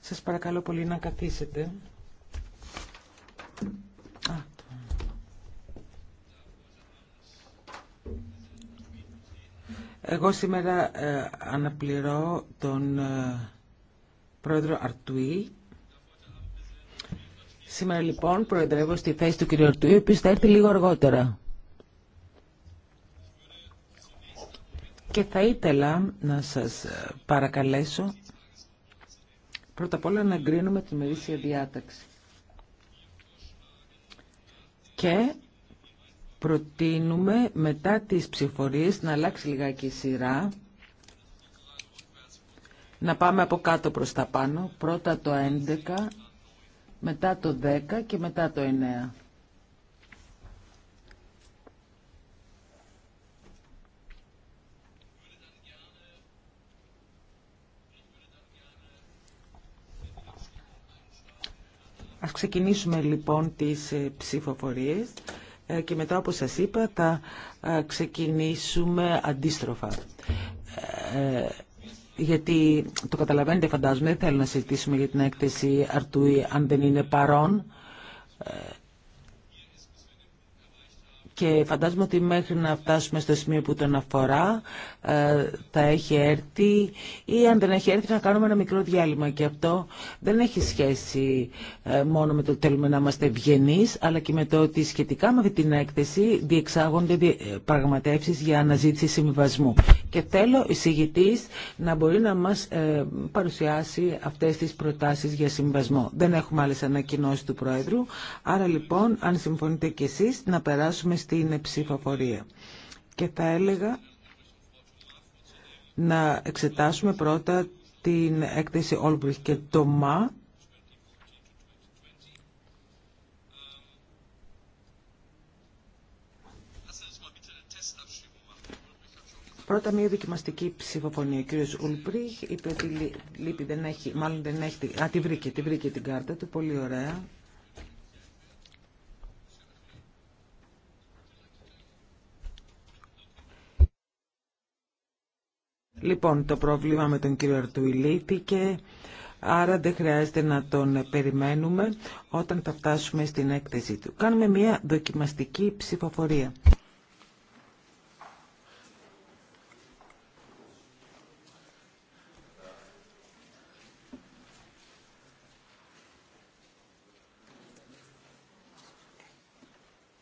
Σας παρακαλώ πολύ να καθίσετε. Εγώ σήμερα ε, αναπληρώ τον ε, πρόεδρο Αρτουή. Σήμερα λοιπόν προεδρεύω στη θέση του κύριου Αρτουή, ο οποίος θα έρθει λίγο αργότερα. και θα ήθελα να σας ε, παρακαλέσω πρώτα απ' όλα να εγκρίνουμε τη μερίσια διάταξη. Και προτείνουμε μετά τις ψηφορίες να αλλάξει λιγάκι η σειρά, να πάμε από κάτω προς τα πάνω, πρώτα το 11, μετά το 10 και μετά το 9. Ας ξεκινήσουμε λοιπόν τις ε, ψηφοφορίες ε, και μετά όπως σας είπα θα ε, ξεκινήσουμε αντίστροφα. Γιατί το καταλαβαίνετε φαντάζομαι δεν θέλω να συζητήσουμε για την έκθεση Αρτούι αν δεν είναι παρόν και φαντάζομαι ότι μέχρι να φτάσουμε στο σημείο που τον αφορά ε, θα έχει έρθει ή αν δεν έχει έρθει να κάνουμε ένα μικρό διάλειμμα και αυτό δεν έχει σχέση ε, μόνο με το ότι θέλουμε να είμαστε ευγενεί, αλλά και με το ότι σχετικά με αυτή την έκθεση διεξάγονται ε, πραγματεύσει για αναζήτηση συμβιβασμού. Και θέλω η συγητής να μπορεί να μας παρουσιάσει αυτές τις προτάσεις για συμβιβασμό. Δεν έχουμε άλλες ανακοινώσει του Πρόεδρου, άρα λοιπόν αν συμφωνείτε κι εσείς να περάσουμε είναι ψηφοφορία. Και θα έλεγα να εξετάσουμε πρώτα την έκθεση Όλμπριχ και το ΜΑ Πρώτα μια δοκιμαστική ψηφοφωνία. Ο κύριος Ολμπριχ είπε ότι λείπει, δεν έχει, μάλλον δεν έχει, α, τη βρήκε, τη βρήκε την κάρτα του, πολύ ωραία. Λοιπόν, το πρόβλημα με τον κύριο Αρτουηλή και άρα δεν χρειάζεται να τον περιμένουμε όταν θα φτάσουμε στην έκθεση του. Κάνουμε μια δοκιμαστική ψηφοφορία.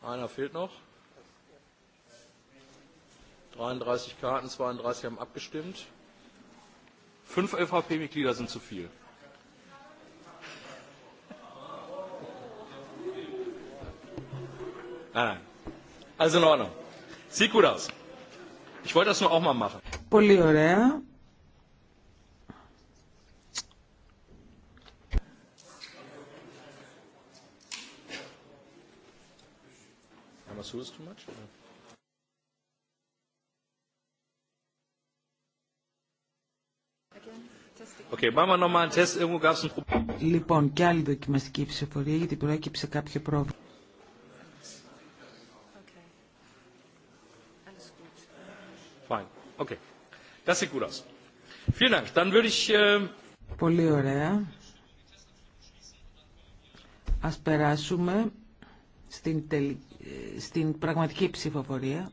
Einer 33 Karten, 32 haben abgestimmt. funf ovp LVP-Mitglieder sind zu viel. Nein, Also in Ordnung. Sieht gut aus. Ich wollte das nur auch mal machen. Πολύ ωραία. Amasur is much? Λοιπόν, και άλλη δοκιμαστική ψηφοφορία γιατί προέκυψε κάποιο πρόβλημα. Πολύ ωραία. Ας περάσουμε στην, ε, στην πραγματική ψηφοφορία.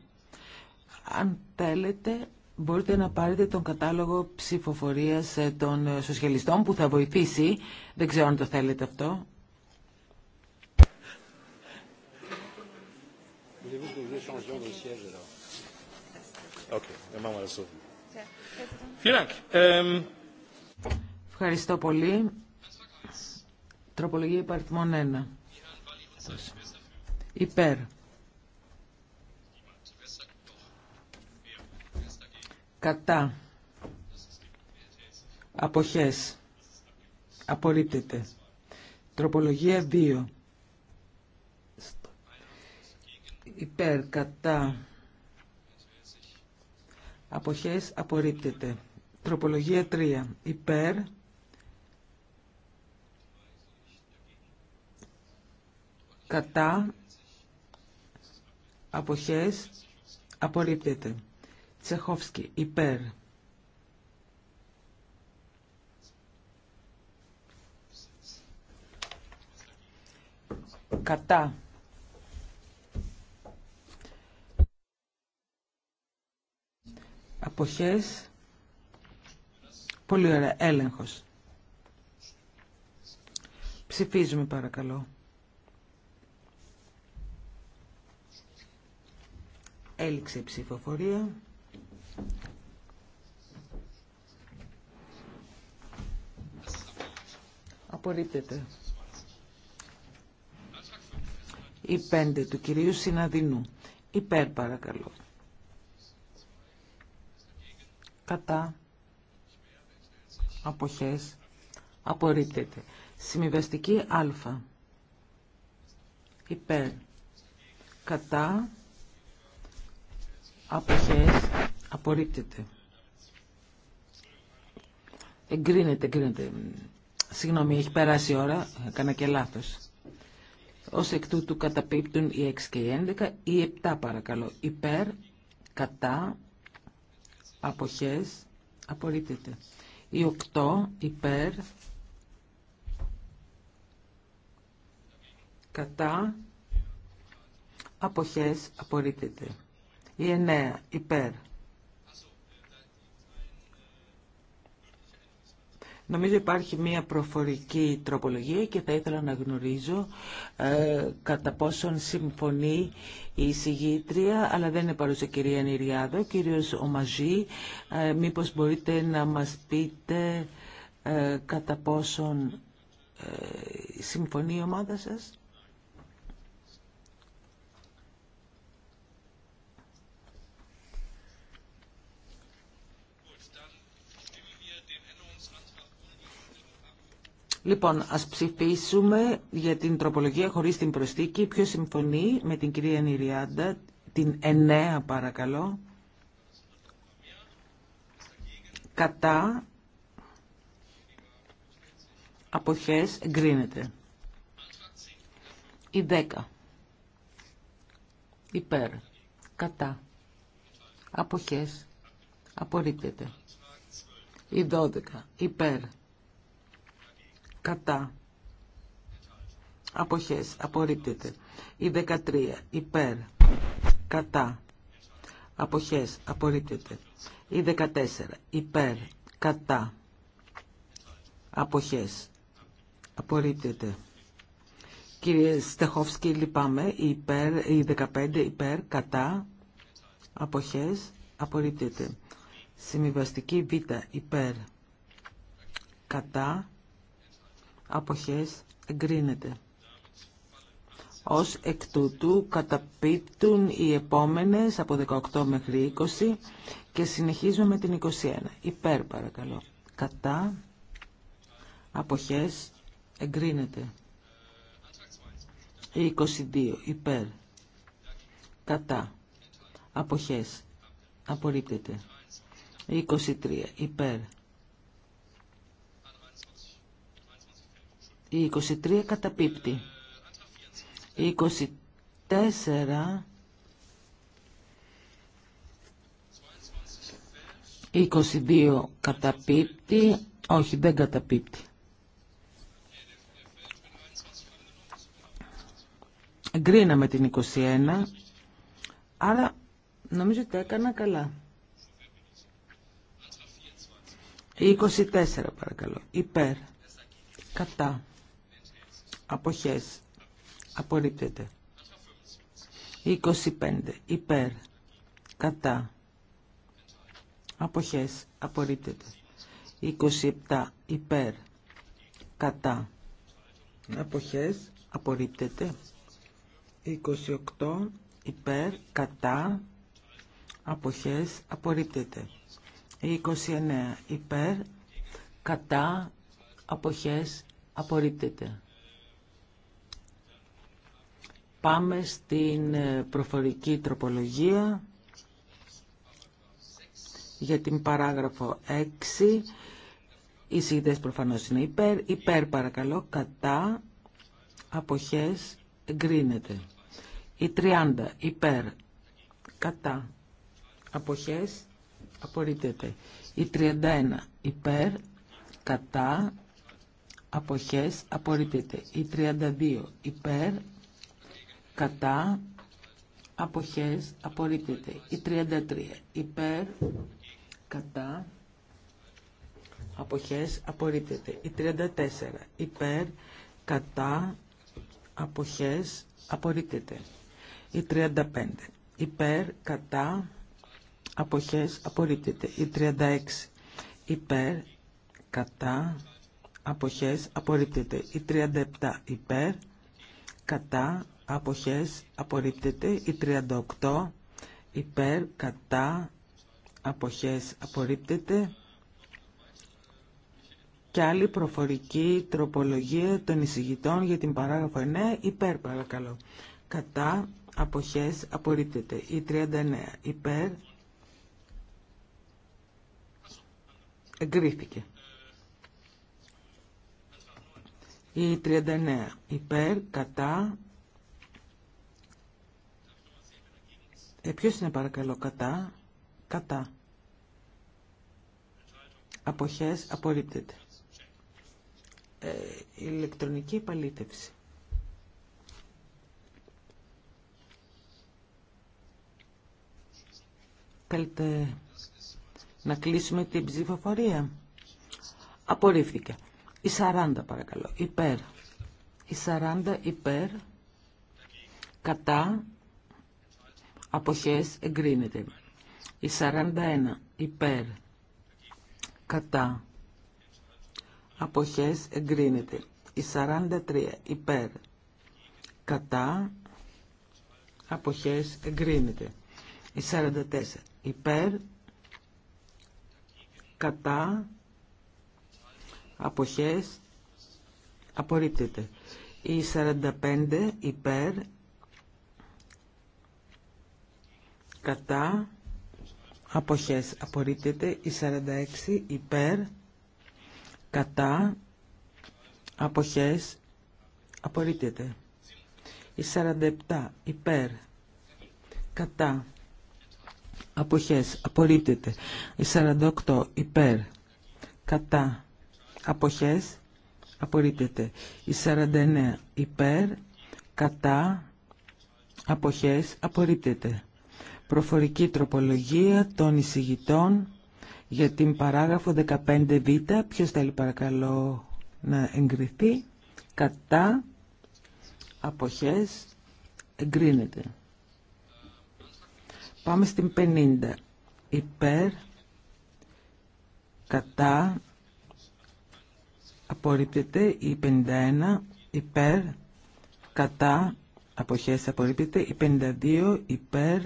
Αν θέλετε, μπορείτε να πάρετε τον κατάλογο ψηφοφορίας ε, των ε, σοσιαλιστών που θα βοηθήσει. Δεν ξέρω αν το θέλετε αυτό. Euh, Ευχαριστώ πολύ. Τροπολογία υπαριθμών 1. Υπέρ. κατά αποχές απορρίπτεται τροπολογία 2 υπέρ κατά αποχές απορρίπτεται τροπολογία 3 υπέρ κατά αποχές απορρίπτεται Τσεχόφσκι υπέρ. Κατά. Αποχές. Πολύ ωραία. Έλεγχος. Ψηφίζουμε παρακαλώ. Έληξε η ψηφοφορία. Απορρίπτεται. Η πέντε του κυρίου Συναδεινού. Υπέρ παρακαλώ. Κατά. Αποχές. Απορρίπτεται. Αλφα. α. Υπέρ. Κατά. Αποχές. Απορρίπτεται. Εγκρίνεται, εγκρίνεται. Συγγνώμη, έχει περάσει η ώρα, έκανα και λάθος. Ως εκ τούτου καταπίπτουν οι 6 και οι 11, οι 7 παρακαλώ. Υπέρ, κατά, αποχές, απορρίπτεται. Οι 8 υπέρ, κατά, αποχές, απορρίπτεται. Η 9 υπέρ, Νομίζω υπάρχει μία προφορική τροπολογία και θα ήθελα να γνωρίζω ε, κατά πόσον συμφωνεί η συγγήτρια, αλλά δεν είναι παρούσα κυρία Νηριάδο, κύριος Ομαζή, ε, μήπως μπορείτε να μας πείτε ε, κατά πόσον ε, συμφωνεί η ομάδα σας. Λοιπόν, ας ψηφίσουμε για την τροπολογία χωρίς την προστίκη. Ποιο συμφωνεί με την κυρία Νηριάντα, την 9 παρακαλώ. Κατά αποχές εγκρίνεται. Η 10. Υπέρ. Κατά. Αποχές. Απορρίπτεται. Η 12. Υπέρ κατά αποχές απορρίπτεται η 13 υπέρ κατά αποχές απορρίπτεται η 14 υπέρ κατά αποχές απορρίπτεται Κύριε Στεχόφσκι, λυπάμαι, υπέρ, η 15 υπέρ, κατά, αποχές, απορρίπτεται. Συμβιβαστική β, υπέρ, κατά, αποχές εγκρίνεται. Ως εκ τούτου καταπίπτουν οι επόμενες από 18 μέχρι 20 και συνεχίζουμε με την 21. Υπέρ παρακαλώ. Κατά αποχές εγκρίνεται. Η 22 υπέρ. Κατά αποχές απορρίπτεται. Η 23 υπέρ. Η 23 καταπίπτει. Η 24... Η 22 καταπίπτει. Όχι, δεν καταπίπτει. Γκρίναμε την 21. Άρα νομίζω ότι έκανα καλά. Η 24 παρακαλώ. Υπέρ. Κατά αποχές απορρίπτεται 25 υπέρ κατά αποχές απορρίπτεται 27 υπέρ κατά αποχές απορρίπτεται 28 υπέρ κατά αποχές απορρίπτεται 29 υπέρ κατά αποχές απορρίπτεται Πάμε στην ε, προφορική τροπολογία για την παράγραφο 6. Οι συγκεκριτές προφανώς είναι υπέρ. Υπέρ παρακαλώ, κατά, αποχές, εγκρίνεται. Η 30 υπέρ, κατά, αποχές, απορρίπτεται. Η 31 υπέρ, κατά, αποχές, απορρίπτεται. Η 32 υπέρ, κατά, αποχές, απορρίπτεται. Η 33 υπέρ, κατά, αποχές, απορρίπτεται. Η 34 υπέρ, κατά, αποχές, απορρίπτεται. Η 35 υπέρ, κατά, αποχές, απορρίπτεται. Η 36 υπέρ, κατά, αποχές, απορρίπτεται. Η 37 υπέρ, κατά, αποχές απορρίπτεται η 38 υπέρ κατά αποχές απορρίπτεται και άλλη προφορική τροπολογία των εισηγητών για την παράγραφο 9 υπέρ παρακαλώ κατά αποχές απορρίπτεται η 39 υπέρ εγκρίθηκε η 39 υπέρ κατά Ε, ποιο είναι παρακαλώ κατά. Κατά. Αποχές απορρίπτεται. Ε, ηλεκτρονική επαλήθευση. Θέλετε να κλείσουμε την ψηφοφορία. Απορρίφθηκε. Η 40 παρακαλώ. Υπέρ. Η 40 υπέρ. Κατά αποχές εγκρίνεται. Η 41 υπέρ κατά αποχές εγκρίνεται. Η 43 υπέρ κατά αποχές εγκρίνεται. Η 44 υπέρ κατά αποχές απορρίπτεται. Η 45 υπέρ κατά αποχές απορρίπτεται η 46 υπέρ κατά αποχές απορρίπτεται η 47 υπέρ κατά αποχές απορρίπτεται η 48 υπέρ κατά αποχές απορρίπτεται η 49 υπέρ κατά αποχές απορρίπτεται προφορική τροπολογία των εισηγητών για την παράγραφο 15β. Ποιος θέλει παρακαλώ να εγκριθεί. Κατά αποχές εγκρίνεται. Πάμε στην 50. Υπέρ, κατά, απορρίπτεται η 51. Υπέρ, κατά, αποχές απορρίπτεται η 52. Υπέρ,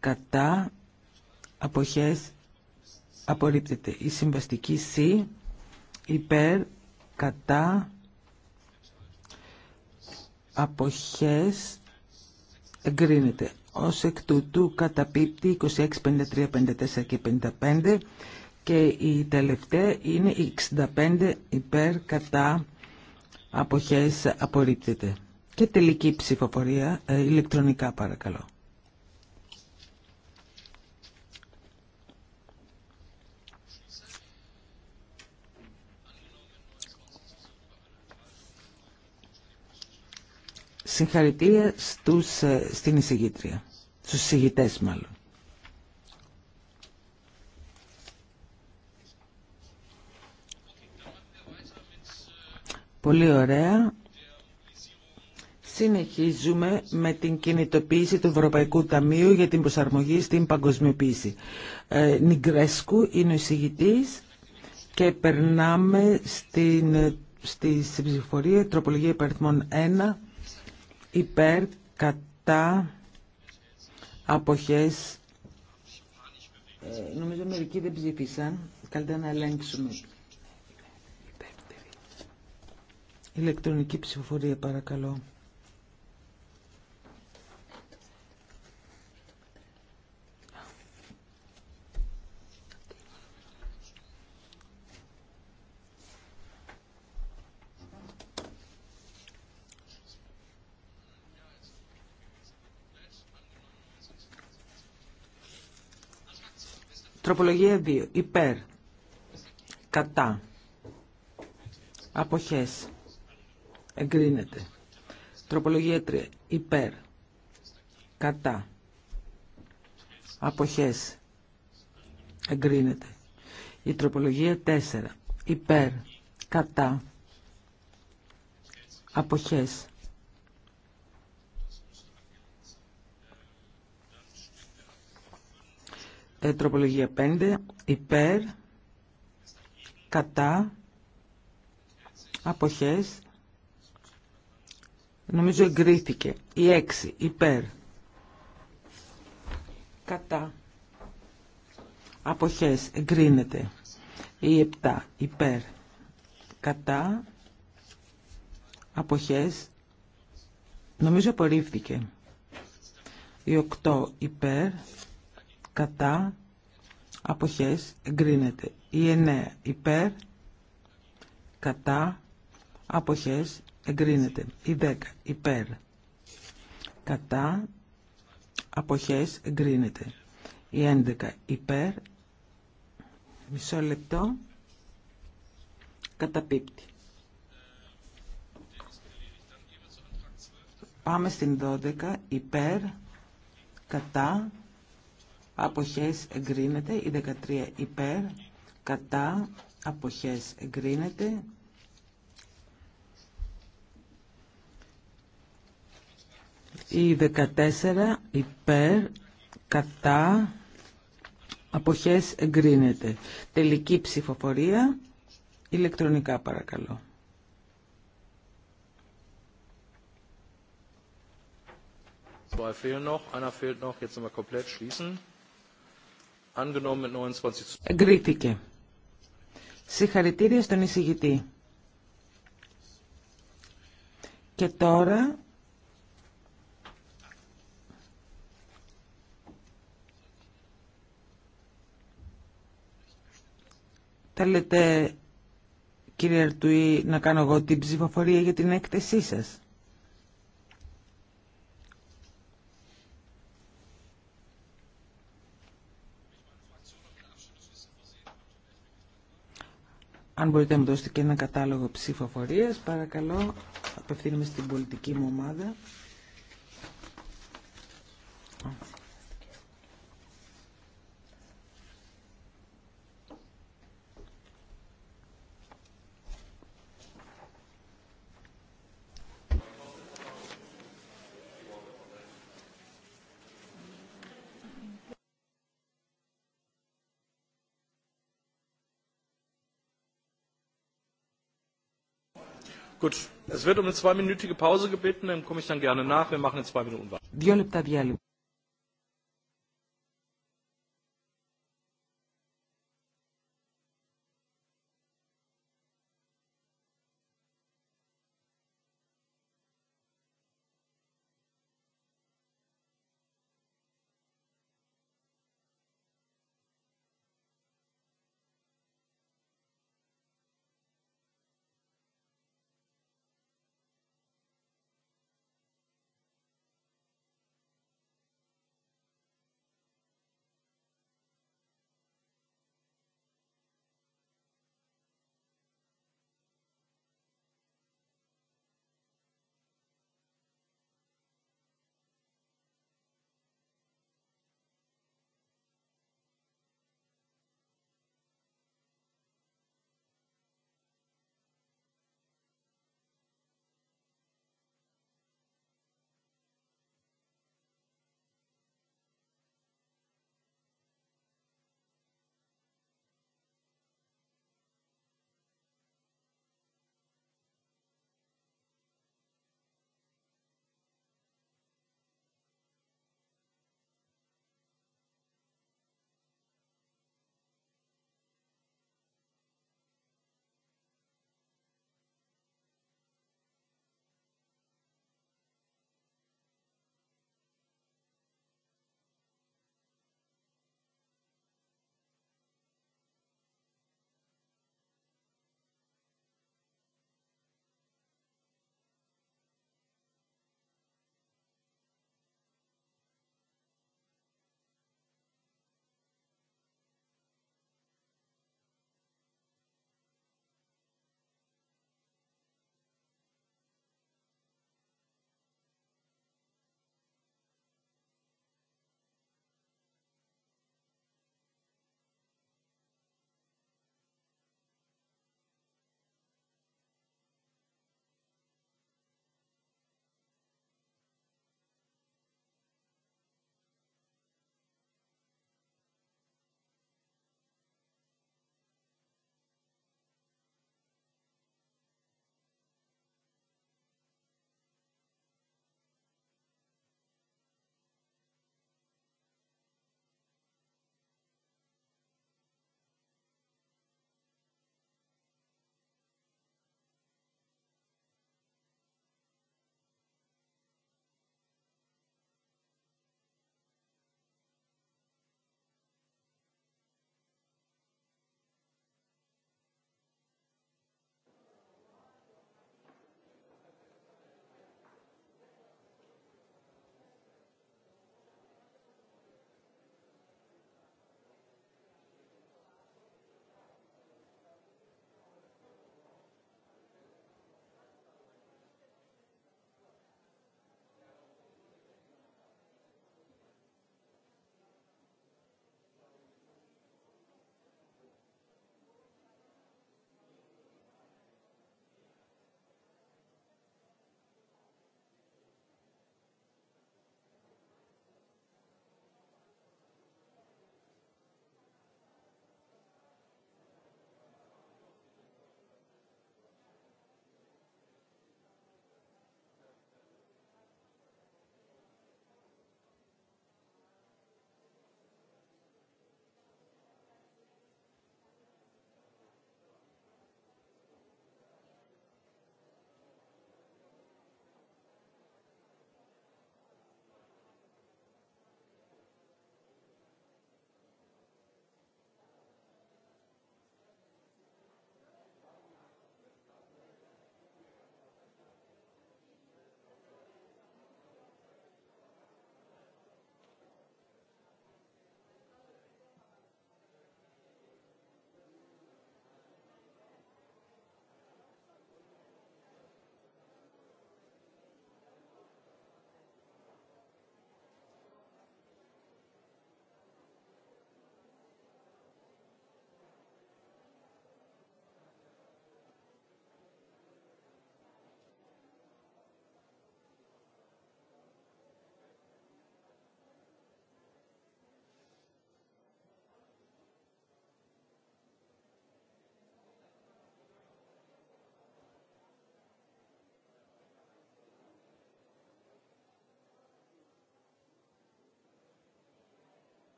κατά αποχές απορρίπτεται. Η συμβαστική C υπέρ κατά αποχές εγκρίνεται. Ως εκ τούτου καταπίπτει 26, 53, 54 και 55 και η τελευταία είναι 65 υπέρ κατά αποχές απορρίπτεται. Και τελική ψηφοφορία ε, ηλεκτρονικά παρακαλώ. Συγχαρητήρια στους, ε, στην εισηγήτρια, στους εισηγητές μάλλον. Πολύ ωραία. Συνεχίζουμε με την κινητοποίηση του Ευρωπαϊκού Ταμείου για την προσαρμογή στην παγκοσμιοποίηση. Ε, Νιγκρέσκου είναι ο εισηγητής και περνάμε στην, ε, στη ψηφοφορία τροπολογία υπαριθμών 1 υπέρ κατά αποχές ε, νομίζω μερικοί δεν ψήφισαν καλύτερα να ελέγξουμε ηλεκτρονική ψηφοφορία παρακαλώ Τροπολογία 2. Υπέρ. Κατά. Αποχές. Εγκρίνεται. Τροπολογία 3. Υπέρ. Κατά. Αποχές. Εγκρίνεται. Η τροπολογία 4. Υπέρ. Κατά. Αποχές. Ε, τροπολογία 5 υπέρ κατά αποχές νομίζω εγκρίθηκε η 6 υπέρ κατά αποχές εγκρίνεται η 7 υπέρ κατά αποχές νομίζω απορρίφθηκε η 8 υπέρ κατά, αποχές, εγκρίνεται. Η 9 υπέρ, κατά, αποχές, εγκρίνεται. Η 10 υπέρ, κατά, αποχές, εγκρίνεται. Η 11 υπέρ, μισό λεπτό, καταπίπτει. Πάμε στην 12 υπέρ, κατά, αποχές εγκρίνεται, η 13 υπέρ, κατά, αποχές εγκρίνεται. Η 14 υπέρ, κατά, αποχές εγκρίνεται. Τελική ψηφοφορία, ηλεκτρονικά παρακαλώ. Zwei er fehlen noch, einer fehlt noch, jetzt nochmal komplett schließen. Εγκρίθηκε. Συγχαρητήρια στον εισηγητή. Και τώρα... Θέλετε, κύριε Αρτουή, να κάνω εγώ την ψηφοφορία για την έκθεσή σας. Αν μπορείτε να μου δώσετε και ένα κατάλογο ψηφοφορίας, παρακαλώ, απευθύνομαι στην πολιτική μου ομάδα. Gut, es wird um eine zweiminütige Pause gebeten, dann komme ich dann gerne nach. Wir machen in zwei Minuten weiter.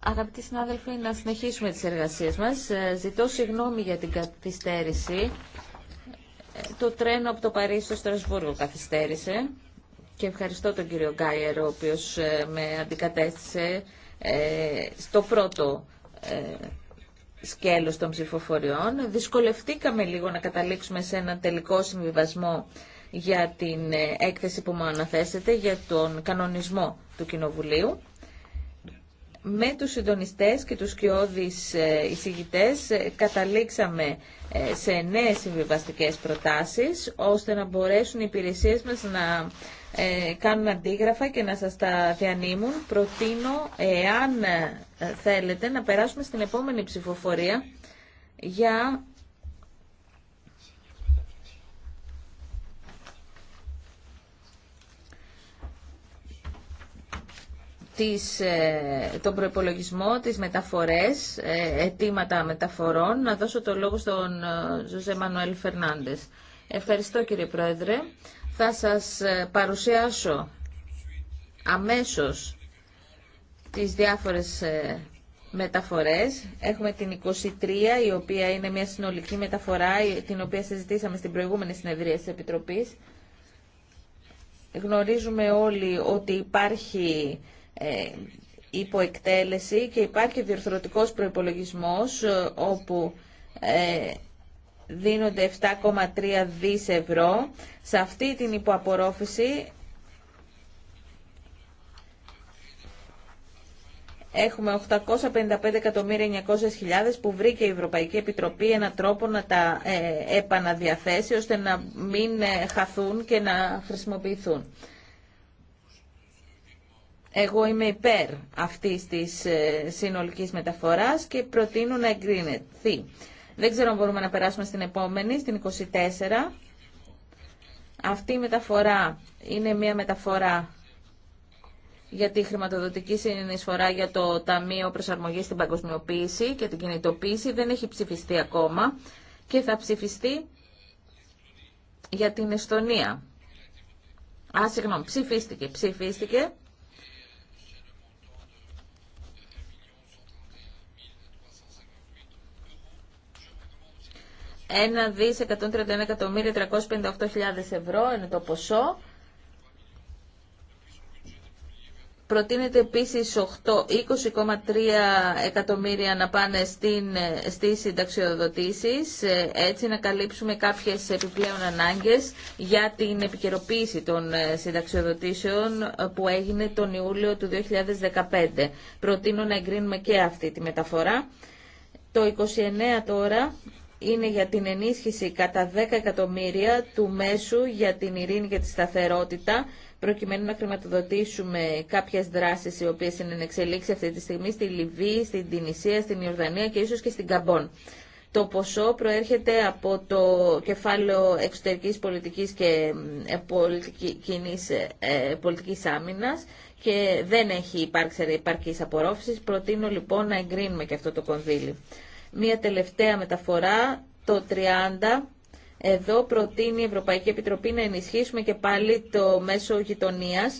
Αγαπητοί συνάδελφοι, να συνεχίσουμε τις εργασίες μας. Ε, ζητώ συγγνώμη για την καθυστέρηση. Ε, το τρένο από το Παρίσι στο Στρασβούργο καθυστέρησε και ευχαριστώ τον κύριο Γκάιερ, ο οποίος ε, με αντικατέστησε στο πρώτο σκέλος των ψηφοφοριών. Δυσκολευτήκαμε λίγο να καταλήξουμε σε ένα τελικό συμβιβασμό για την ε, έκθεση που μου αναθέσετε για τον κανονισμό του Κοινοβουλίου. Με τους συντονιστές και τους κοιόδης ε, εισηγητές ε, καταλήξαμε σε νέες συμβιβαστικέ προτάσεις ώστε να μπορέσουν οι υπηρεσίες μας να κάνουν αντίγραφα και να σας τα διανύμουν. Προτείνω, εάν θέλετε, να περάσουμε στην επόμενη ψηφοφορία για τις, ε, τον προπολογισμό, τις μεταφορές, ε, αιτήματα μεταφορών. Να δώσω το λόγο στον ε, Ζωζέ Μανουέλ Φερνάντες. Ευχαριστώ κύριε Πρόεδρε. Θα σας παρουσιάσω αμέσως τις διάφορες μεταφορές. Έχουμε την 23, η οποία είναι μια συνολική μεταφορά, την οποία συζητήσαμε στην προηγούμενη συνεδρία της Επιτροπής. Γνωρίζουμε όλοι ότι υπάρχει ε, υποεκτέλεση και υπάρχει διορθωτικός προϋπολογισμός ε, όπου ε, δίνονται 7,3 δις ευρώ. Σε αυτή την υποαπορρόφηση Έχουμε 855.900.000 που βρήκε η Ευρωπαϊκή Επιτροπή έναν τρόπο να τα επαναδιαθέσει ώστε να μην χαθούν και να χρησιμοποιηθούν. Εγώ είμαι υπέρ αυτής της ε, συνολικής μεταφοράς και προτείνω να εγκρίνεται. Δεν ξέρω αν μπορούμε να περάσουμε στην επόμενη, στην 24. Αυτή η μεταφορά είναι μια μεταφορά για τη χρηματοδοτική συνεισφορά για το Ταμείο Προσαρμογής στην Παγκοσμιοποίηση και την Κινητοποίηση. Δεν έχει ψηφιστεί ακόμα και θα ψηφιστεί για την Εστονία. Α, συγγνώμη, ψηφίστηκε, ψηφίστηκε. 1.131.358.000 ευρώ είναι το ποσό. Προτείνεται επίσης 20,3 εκατομμύρια να πάνε στην, στις συνταξιοδοτήσεις, έτσι να καλύψουμε κάποιες επιπλέον ανάγκες για την επικαιροποίηση των ε, συνταξιοδοτήσεων ε, που έγινε τον Ιούλιο του 2015. Προτείνω να εγκρίνουμε και αυτή τη μεταφορά. Το 29 τώρα είναι για την ενίσχυση κατά 10 εκατομμύρια του μέσου για την ειρήνη και τη σταθερότητα, προκειμένου να χρηματοδοτήσουμε κάποιες δράσεις οι οποίες είναι εξελίξει αυτή τη στιγμή στη Λιβύη, στην Τινησία, στην Ιορδανία και ίσως και στην Καμπόν. Το ποσό προέρχεται από το κεφάλαιο εξωτερικής πολιτικής και ε, πολιτική, κοινής ε, πολιτικής και δεν έχει υπάρξει επαρκής απορρόφησης. Προτείνω λοιπόν να εγκρίνουμε και αυτό το κονδύλι. Μία τελευταία μεταφορά, το 30. Εδώ προτείνει η Ευρωπαϊκή Επιτροπή να ενισχύσουμε και πάλι το μέσο γειτονία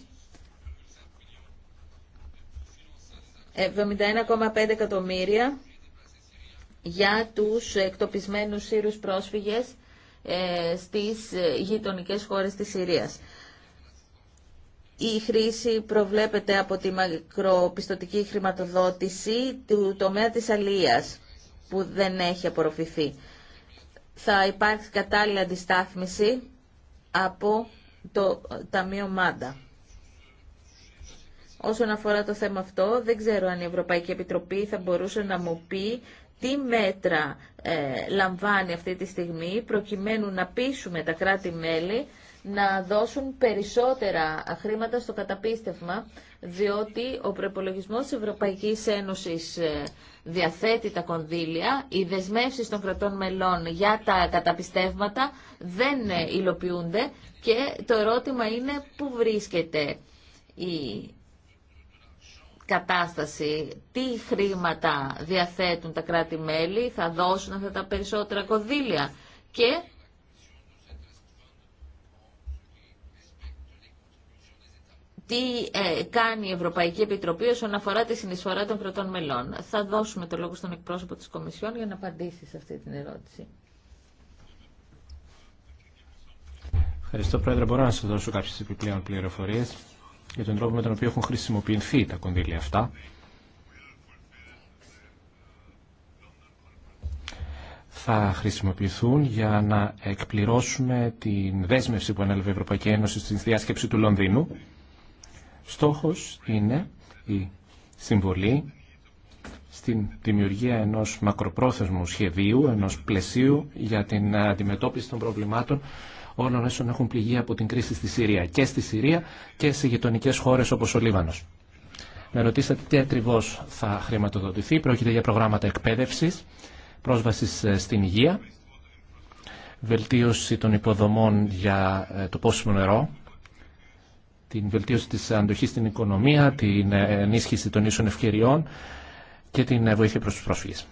71,5 εκατομμύρια για τους εκτοπισμένους Σύρους πρόσφυγες ε, στις γειτονικές χώρες της Συρίας. Η χρήση προβλέπεται από τη μακροπιστωτική χρηματοδότηση του τομέα της αλίας που δεν έχει απορροφηθεί. Θα υπάρξει κατάλληλη αντιστάθμιση από το Ταμείο Μάντα. Όσον αφορά το θέμα αυτό, δεν ξέρω αν η Ευρωπαϊκή Επιτροπή θα μπορούσε να μου πει τι μέτρα ε, λαμβάνει αυτή τη στιγμή προκειμένου να πείσουμε τα κράτη-μέλη να δώσουν περισσότερα χρήματα στο καταπίστευμα, διότι ο προπολογισμό της Ευρωπαϊκής Ένωσης ε, διαθέτει τα κονδύλια, οι δεσμεύσεις των κρατών μελών για τα καταπιστεύματα δεν ε, υλοποιούνται και το ερώτημα είναι πού βρίσκεται η κατάσταση, τι χρήματα διαθέτουν τα κράτη-μέλη, θα δώσουν αυτά τα περισσότερα κονδύλια και τι ε, κάνει η Ευρωπαϊκή Επιτροπή όσον αφορά τη συνεισφορά των κρατών μελών. Θα δώσουμε το λόγο στον εκπρόσωπο της Κομισιόν για να απαντήσει σε αυτή την ερώτηση. Ευχαριστώ, Πρόεδρε. Μπορώ να σας δώσω κάποιες επιπλέον πληροφορίες για τον τρόπο με τον οποίο έχουν χρησιμοποιηθεί τα κονδύλια αυτά. θα χρησιμοποιηθούν για να εκπληρώσουμε την δέσμευση που ανέλαβε η Ευρωπαϊκή Ένωση στην διάσκεψη του Λονδίνου Στόχος είναι η συμβολή στην δημιουργία ενός μακροπρόθεσμου σχεδίου, ενός πλαισίου για την αντιμετώπιση των προβλημάτων όλων όσων έχουν πληγεί από την κρίση στη Συρία και στη Συρία και σε γειτονικέ χώρες όπως ο Λίβανος. Με ρωτήσατε τι ακριβώ θα χρηματοδοτηθεί. Πρόκειται για προγράμματα εκπαίδευσης, πρόσβαση στην υγεία, βελτίωση των υποδομών για ε, το πόσιμο νερό, την βελτίωση της αντοχής στην οικονομία, την ενίσχυση των ίσων ευκαιριών και την βοήθεια προς τους πρόσφυγες.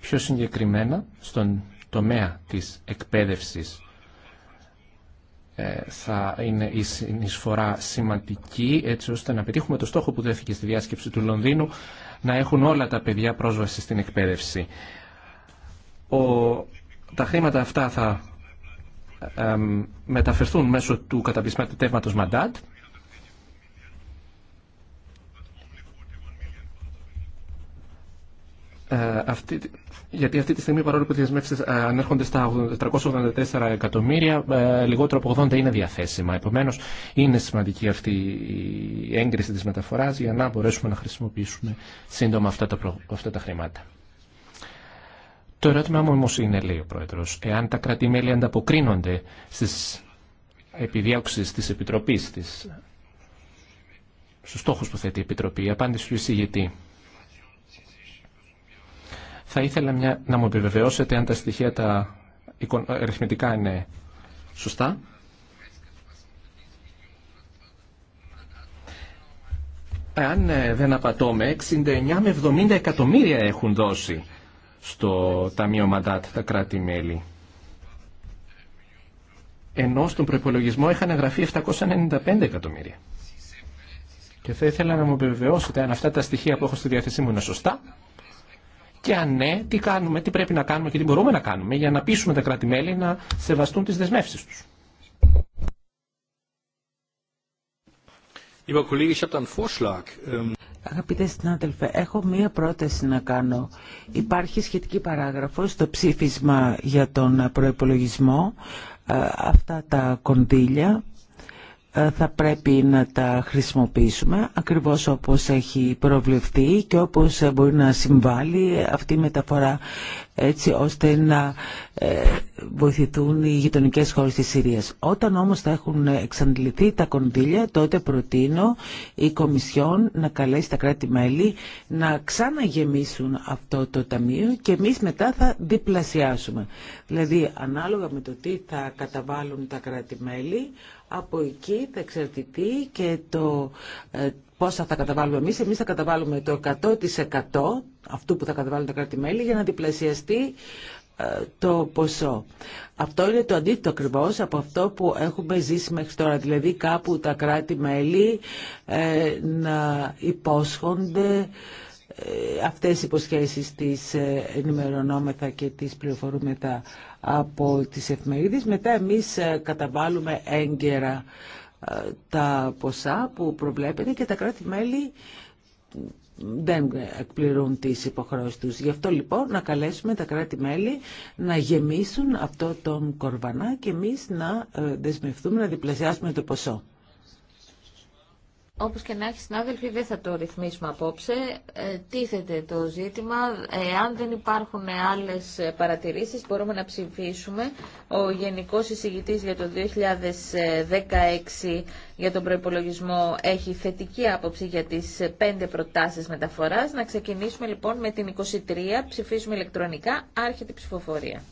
Πιο συγκεκριμένα, στον τομέα της εκπαίδευσης ε, θα είναι η συνεισφορά σημαντική έτσι ώστε να πετύχουμε το στόχο που δέθηκε στη διάσκεψη του Λονδίνου να έχουν όλα τα παιδιά πρόσβαση στην εκπαίδευση. Ο... Τα χρήματα αυτά θα μεταφερθούν μέσω του τεύματο Μαντάτ. Ε, αυτή, γιατί αυτή τη στιγμή παρόλο που οι ε, ανέρχονται στα 384 εκατομμύρια, ε, λιγότερο από 80 είναι διαθέσιμα. Επομένω, είναι σημαντική αυτή η έγκριση τη μεταφορά για να μπορέσουμε να χρησιμοποιήσουμε σύντομα αυτά τα, αυτά τα χρήματα. Το ερώτημά μου όμω είναι, λέει ο Πρόεδρο, εάν τα κράτη-μέλη ανταποκρίνονται στι επιδιώξει τη Επιτροπή, στου στόχου που θέτει η Επιτροπή. Η απάντηση του εισηγητή. Θα ήθελα μια... να μου επιβεβαιώσετε αν τα στοιχεία τα αριθμητικά είναι σωστά. Εάν ε, δεν απατώμε, 69 με 70 εκατομμύρια έχουν δώσει στο Ταμείο Μαντάτ, τα κράτη-μέλη. Ενώ στον προπολογισμό είχαν εγγραφεί 795 εκατομμύρια. Και θα ήθελα να μου επιβεβαιώσετε αν αυτά τα στοιχεία που έχω στη διάθεσή μου είναι σωστά και αν ναι, τι κάνουμε, τι πρέπει να κάνουμε και τι μπορούμε να κάνουμε για να πείσουμε τα κράτη-μέλη να σεβαστούν τις δεσμεύσεις τους. Αγαπητέ συνάδελφε, έχω μία πρόταση να κάνω. Υπάρχει σχετική παράγραφος στο ψήφισμα για τον προεπολογισμό ε, Αυτά τα κονδύλια ε, θα πρέπει να τα χρησιμοποιήσουμε ακριβώς όπως έχει προβλεφθεί και όπως μπορεί να συμβάλλει αυτή η μεταφορά έτσι ώστε να ε, βοηθηθούν οι γειτονικές χώρες της Συρίας. Όταν όμως θα έχουν εξαντληθεί τα κονδύλια, τότε προτείνω η Κομισιόν να καλέσει τα κράτη-μέλη να ξαναγεμίσουν αυτό το ταμείο και εμείς μετά θα διπλασιάσουμε. Δηλαδή, ανάλογα με το τι θα καταβάλουν τα κράτη-μέλη, από εκεί θα εξαρτηθεί και το ε, πόσα θα καταβάλουμε εμείς. Εμείς θα καταβάλουμε το 100% αυτού που θα καταβάλουν τα κράτη-μέλη για να διπλασιαστεί ε, το ποσό. Αυτό είναι το αντίθετο ακριβώ από αυτό που έχουμε ζήσει μέχρι τώρα. Δηλαδή κάπου τα κράτη-μέλη ε, να υπόσχονται αυτές οι υποσχέσεις τις ενημερωνόμεθα και της πληροφορούμεθα από τις εφημερίδες. Μετά εμείς ε, καταβάλουμε έγκαιρα ε, τα ποσά που προβλέπεται και τα κράτη-μέλη δεν εκπληρούν τις υποχρεώσεις τους. Γι' αυτό λοιπόν να καλέσουμε τα κράτη-μέλη να γεμίσουν αυτό τον κορβανά και εμείς να ε, δεσμευτούμε να διπλασιάσουμε το ποσό. Όπως και να έχει συνάδελφοι, δεν θα το ρυθμίσουμε απόψε. Ε, τίθεται το ζήτημα. Εάν δεν υπάρχουν άλλες παρατηρήσεις, μπορούμε να ψηφίσουμε. Ο Γενικός Εισηγητή για το 2016 για τον προπολογισμό έχει θετική άποψη για τις πέντε προτάσεις μεταφορά. Να ξεκινήσουμε λοιπόν με την 23. Ψηφίσουμε ηλεκτρονικά. Άρχεται η ψηφοφορία.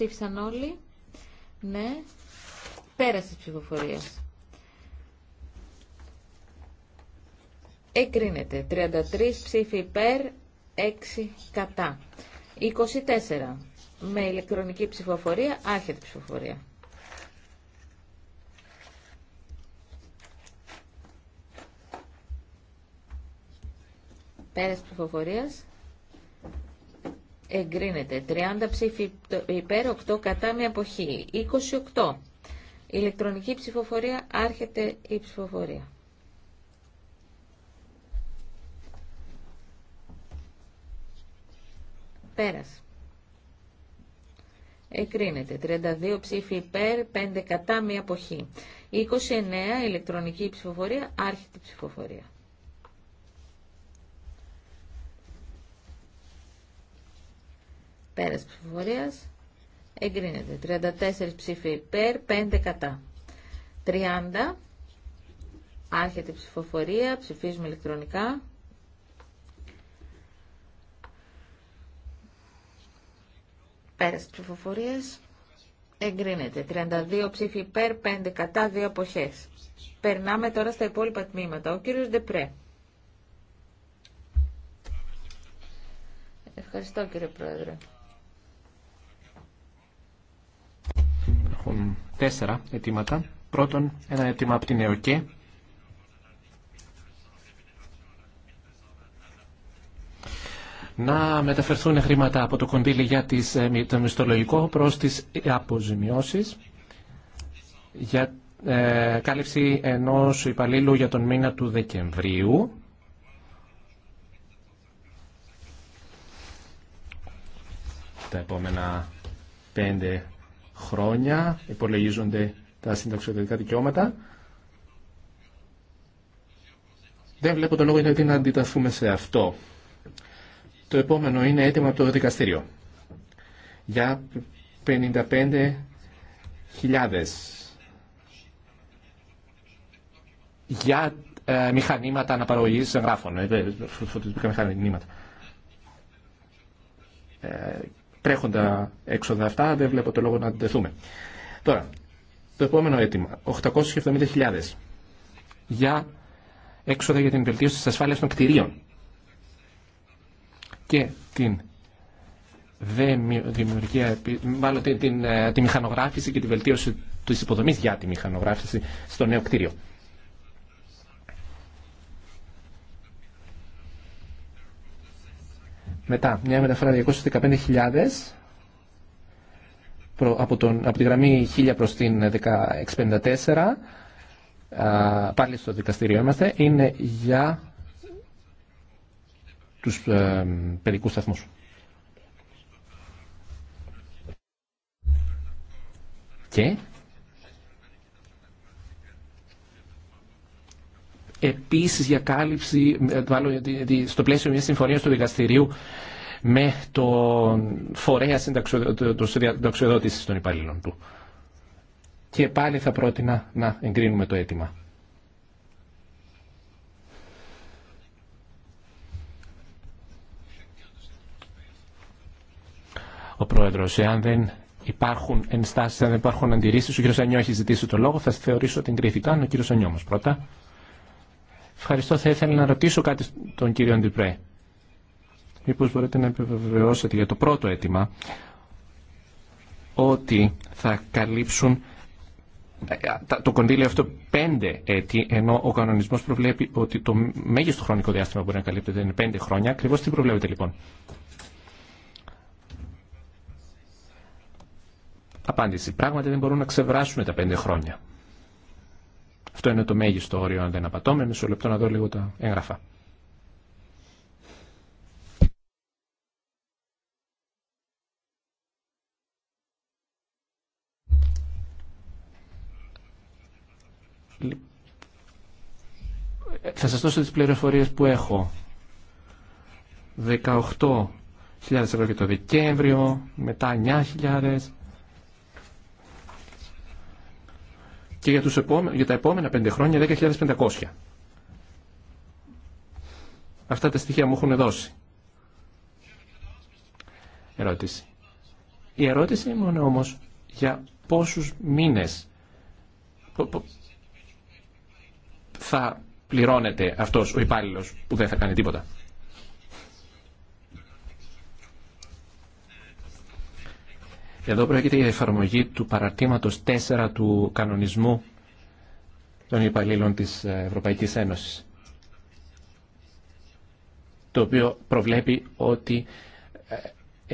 Ψήφισαν όλοι. Ναι. Πέρασε τη ψηφοφορία. Εκρίνεται 33 ψήφοι υπέρ, 6 κατά. 24. Με ηλεκτρονική ψηφοφορία, άρχεται ψηφοφορία. τη ψηφοφορίας εγκρίνεται. 30 ψήφοι υπέρ, 8 κατά μια αποχή. 28. Ηλεκτρονική ψηφοφορία, άρχεται η ψηφοφορία. Πέρας. Εγκρίνεται. 32 ψήφοι υπέρ, 5 κατά μία αποχή. 29 ηλεκτρονική ψηφοφορία, άρχεται η ψηφοφορία. Πέρας ψηφοφορία. Εγκρίνεται. 34 ψήφοι υπέρ, 5 κατά. 30. Άρχεται η ψηφοφορία. Ψηφίζουμε ηλεκτρονικά. Πέρας ψηφοφορία. Εγκρίνεται. 32 ψήφοι υπέρ, 5 κατά, 2 αποχέ. Περνάμε τώρα στα υπόλοιπα τμήματα. Ο κύριος Ντεπρέ. Ευχαριστώ κύριε Πρόεδρε. Υπάρχουν τέσσερα αιτήματα. Πρώτον, ένα αίτημα από την ΕΟΚΕ να μεταφερθούν χρήματα από το κονδύλι για τις, ε, το μισθολογικό προς τις αποζημιώσεις για ε, κάλυψη ενός υπαλλήλου για τον μήνα του Δεκεμβρίου τα επόμενα πέντε χρόνια υπολογίζονται τα συνταξιοδοτικά δικαιώματα. Δεν βλέπω τον λόγο γιατί να αντιταθούμε σε αυτό. Το επόμενο είναι έτοιμο από το δικαστήριο. Για 55.000 για ε, μηχανήματα αναπαραγωγής εγγράφων, ε, τρέχοντα έξοδα αυτά, δεν βλέπω το λόγο να αντιτεθούμε. Τώρα, το επόμενο αίτημα, 870.000 για έξοδα για την βελτίωση της ασφάλειας των κτηρίων και την δημιουργία, μάλλον την, ε, τη μηχανογράφηση και τη βελτίωση της υποδομής για τη μηχανογράφηση στο νέο κτίριο. Μετά, μια μεταφορά 215.000 από, τον, από τη γραμμή 1000 προς την 1654, ε, πάλι στο δικαστήριο είμαστε, είναι για τους ε, παιδικούς σταθμούς. Και επίσης για κάλυψη, ε, στο πλαίσιο μιας συμφωνίας του δικαστηρίου με το φορέα συνταξιοδότησης των υπαλλήλων του. Και πάλι θα πρότεινα να εγκρίνουμε το αίτημα. Ο Πρόεδρος, εάν δεν υπάρχουν ενστάσεις, αν δεν υπάρχουν αντιρρήσεις, ο κ. Ανιώ έχει ζητήσει το λόγο, θα θεωρήσω ότι εγκρίθηκαν. Ο κ. Ανιώ πρώτα. Ευχαριστώ. Θα ήθελα να ρωτήσω κάτι τον κύριο Ντιπρέ. Μήπω μπορείτε να επιβεβαιώσετε για το πρώτο αίτημα ότι θα καλύψουν ε, το κονδύλιο αυτό πέντε έτη, ενώ ο κανονισμό προβλέπει ότι το μέγιστο χρονικό διάστημα μπορεί να καλύπτεται είναι πέντε χρόνια. Ακριβώ τι προβλέπετε λοιπόν. Απάντηση. Πράγματι δεν μπορούν να ξεβράσουν τα πέντε χρόνια. Αυτό είναι το μέγιστο όριο, αν δεν απατώ. Με μισό λεπτό να δω λίγο τα έγγραφα. Θα σας δώσω τις πληροφορίες που έχω. 18.000 ευρώ και το Δεκέμβριο, μετά 9.000 και για, τους επόμε... για τα επόμενα πέντε χρόνια 10.500. Αυτά τα στοιχεία μου έχουν δώσει. Ερώτηση. Η ερώτηση είναι όμως για πόσους μήνες θα πληρώνεται αυτός ο υπάλληλος που δεν θα κάνει τίποτα. Εδώ πρόκειται για εφαρμογή του παραρτήματος 4 του κανονισμού των υπαλλήλων της ε, Ευρωπαϊκής Ένωσης το οποίο προβλέπει ότι ε,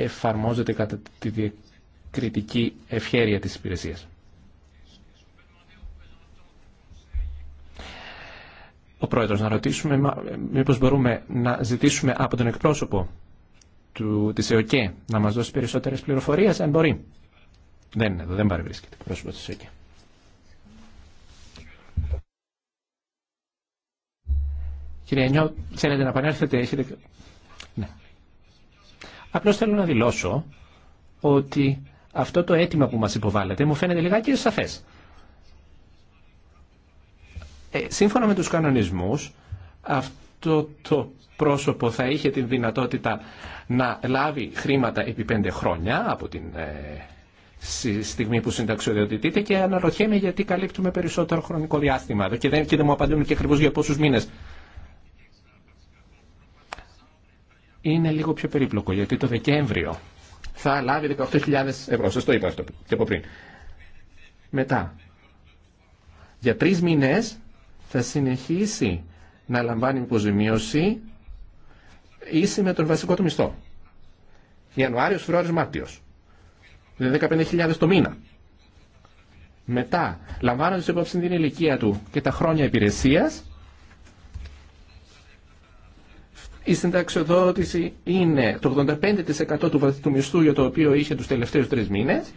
εφαρμόζεται κατά τη διακριτική ευχέρεια της υπηρεσίας. Ο Πρόεδρος, να ρωτήσουμε ε, μήπως μπορούμε να ζητήσουμε από τον εκπρόσωπο του, της ΕΟΚΕ να μας δώσει περισσότερες πληροφορίες, αν μπορεί. Δεν είναι εδώ, δεν παρευρίσκεται πρόσωπο της ΕΟΚΕ. Κύριε Νιώ, θέλετε να επανέλθετε, έχετε... Ναι. Απλώς θέλω να δηλώσω ότι αυτό το αίτημα που μας υποβάλλετε μου φαίνεται λιγάκι σαφές. Ε, σύμφωνα με τους κανονισμούς, αυτό αυτό το πρόσωπο θα είχε την δυνατότητα να λάβει χρήματα επί πέντε χρόνια από την ε, στιγμή που συνταξιοδοτητείται και αναρωτιέμαι γιατί καλύπτουμε περισσότερο χρονικό διάστημα. Και δεν, και δεν μου απαντούν και ακριβώ για πόσους μήνες. Είναι λίγο πιο περίπλοκο γιατί το Δεκέμβριο θα λάβει 18.000 ευρώ. Σα το είπα αυτό και από πριν. Μετά, για τρει μήνες θα συνεχίσει να λαμβάνει υποζημίωση ίση με τον βασικό του μισθό. Ιανουάριος, Φεβρουάριος, Μάρτιος. Δηλαδή 15.000 το μήνα. Μετά, λαμβάνοντας υπόψη την ηλικία του και τα χρόνια υπηρεσία. η συνταξιοδότηση είναι το 85% του, βασικού μισθού για το οποίο είχε τους τελευταίους τρει μήνες.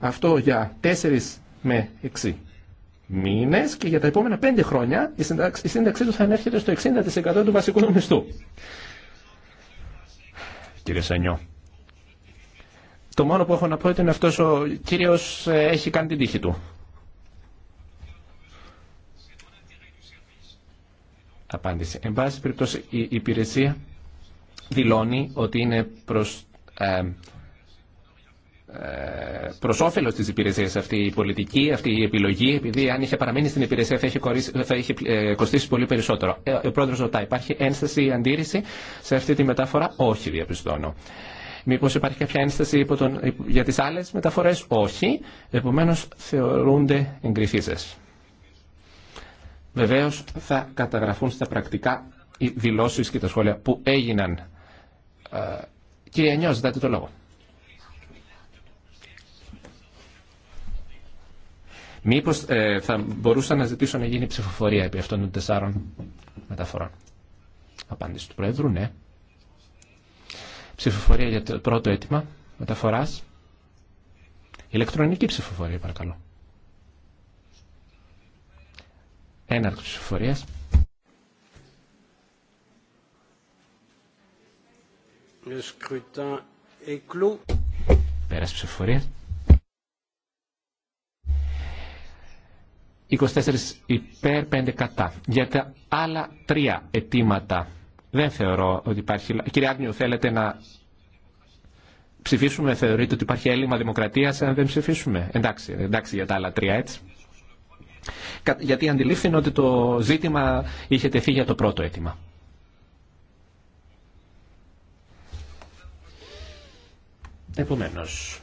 Αυτό για 4 με 6 μήνε και για τα επόμενα πέντε χρόνια η σύνταξή του θα ανέρχεται στο 60% του βασικού μισθού. Κύριε Σανιό, το μόνο που έχω να πω είναι αυτός ο κύριος ε, έχει κάνει την τύχη του. Απάντηση. Εν πάση περιπτώσει η υπηρεσία δηλώνει ότι είναι προς ε, προ όφελο τη υπηρεσία αυτή η πολιτική, αυτή η επιλογή, επειδή αν είχε παραμείνει στην υπηρεσία θα είχε, κορίσει, ε, κοστίσει πολύ περισσότερο. Ε, ο πρόεδρο ρωτά, υπάρχει ένσταση ή αντίρρηση σε αυτή τη μεταφορά. Όχι, διαπιστώνω. Μήπω υπάρχει κάποια ένσταση υπό τον, για τι άλλε μεταφορέ, Όχι. Επομένω θεωρούνται εγκριθίζε. Βεβαίω θα καταγραφούν στα πρακτικά οι δηλώσει και τα σχόλια που έγιναν. Ε, κύριε Νιώ, ζητάτε το λόγο. Μήπως ε, θα μπορούσα να ζητήσω να γίνει ψηφοφορία επί αυτών των τεσσάρων μεταφορών. Απάντηση του Πρόεδρου, ναι. Ψηφοφορία για το πρώτο αίτημα μεταφοράς. Ηλεκτρονική ψηφοφορία, παρακαλώ. Έναρξη ψηφοφορία. Le scrutin est clos. 24 υπέρ, 5 κατά. Για τα άλλα τρία αιτήματα δεν θεωρώ ότι υπάρχει... Κύριε Άγνιου, θέλετε να ψηφίσουμε, θεωρείτε ότι υπάρχει έλλειμμα δημοκρατίας αν δεν ψηφίσουμε. Εντάξει, εντάξει για τα άλλα τρία έτσι. Γιατί αντιλήφθηνε ότι το ζήτημα είχε τεθεί για το πρώτο αίτημα. Επομένως,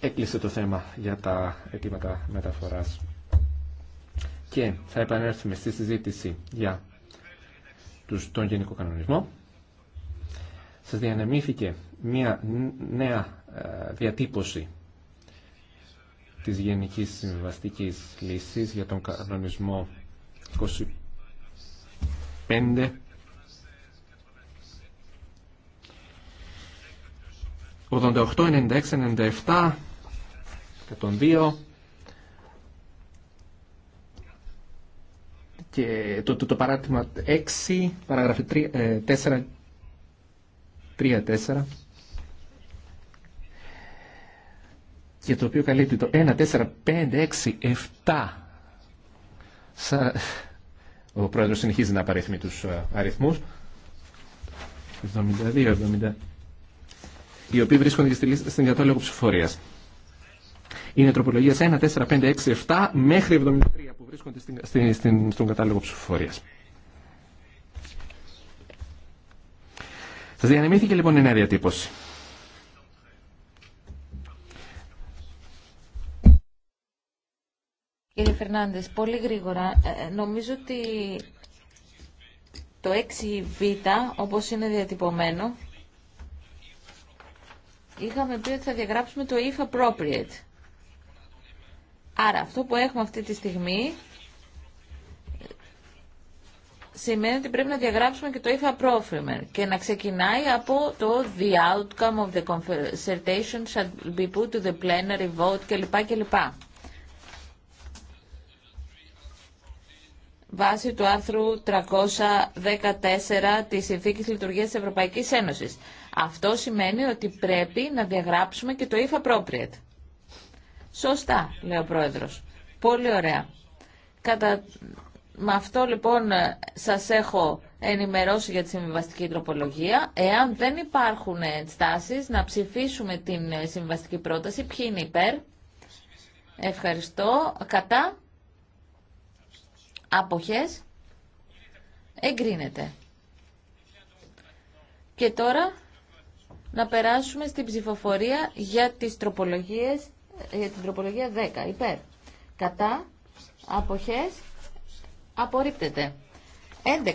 έκλεισε το θέμα για τα αιτήματα μεταφοράς και θα επανέλθουμε στη συζήτηση για τον Γενικό Κανονισμό. Σας διανεμήθηκε μια νέα ε, διατύπωση της Γενικής Συμβαστικής Λύσης για τον κανονισμό 25 88, 96, 97, 102, και το, το, το παράρτημα 6, παραγραφή 4, 3, 4 και το οποίο καλύπτει το 1, 4, 5, 6, 7 ο πρόεδρος συνεχίζει να απαριθμεί τους ε, αριθμούς 72, 70 οι οποίοι βρίσκονται και στη, στην κατάλογο ψηφορίας είναι τροπολογία 1, 4, 5, 6, 7 μέχρι 70 βρίσκονται στην, στην, στην, στον κατάλογο ψηφοφορία. Σα διανεμήθηκε λοιπόν η νέα διατύπωση. Κύριε Φερνάνδε, πολύ γρήγορα, ε, νομίζω ότι το 6β, όπως είναι διατυπωμένο, είχαμε πει ότι θα διαγράψουμε το if appropriate. Άρα αυτό που έχουμε αυτή τη στιγμή σημαίνει ότι πρέπει να διαγράψουμε και το if appropriate και να ξεκινάει από το the outcome of the consultation shall be put to the plenary vote κλπ. κλπ. Βάσει του άρθρου 314 της Συνθήκης Λειτουργίας της Ευρωπαϊκής Ένωσης. Αυτό σημαίνει ότι πρέπει να διαγράψουμε και το if appropriate. Σωστά, λέει ο Πρόεδρος. Πολύ ωραία. Κατά... Με αυτό λοιπόν ε, σας έχω ενημερώσει για τη συμβιβαστική τροπολογία. Εάν δεν υπάρχουν ενστάσεις, να ψηφίσουμε την ε, συμβιβαστική πρόταση. Ποιοι είναι υπέρ. Ευχαριστώ. Κατά. Αποχές. Εγκρίνεται. Και τώρα να περάσουμε στην ψηφοφορία για τις τροπολογίες για την τροπολογία 10. Υπέρ. Κατά. Αποχές. Απορρίπτεται.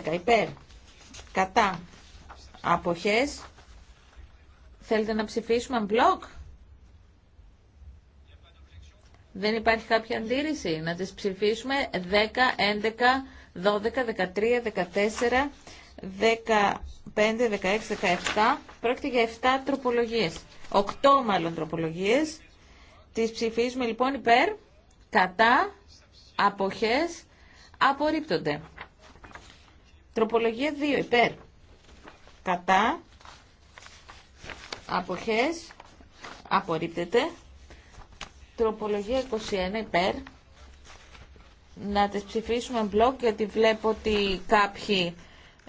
11. Υπέρ. Κατά. Αποχές. Θέλετε να ψηφίσουμε μπλοκ. Δεν υπάρχει κάποια αντίρρηση. Να τις ψηφίσουμε 10, 11, 12, 13, 14... 15, 16, 17, πρόκειται για 7 τροπολογίες. 8 μάλλον τροπολογίες. Τις ψηφίζουμε λοιπόν υπέρ, κατά, αποχές, απορρίπτονται. Τροπολογία 2 υπέρ, κατά, αποχές, απορρίπτεται. Τροπολογία 21 υπέρ, να τις ψηφίσουμε μπλοκ γιατί βλέπω ότι κάποιοι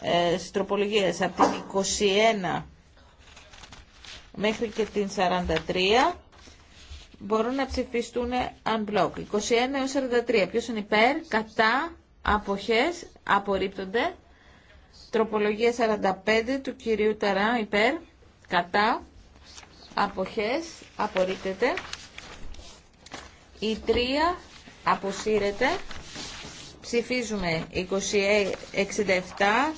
ε, από την 21 μέχρι και την 43 μπορούν να ψηφιστούν unblock. 21 έως 43. Ποιος είναι υπέρ, κατά, αποχές, απορρίπτονται. Τροπολογία 45 του κυρίου Ταρά, υπέρ, κατά, αποχές, απορρίπτεται. Η 3 αποσύρεται. Ψηφίζουμε 267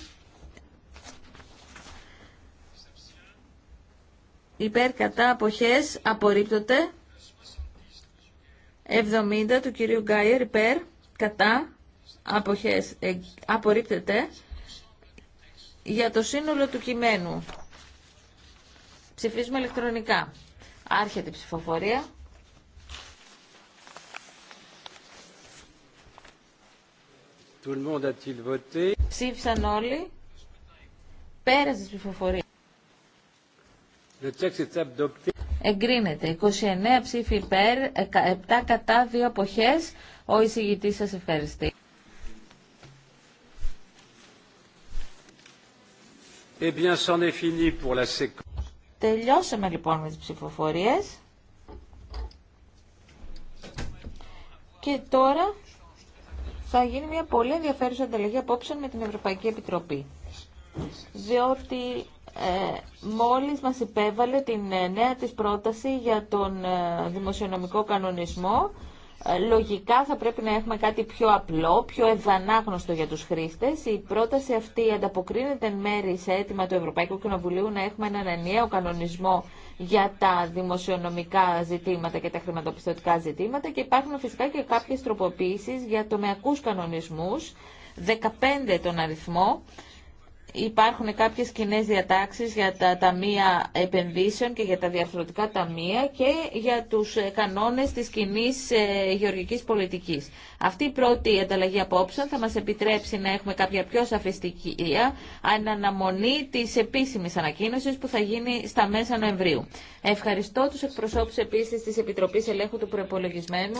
Υπέρ κατά αποχές απορρίπτονται. 70 του κυρίου Γκάιερ υπέρ, κατά, αποχές, ε, απορρίπτεται για το σύνολο του κειμένου. Ψηφίζουμε ηλεκτρονικά. Άρχεται η ψηφοφορία. Tout Ψήφισαν όλοι. Πέρασε η ψηφοφορία. Le texte εγκρίνεται. 29 ψήφοι υπέρ, 7 κατά, 2 αποχές. Ο εισηγητής σας ευχαριστεί. Eh Τελειώσαμε λοιπόν με τις ψηφοφορίες. Και τώρα θα γίνει μια πολύ ενδιαφέρουσα ανταλλαγή απόψεων με την Ευρωπαϊκή Επιτροπή. Ε, μόλις μας υπέβαλε την ε, νέα της πρόταση για τον ε, δημοσιονομικό κανονισμό. Λογικά θα πρέπει να έχουμε κάτι πιο απλό, πιο ευανάγνωστο για τους χρήστες. Η πρόταση αυτή ανταποκρίνεται εν μέρη σε αίτημα του Ευρωπαϊκού Κοινοβουλίου να έχουμε έναν ενιαίο κανονισμό για τα δημοσιονομικά ζητήματα και τα χρηματοπιστωτικά ζητήματα και υπάρχουν φυσικά και κάποιες τροποποίησεις για τομεακούς κανονισμούς, 15 τον αριθμό, Υπάρχουν κάποιες κοινέ διατάξεις για τα ταμεία επενδύσεων και για τα διαρθρωτικά ταμεία και για τους ε, κανόνες της κοινή ε, γεωργικής πολιτικής. Αυτή η πρώτη ανταλλαγή απόψεων θα μας επιτρέψει να έχουμε κάποια πιο σαφιστική αν αναμονή της επίσημης ανακοίνωσης που θα γίνει στα μέσα Νοεμβρίου. Ευχαριστώ τους εκπροσώπους επίσης της Επιτροπής Ελέγχου του Προπολογισμένου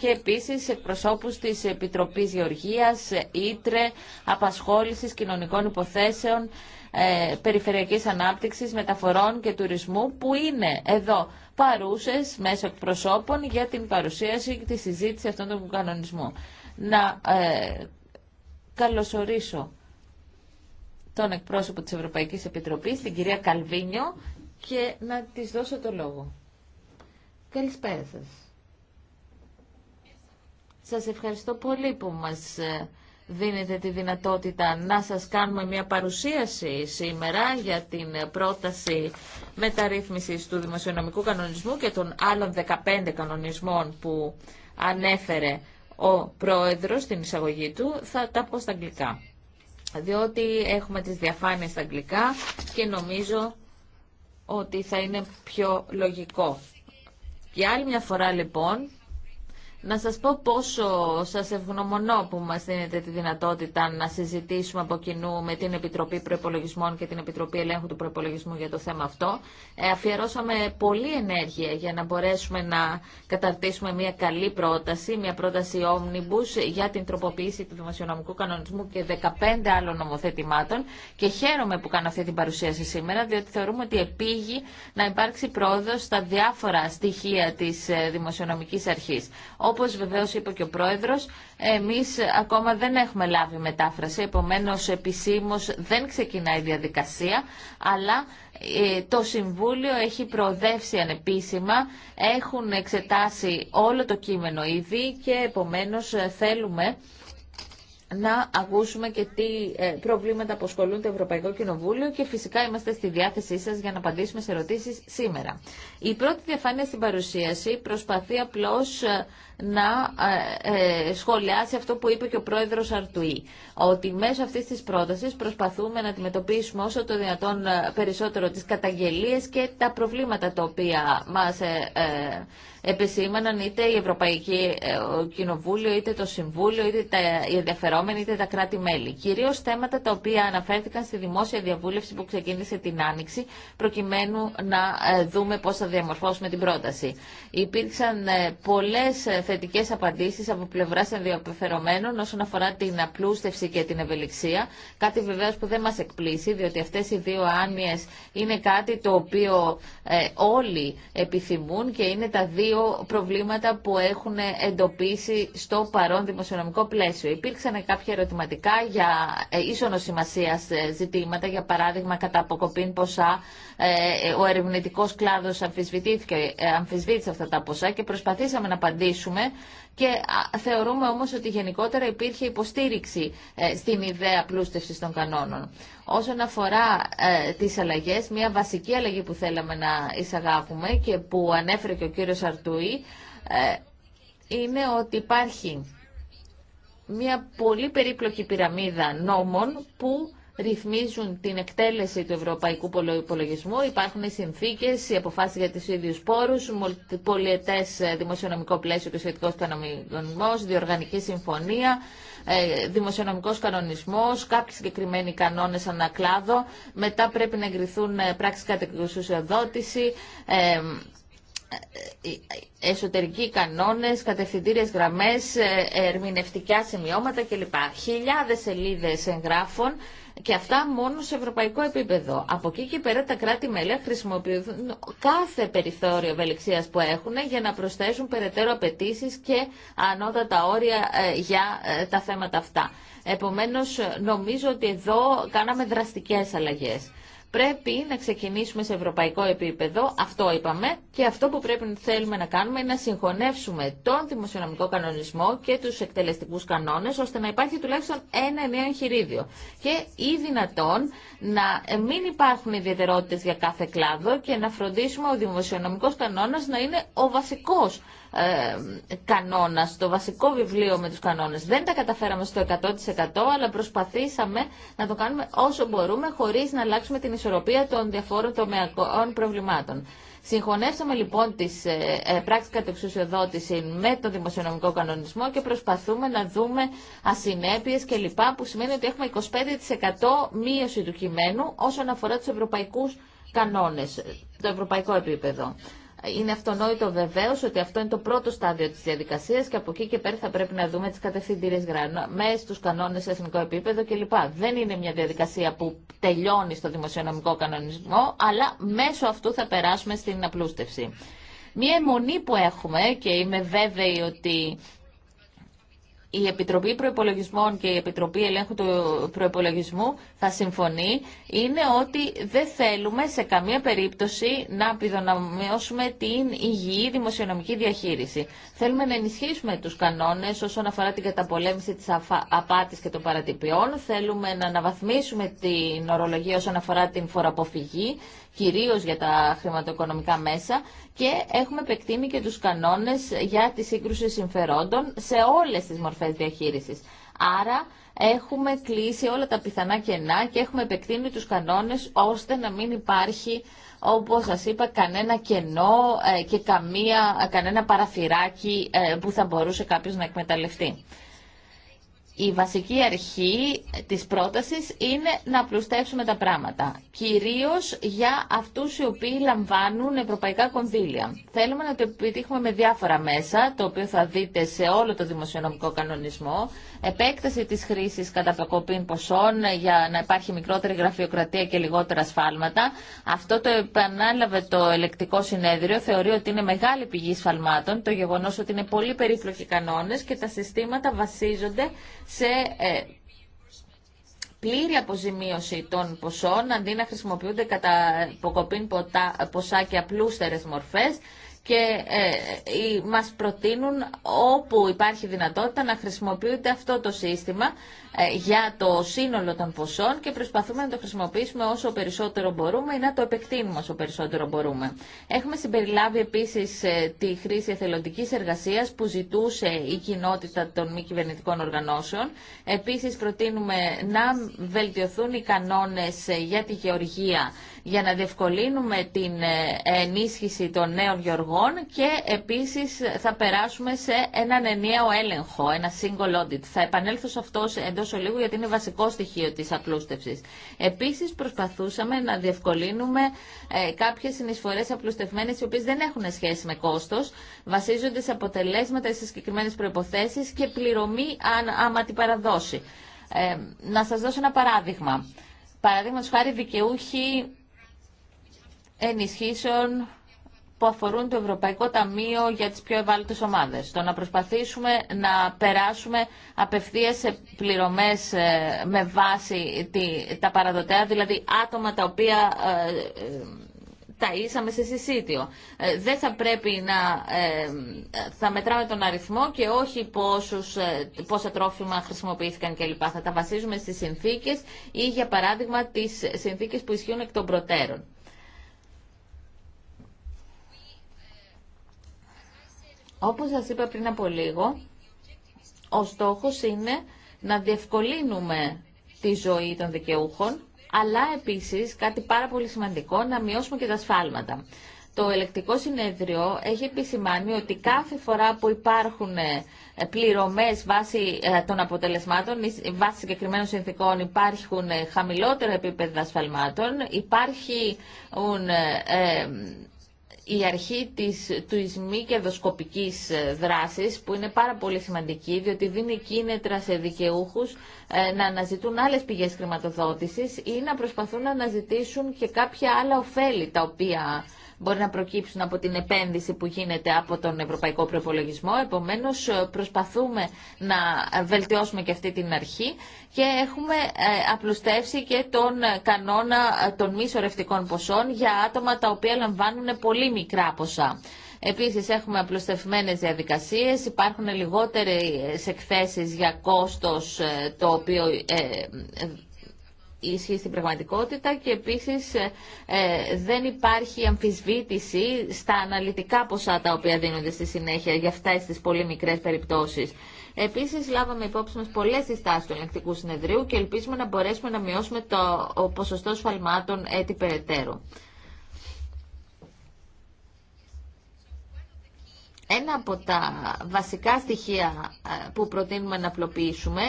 και επίσης εκπροσώπους της Επιτροπής Γεωργίας, Ήτρε, Απασχόλησης Κοινωνικών υποθέσεων ε, περιφερειακής ανάπτυξης, μεταφορών και τουρισμού που είναι εδώ παρούσες μέσω εκπροσώπων για την παρουσίαση και τη συζήτηση αυτών των κανονισμών. Να ε, καλωσορίσω τον εκπρόσωπο της Ευρωπαϊκής Επιτροπής, την κυρία Καλβίνιο, και να της δώσω το λόγο. Καλησπέρα σας. Σας ευχαριστώ πολύ που μας ε, δίνετε τη δυνατότητα να σας κάνουμε μια παρουσίαση σήμερα για την πρόταση μεταρρύθμισης του δημοσιονομικού κανονισμού και των άλλων 15 κανονισμών που ανέφερε ο πρόεδρος στην εισαγωγή του. Θα τα πω στα αγγλικά, διότι έχουμε τις διαφάνειες στα αγγλικά και νομίζω ότι θα είναι πιο λογικό. Για άλλη μια φορά λοιπόν να σας πω πόσο σας ευγνωμονώ που μας δίνετε τη δυνατότητα να συζητήσουμε από κοινού με την Επιτροπή Προπολογισμών και την Επιτροπή Ελέγχου του Προπολογισμού για το θέμα αυτό. Ε, αφιερώσαμε πολλή ενέργεια για να μπορέσουμε να καταρτήσουμε μια καλή πρόταση, μια πρόταση omnibus για την τροποποίηση του δημοσιονομικού κανονισμού και 15 άλλων νομοθετημάτων και χαίρομαι που κάνω αυτή την παρουσίαση σήμερα διότι θεωρούμε ότι επίγει να υπάρξει πρόοδος στα διάφορα στοιχεία της ε, δημοσιονομικής αρχής όπως βεβαίως είπε και ο Πρόεδρος, εμείς ακόμα δεν έχουμε λάβει μετάφραση, επομένως επισήμως δεν ξεκινάει η διαδικασία, αλλά ε, το Συμβούλιο έχει προοδεύσει ανεπίσημα, έχουν εξετάσει όλο το κείμενο ήδη και επομένως ε, θέλουμε να ακούσουμε και τι ε, προβλήματα αποσχολούν το Ευρωπαϊκό Κοινοβούλιο και φυσικά είμαστε στη διάθεσή σας για να απαντήσουμε σε ερωτήσεις σήμερα. Η πρώτη διαφάνεια στην παρουσίαση προσπαθεί απλώς να ε, ε, σχολιάσει αυτό που είπε και ο πρόεδρος Αρτουή. Ότι μέσω αυτή τη πρόταση προσπαθούμε να αντιμετωπίσουμε όσο το δυνατόν ε, περισσότερο τι καταγγελίε και τα προβλήματα τα οποία μας επεσήμαναν είτε η Ευρωπαϊκή Κοινοβούλιο, είτε το Συμβούλιο, είτε τα, οι ενδιαφερόμενοι, είτε τα κράτη-μέλη. Κυρίω θέματα τα οποία αναφέρθηκαν στη δημόσια διαβούλευση που ξεκίνησε την Άνοιξη, προκειμένου να δούμε πώ θα διαμορφώσουμε την πρόταση. Υπήρξαν πολλέ Θετικέ απαντήσει από πλευρά ενδιαφερομένων όσον αφορά την απλούστευση και την ευελιξία. Κάτι βεβαίω που δεν μα εκπλήσει, διότι αυτέ οι δύο άνοιε είναι κάτι το οποίο ε, όλοι επιθυμούν και είναι τα δύο προβλήματα που έχουν εντοπίσει στο παρόν δημοσιονομικό πλαίσιο. Υπήρξαν κάποια ερωτηματικά για ε, ίσονο σημασία ε, ζητήματα, για παράδειγμα κατά αποκοπήν ποσά. Ο ερευνητικό κλάδο αμφισβητήθηκε, αμφισβήτησε αυτά τα ποσά και προσπαθήσαμε να απαντήσουμε και θεωρούμε όμως ότι γενικότερα υπήρχε υποστήριξη ε, στην ιδέα πλούστευσης των κανόνων. Όσον αφορά ε, τις αλλαγές, μια βασική αλλαγή που θέλαμε να εισαγάγουμε και που ανέφερε και ο κύριος Αρτούη ε, είναι ότι υπάρχει μια πολύ περίπλοκη πυραμίδα νόμων που ρυθμίζουν την εκτέλεση του ευρωπαϊκού υπολογισμού. Υπάρχουν οι συνθήκε, οι αποφάσει για του ίδιου πόρου, πολιετέ ε, δημοσιονομικό πλαίσιο και σχετικό κανονισμό, διοργανική συμφωνία, ε, δημοσιονομικό κανονισμό, κάποιοι συγκεκριμένοι κανόνε ανακλάδο. Μετά πρέπει να εγκριθούν ε, πράξει κατεξουσιοδότηση, εσωτερικοί κανόνες, κατευθυντήριες γραμμές, ερμηνευτικά σημειώματα κλπ. Χιλιάδες σελίδε εγγράφων και αυτά μόνο σε ευρωπαϊκό επίπεδο. Από εκεί και πέρα τα κράτη-μέλη χρησιμοποιούν κάθε περιθώριο ευελιξία που έχουν για να προσθέσουν περαιτέρω απαιτήσει και ανώτατα όρια ε, για ε, τα θέματα αυτά. Επομένω, νομίζω ότι εδώ κάναμε δραστικέ αλλαγέ. Πρέπει να ξεκινήσουμε σε ευρωπαϊκό επίπεδο, αυτό είπαμε, και αυτό που πρέπει να θέλουμε να κάνουμε είναι να συγχωνεύσουμε τον δημοσιονομικό κανονισμό και τους εκτελεστικούς κανόνες, ώστε να υπάρχει τουλάχιστον ένα νέο εγχειρίδιο. Και ή δυνατόν να μην υπάρχουν ιδιαιτερότητες για κάθε κλάδο και να φροντίσουμε ο δημοσιονομικός κανόνας να είναι ο βασικός ε, κανόνας, το βασικό βιβλίο με τους κανόνες. Δεν τα καταφέραμε στο 100% αλλά προσπαθήσαμε να το κάνουμε όσο μπορούμε χωρίς να αλλάξουμε την ισορροπία των διαφόρων τομεακών προβλημάτων. Συγχωνεύσαμε λοιπόν τις ε, ε πράξεις κατεξουσιοδότηση με το δημοσιονομικό κανονισμό και προσπαθούμε να δούμε ασυνέπειες και λοιπά που σημαίνει ότι έχουμε 25% μείωση του κειμένου όσον αφορά τους ευρωπαϊκούς κανόνες, το ευρωπαϊκό επίπεδο. Είναι αυτονόητο βεβαίω ότι αυτό είναι το πρώτο στάδιο τη διαδικασία και από εκεί και πέρα θα πρέπει να δούμε τι κατευθυντήριε γραμμέ, του κανόνε σε εθνικό επίπεδο κλπ. Δεν είναι μια διαδικασία που τελειώνει στο δημοσιονομικό κανονισμό, αλλά μέσω αυτού θα περάσουμε στην απλούστευση. Μία αιμονή που έχουμε και είμαι βέβαιη ότι η Επιτροπή Προπολογισμών και η Επιτροπή Ελέγχου του Προπολογισμού θα συμφωνεί είναι ότι δεν θέλουμε σε καμία περίπτωση να επιδοναμιώσουμε την υγιή δημοσιονομική διαχείριση. Θέλουμε να ενισχύσουμε τους κανόνες όσον αφορά την καταπολέμηση της απάτης και των παρατυπιών. Θέλουμε να αναβαθμίσουμε την ορολογία όσον αφορά την φοροαποφυγή κυρίως για τα χρηματοοικονομικά μέσα και έχουμε επεκτείνει και τους κανόνες για τη σύγκρουση συμφερόντων σε όλες τις μορφές διαχείρισης. Άρα έχουμε κλείσει όλα τα πιθανά κενά και έχουμε επεκτείνει τους κανόνες ώστε να μην υπάρχει, όπως σας είπα, κανένα κενό ε, και καμία, κανένα παραθυράκι ε, που θα μπορούσε κάποιος να εκμεταλλευτεί η βασική αρχή της πρότασης είναι να απλουστεύσουμε τα πράγματα, κυρίως για αυτούς οι οποίοι λαμβάνουν ευρωπαϊκά κονδύλια. Θέλουμε να το επιτύχουμε με διάφορα μέσα, το οποίο θα δείτε σε όλο το δημοσιονομικό κανονισμό, επέκταση της χρήσης κατά προκοπήν ποσών για να υπάρχει μικρότερη γραφειοκρατία και λιγότερα σφάλματα. Αυτό το επανάλαβε το ελεκτικό συνέδριο. Θεωρεί ότι είναι μεγάλη πηγή σφαλμάτων το γεγονός ότι είναι πολύ περίπλοκοι κανόνες και τα συστήματα βασίζονται σε ε, πλήρη αποζημίωση των ποσών αντί να χρησιμοποιούνται κατά ποκοπήν ποσά και απλούστερες μορφές και ε, ε, μας προτείνουν όπου υπάρχει δυνατότητα να χρησιμοποιείται αυτό το σύστημα ε, για το σύνολο των ποσών και προσπαθούμε να το χρησιμοποιήσουμε όσο περισσότερο μπορούμε ή να το επεκτείνουμε όσο περισσότερο μπορούμε. Έχουμε συμπεριλάβει επίσης τη χρήση εθελοντική εργασίας που ζητούσε η κοινότητα των μη κυβερνητικών οργανώσεων. Επίσης προτείνουμε να βελτιωθούν οι κανόνες για τη γεωργία για να διευκολύνουμε την ενίσχυση των νέων γεωργών και επίσης θα περάσουμε σε έναν ενιαίο έλεγχο, ένα single audit. Θα επανέλθω σε αυτό εντός ολίγου γιατί είναι βασικό στοιχείο της απλούστευσης. Επίσης προσπαθούσαμε να διευκολύνουμε ε, κάποιες συνεισφορές απλουστευμένες οι οποίες δεν έχουν σχέση με κόστος, βασίζονται σε αποτελέσματα σε συγκεκριμένες προϋποθέσεις και πληρωμή άμα την παραδώσει. Ε, να σας δώσω ένα παράδειγμα. Παραδείγματος χάρη δικαιούχοι ενισχύσεων που αφορούν το Ευρωπαϊκό Ταμείο για τις πιο ευάλωτες ομάδες. Το να προσπαθήσουμε να περάσουμε απευθείας σε πληρωμές ε, με βάση τα παραδοτέα, δηλαδή άτομα τα οποία ε, ε, τα ίσαμε σε συσίτιο. Δεν θα πρέπει να θα μετράμε τον αριθμό και όχι πόσους, πόσα τρόφιμα χρησιμοποιήθηκαν κλπ. Θα τα βασίζουμε στις συνθήκες ή για παράδειγμα τις συνθήκες που ισχύουν εκ των προτέρων. Όπως σας είπα πριν από λίγο, ο στόχος είναι να διευκολύνουμε τη ζωή των δικαιούχων, αλλά επίσης κάτι πάρα πολύ σημαντικό, να μειώσουμε και τα σφάλματα. Το ελεκτικό συνέδριο έχει επισημάνει ότι κάθε φορά που υπάρχουν ε, πληρωμές βάσει ε, των αποτελεσμάτων, βάσει συγκεκριμένων συνθήκων υπάρχουν ε, χαμηλότερα επίπεδα ασφαλμάτων, υπάρχουν η αρχή της, του και δοσκοπικής ε, δράσης που είναι πάρα πολύ σημαντική διότι δίνει κίνητρα σε δικαιούχους ε, να αναζητούν άλλες πηγές χρηματοδότησης ή να προσπαθούν να αναζητήσουν και κάποια άλλα ωφέλη τα οποία μπορεί να προκύψουν από την επένδυση που γίνεται από τον Ευρωπαϊκό Προπολογισμό. Επομένω, προσπαθούμε να βελτιώσουμε και αυτή την αρχή και έχουμε ε, απλουστεύσει και τον κανόνα των μη σωρευτικών ποσών για άτομα τα οποία λαμβάνουν πολύ μικρά ποσά. Επίση, έχουμε απλουστευμένε διαδικασίε, υπάρχουν λιγότερε εκθέσει για κόστο ε, το οποίο ε, ισχύει στην πραγματικότητα και επίσης ε, ε, δεν υπάρχει αμφισβήτηση στα αναλυτικά ποσά τα οποία δίνονται στη συνέχεια για αυτά στις πολύ μικρές περιπτώσεις. Επίση, λάβαμε υπόψη μα πολλέ συστάσει του Ελεκτικού συνεδρίου και ελπίζουμε να μπορέσουμε να μειώσουμε το ποσοστό σφαλμάτων έτσι περαιτέρω. Ένα από τα βασικά στοιχεία ε, που προτείνουμε να απλοποιήσουμε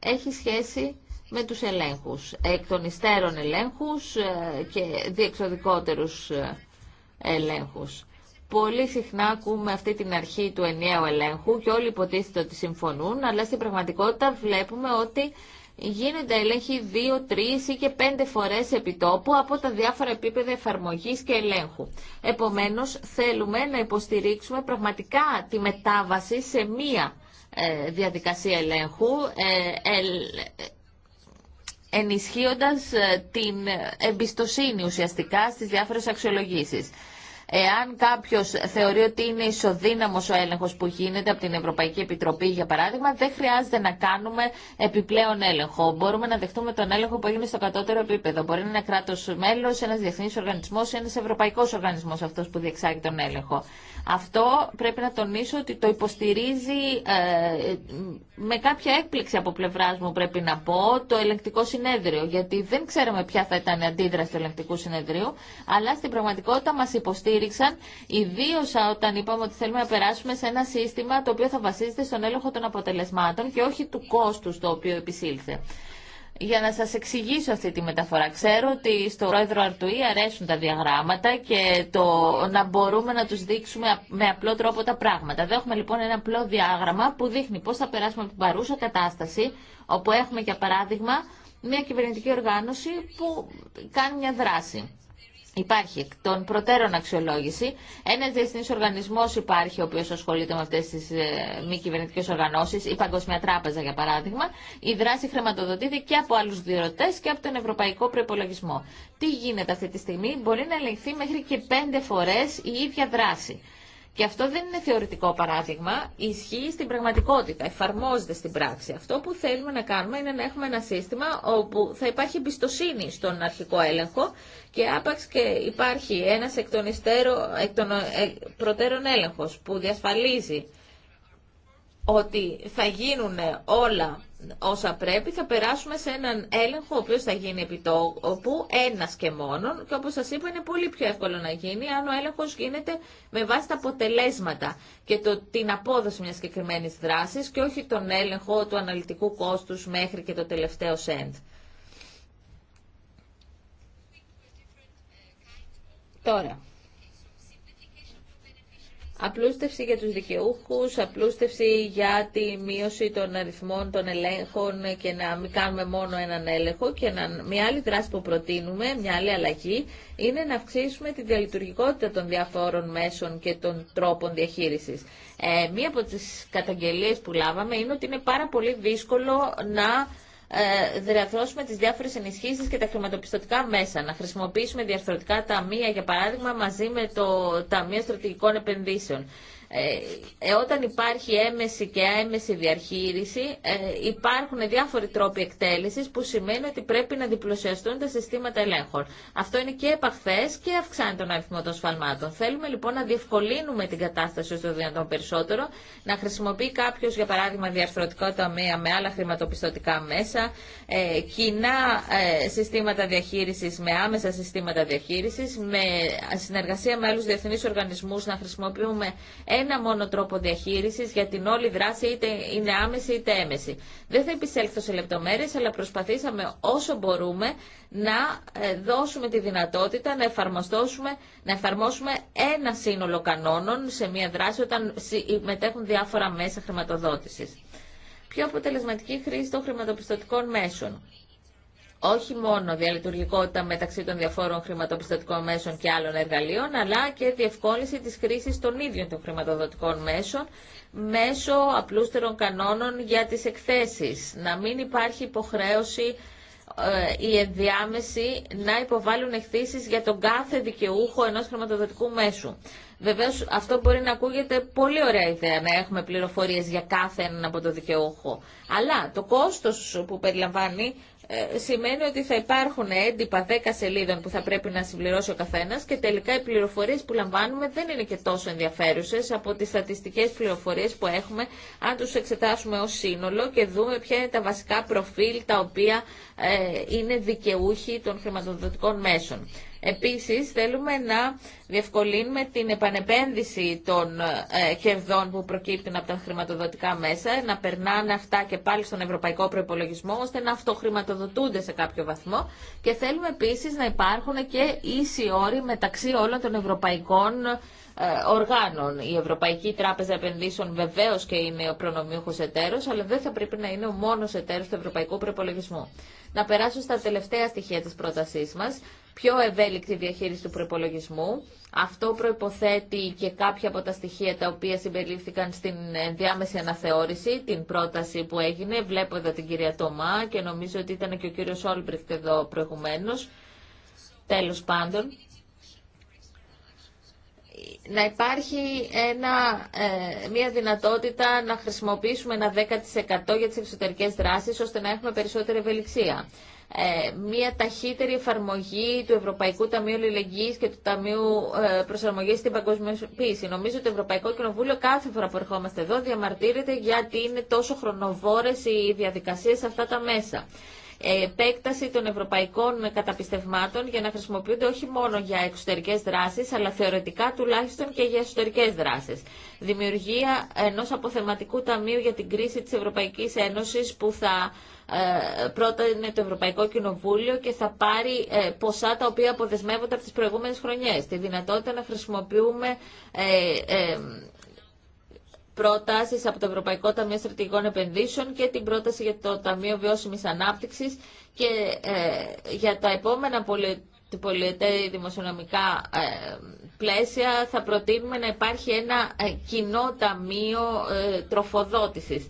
έχει σχέση με τους ελέγχους, εκ των υστέρων ελέγχους ε, και διεξοδικότερους ε, ελέγχους. Πολύ συχνά ακούμε αυτή την αρχή του ενιαίου ελέγχου και όλοι υποτίθεται ότι συμφωνούν, αλλά στην πραγματικότητα βλέπουμε ότι γίνονται έλεγχοι δύο, τρεις ή και πέντε φορές επιτόπου από τα διάφορα επίπεδα εφαρμογής και ελέγχου. Επομένως, θέλουμε να υποστηρίξουμε πραγματικά τη μετάβαση σε μία ε, διαδικασία ελέγχου, ενισχύοντας ε, την εμπιστοσύνη ουσιαστικά στις διάφορες αξιολογήσεις. Εάν κάποιο θεωρεί ότι είναι ισοδύναμος ο έλεγχο που γίνεται από την Ευρωπαϊκή Επιτροπή, για παράδειγμα, δεν χρειάζεται να κάνουμε επιπλέον έλεγχο. Μπορούμε να δεχτούμε τον έλεγχο που έγινε στο κατώτερο επίπεδο. Μπορεί να είναι κράτο μέλο, ένα διεθνή οργανισμό, ένα ευρωπαϊκό οργανισμό αυτό που διεξάγει τον έλεγχο. Αυτό πρέπει να τονίσω ότι το υποστηρίζει ε, με κάποια έκπληξη από πλευρά μου πρέπει να πω το ελεγκτικό συνέδριο γιατί δεν ξέρουμε ποια θα ήταν η αντίδραση του ελεγκτικού συνεδρίου αλλά στην πραγματικότητα μας υποστήριξαν ιδίω όταν είπαμε ότι θέλουμε να περάσουμε σε ένα σύστημα το οποίο θα βασίζεται στον έλεγχο των αποτελεσμάτων και όχι του κόστου το οποίο επισήλθε για να σας εξηγήσω αυτή τη μεταφορά. Ξέρω ότι στο πρόεδρο Αρτουή αρέσουν τα διαγράμματα και το να μπορούμε να τους δείξουμε με απλό τρόπο τα πράγματα. Δεν έχουμε λοιπόν ένα απλό διάγραμμα που δείχνει πώς θα περάσουμε από την παρούσα κατάσταση, όπου έχουμε για παράδειγμα μια κυβερνητική οργάνωση που κάνει μια δράση. Υπάρχει εκ των προτέρων αξιολόγηση. Ένα διεθνή οργανισμό υπάρχει, ο οποίο ασχολείται με αυτέ τι ε, μη κυβερνητικέ οργανώσει, η Παγκοσμία Τράπεζα για παράδειγμα. Η δράση χρηματοδοτείται και από άλλου διερωτέ και από τον Ευρωπαϊκό Προπολογισμό. Τι γίνεται αυτή τη στιγμή, μπορεί να ελεγχθεί μέχρι και πέντε φορέ η ίδια δράση. Και αυτό δεν είναι θεωρητικό παράδειγμα, ισχύει στην πραγματικότητα, εφαρμόζεται στην πράξη. Αυτό που θέλουμε να κάνουμε είναι να έχουμε ένα σύστημα όπου θα υπάρχει εμπιστοσύνη στον αρχικό έλεγχο και άπαξ και υπάρχει ένας εκ των, ε, προτέρων έλεγχος που διασφαλίζει ότι θα γίνουν όλα όσα πρέπει, θα περάσουμε σε έναν έλεγχο, ο οποίος θα γίνει επί τόπου, ένας και μόνον, και όπως σας είπα είναι πολύ πιο εύκολο να γίνει, αν ο έλεγχος γίνεται με βάση τα αποτελέσματα και το, την απόδοση μιας συγκεκριμένη δράσης και όχι τον έλεγχο του αναλυτικού κόστους μέχρι και το τελευταίο σέντ. Τώρα, Απλούστευση για τους δικαιούχους, απλούστευση για τη μείωση των αριθμών των ελέγχων και να μην κάνουμε μόνο έναν έλεγχο και να, μια άλλη δράση που προτείνουμε, μια άλλη αλλαγή, είναι να αυξήσουμε τη διαλειτουργικότητα των διαφόρων μέσων και των τρόπων διαχείρισης. Ε, μία από τις καταγγελίες που λάβαμε είναι ότι είναι πάρα πολύ δύσκολο να ε, διαρθρώσουμε τις διάφορες ενισχύσεις και τα χρηματοπιστωτικά μέσα. Να χρησιμοποιήσουμε διαρθρωτικά ταμεία, για παράδειγμα, μαζί με το Ταμείο Στρατηγικών Επενδύσεων. Ε, ε, όταν υπάρχει έμεση και άμεση διαχείριση, ε, υπάρχουν διάφοροι τρόποι εκτέλεση που σημαίνει ότι πρέπει να διπλωσιαστούν τα συστήματα ελέγχων. Αυτό είναι και επαχθέ και αυξάνει τον αριθμό των σφαλμάτων. Θέλουμε λοιπόν να διευκολύνουμε την κατάσταση στο δυνατόν περισσότερο, να χρησιμοποιεί κάποιο, για παράδειγμα, διαρθρωτικό ταμείο με άλλα χρηματοπιστωτικά μέσα, ε, κοινά ε, συστήματα διαχείριση με άμεσα συστήματα διαχείριση, με συνεργασία με άλλου διεθνεί οργανισμού να χρησιμοποιούμε ένα μόνο τρόπο διαχείρισης για την όλη δράση, είτε είναι άμεση είτε έμεση. Δεν θα επισέλθω σε λεπτομέρειε, αλλά προσπαθήσαμε όσο μπορούμε να ε, δώσουμε τη δυνατότητα να, εφαρμοστώσουμε, να εφαρμόσουμε ένα σύνολο κανόνων σε μια δράση όταν ε, μετέχουν διάφορα μέσα χρηματοδότησης. Πιο αποτελεσματική χρήση των χρηματοπιστωτικών μέσων όχι μόνο διαλειτουργικότητα μεταξύ των διαφόρων χρηματοπιστωτικών μέσων και άλλων εργαλείων, αλλά και διευκόλυνση της χρήσης των ίδιων των χρηματοδοτικών μέσων μέσω απλούστερων κανόνων για τις εκθέσεις. Να μην υπάρχει υποχρέωση η ε, ενδιάμεση να υποβάλουν εκθέσεις για τον κάθε δικαιούχο ενός χρηματοδοτικού μέσου. Βεβαίω, αυτό μπορεί να ακούγεται πολύ ωραία ιδέα να έχουμε πληροφορίε για κάθε έναν από τον δικαιούχο. Αλλά το κόστο που περιλαμβάνει ε, σημαίνει ότι θα υπάρχουν έντυπα 10 σελίδων που θα πρέπει να συμπληρώσει ο καθένα και τελικά οι πληροφορίε που λαμβάνουμε δεν είναι και τόσο ενδιαφέρουσε από τι στατιστικέ πληροφορίε που έχουμε, αν του εξετάσουμε ω σύνολο και δούμε ποια είναι τα βασικά προφίλ τα οποία ε, είναι δικαιούχοι των χρηματοδοτικών μέσων. Επίσης, θέλουμε να διευκολύνουμε την επανεπένδυση των ε, κερδών που προκύπτουν από τα χρηματοδοτικά μέσα, να περνάνε αυτά και πάλι στον ευρωπαϊκό προϋπολογισμό, ώστε να αυτοχρηματοδοτούνται σε κάποιο βαθμό. Και θέλουμε επίσης να υπάρχουν και ίσοι όροι μεταξύ όλων των ευρωπαϊκών ε, οργάνων. Η Ευρωπαϊκή Τράπεζα Επενδύσεων βεβαίω και είναι ο προνομιούχο εταίρο, αλλά δεν θα πρέπει να είναι ο μόνο εταίρο του ευρωπαϊκού προπολογισμού. Να περάσω στα τελευταία στοιχεία της πρότασής μας. Πιο ευέλικτη διαχείριση του προπολογισμού. Αυτό προϋποθέτει και κάποια από τα στοιχεία τα οποία συμπεριλήφθηκαν στην διάμεση αναθεώρηση, την πρόταση που έγινε. Βλέπω εδώ την κυρία Τωμά και νομίζω ότι ήταν και ο κύριος Όλμπριχτ εδώ προηγουμένως. Τέλος πάντων, να υπάρχει ένα, ε, μια δυνατότητα να χρησιμοποιήσουμε ένα 10% για τις εξωτερικές δράσεις ώστε να έχουμε περισσότερη ευελιξία. Ε, μια ταχύτερη εφαρμογή του Ευρωπαϊκού Ταμείου Λιλεγγύης και του Ταμείου ε, Προσαρμογής στην Παγκοσμιοποίηση. Νομίζω ότι το Ευρωπαϊκό Κοινοβούλιο κάθε φορά που ερχόμαστε εδώ διαμαρτύρεται γιατί είναι τόσο χρονοβόρες οι διαδικασίες σε αυτά τα μέσα επέκταση των ευρωπαϊκών καταπιστευμάτων για να χρησιμοποιούνται όχι μόνο για εξωτερικές δράσεις, αλλά θεωρητικά τουλάχιστον και για εσωτερικέ δράσεις. Δημιουργία ενός αποθεματικού ταμείου για την κρίση της Ευρωπαϊκής Ένωση που θα ε, πρώτα είναι το Ευρωπαϊκό Κοινοβούλιο και θα πάρει ε, ποσά τα οποία αποδεσμεύονται από τις προηγούμενες χρονιές. Τη δυνατότητα να χρησιμοποιούμε ε, προτάσεις από το Ευρωπαϊκό Ταμείο Στρατηγικών Επενδύσεων και την πρόταση για το Ταμείο Βιώσιμης Ανάπτυξης και ε, για τα επόμενα τη δημοσιονομικά ε, πλαίσια θα προτείνουμε να υπάρχει ένα ε, κοινό ταμείο τροφοδότησης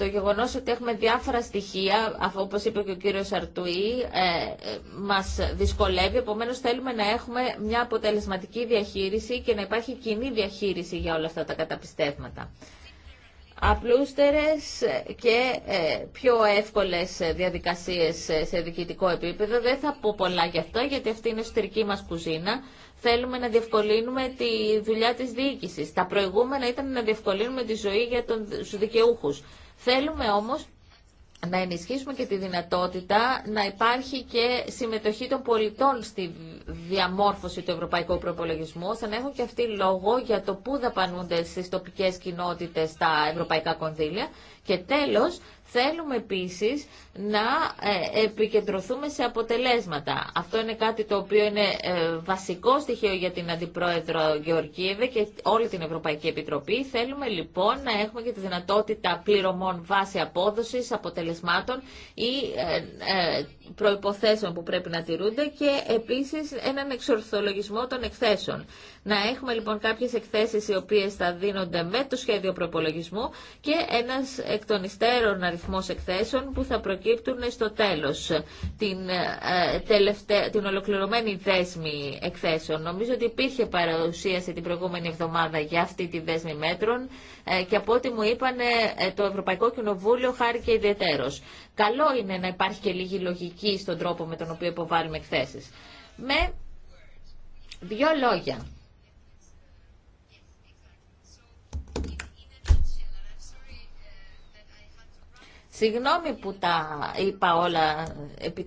το γεγονός ότι έχουμε διάφορα στοιχεία, όπως είπε και ο κύριος Αρτουή, ε, ε, μας δυσκολεύει, επομένως θέλουμε να έχουμε μια αποτελεσματική διαχείριση και να υπάρχει κοινή διαχείριση για όλα αυτά τα καταπιστεύματα. Απλούστερες και ε, πιο εύκολες διαδικασίες σε διοικητικό επίπεδο. Δεν θα πω πολλά γι' αυτό, γιατί αυτή είναι εσωτερική μας κουζίνα. Θέλουμε να διευκολύνουμε τη δουλειά της διοίκησης. Τα προηγούμενα ήταν να διευκολύνουμε τη ζωή για τους δικαιούχους. Θέλουμε όμως να ενισχύσουμε και τη δυνατότητα να υπάρχει και συμμετοχή των πολιτών στη διαμόρφωση του ευρωπαϊκού προπολογισμού, ώστε να έχουν και αυτοί λόγο για το πού δαπανούνται στις τοπικές κοινότητες τα ευρωπαϊκά κονδύλια. Και τέλος, θέλουμε επίσης να ε, επικεντρωθούμε σε αποτελέσματα. Αυτό είναι κάτι το οποίο είναι ε, βασικό στοιχείο για την Αντιπρόεδρο Γεωργίευε και όλη την Ευρωπαϊκή Επιτροπή. Θέλουμε λοιπόν να έχουμε και τη δυνατότητα πληρωμών βάση απόδοσης, αποτελεσμάτων ή ε, προϋποθέσεων που πρέπει να τηρούνται και επίσης έναν εξορθολογισμό των εκθέσεων. Να έχουμε λοιπόν κάποιες εκθέσεις οι οποίες θα δίνονται με το σχέδιο προπολογισμού και ένας εκ των υστέρων αριθμός εκθέσεων που θα προκύπτουν στο τέλος την, ε, την ολοκληρωμένη δέσμη εκθέσεων. Νομίζω ότι υπήρχε παρουσίαση την προηγούμενη εβδομάδα για αυτή τη δέσμη μέτρων ε, και από ό,τι μου είπαν ε, το Ευρωπαϊκό Κοινοβούλιο και ιδιαίτερος. Καλό είναι να υπάρχει και λίγη λογική στον τρόπο με τον οποίο υποβάλλουμε εκθέσεις. Με δύο λόγια. Συγγνώμη που τα είπα όλα επί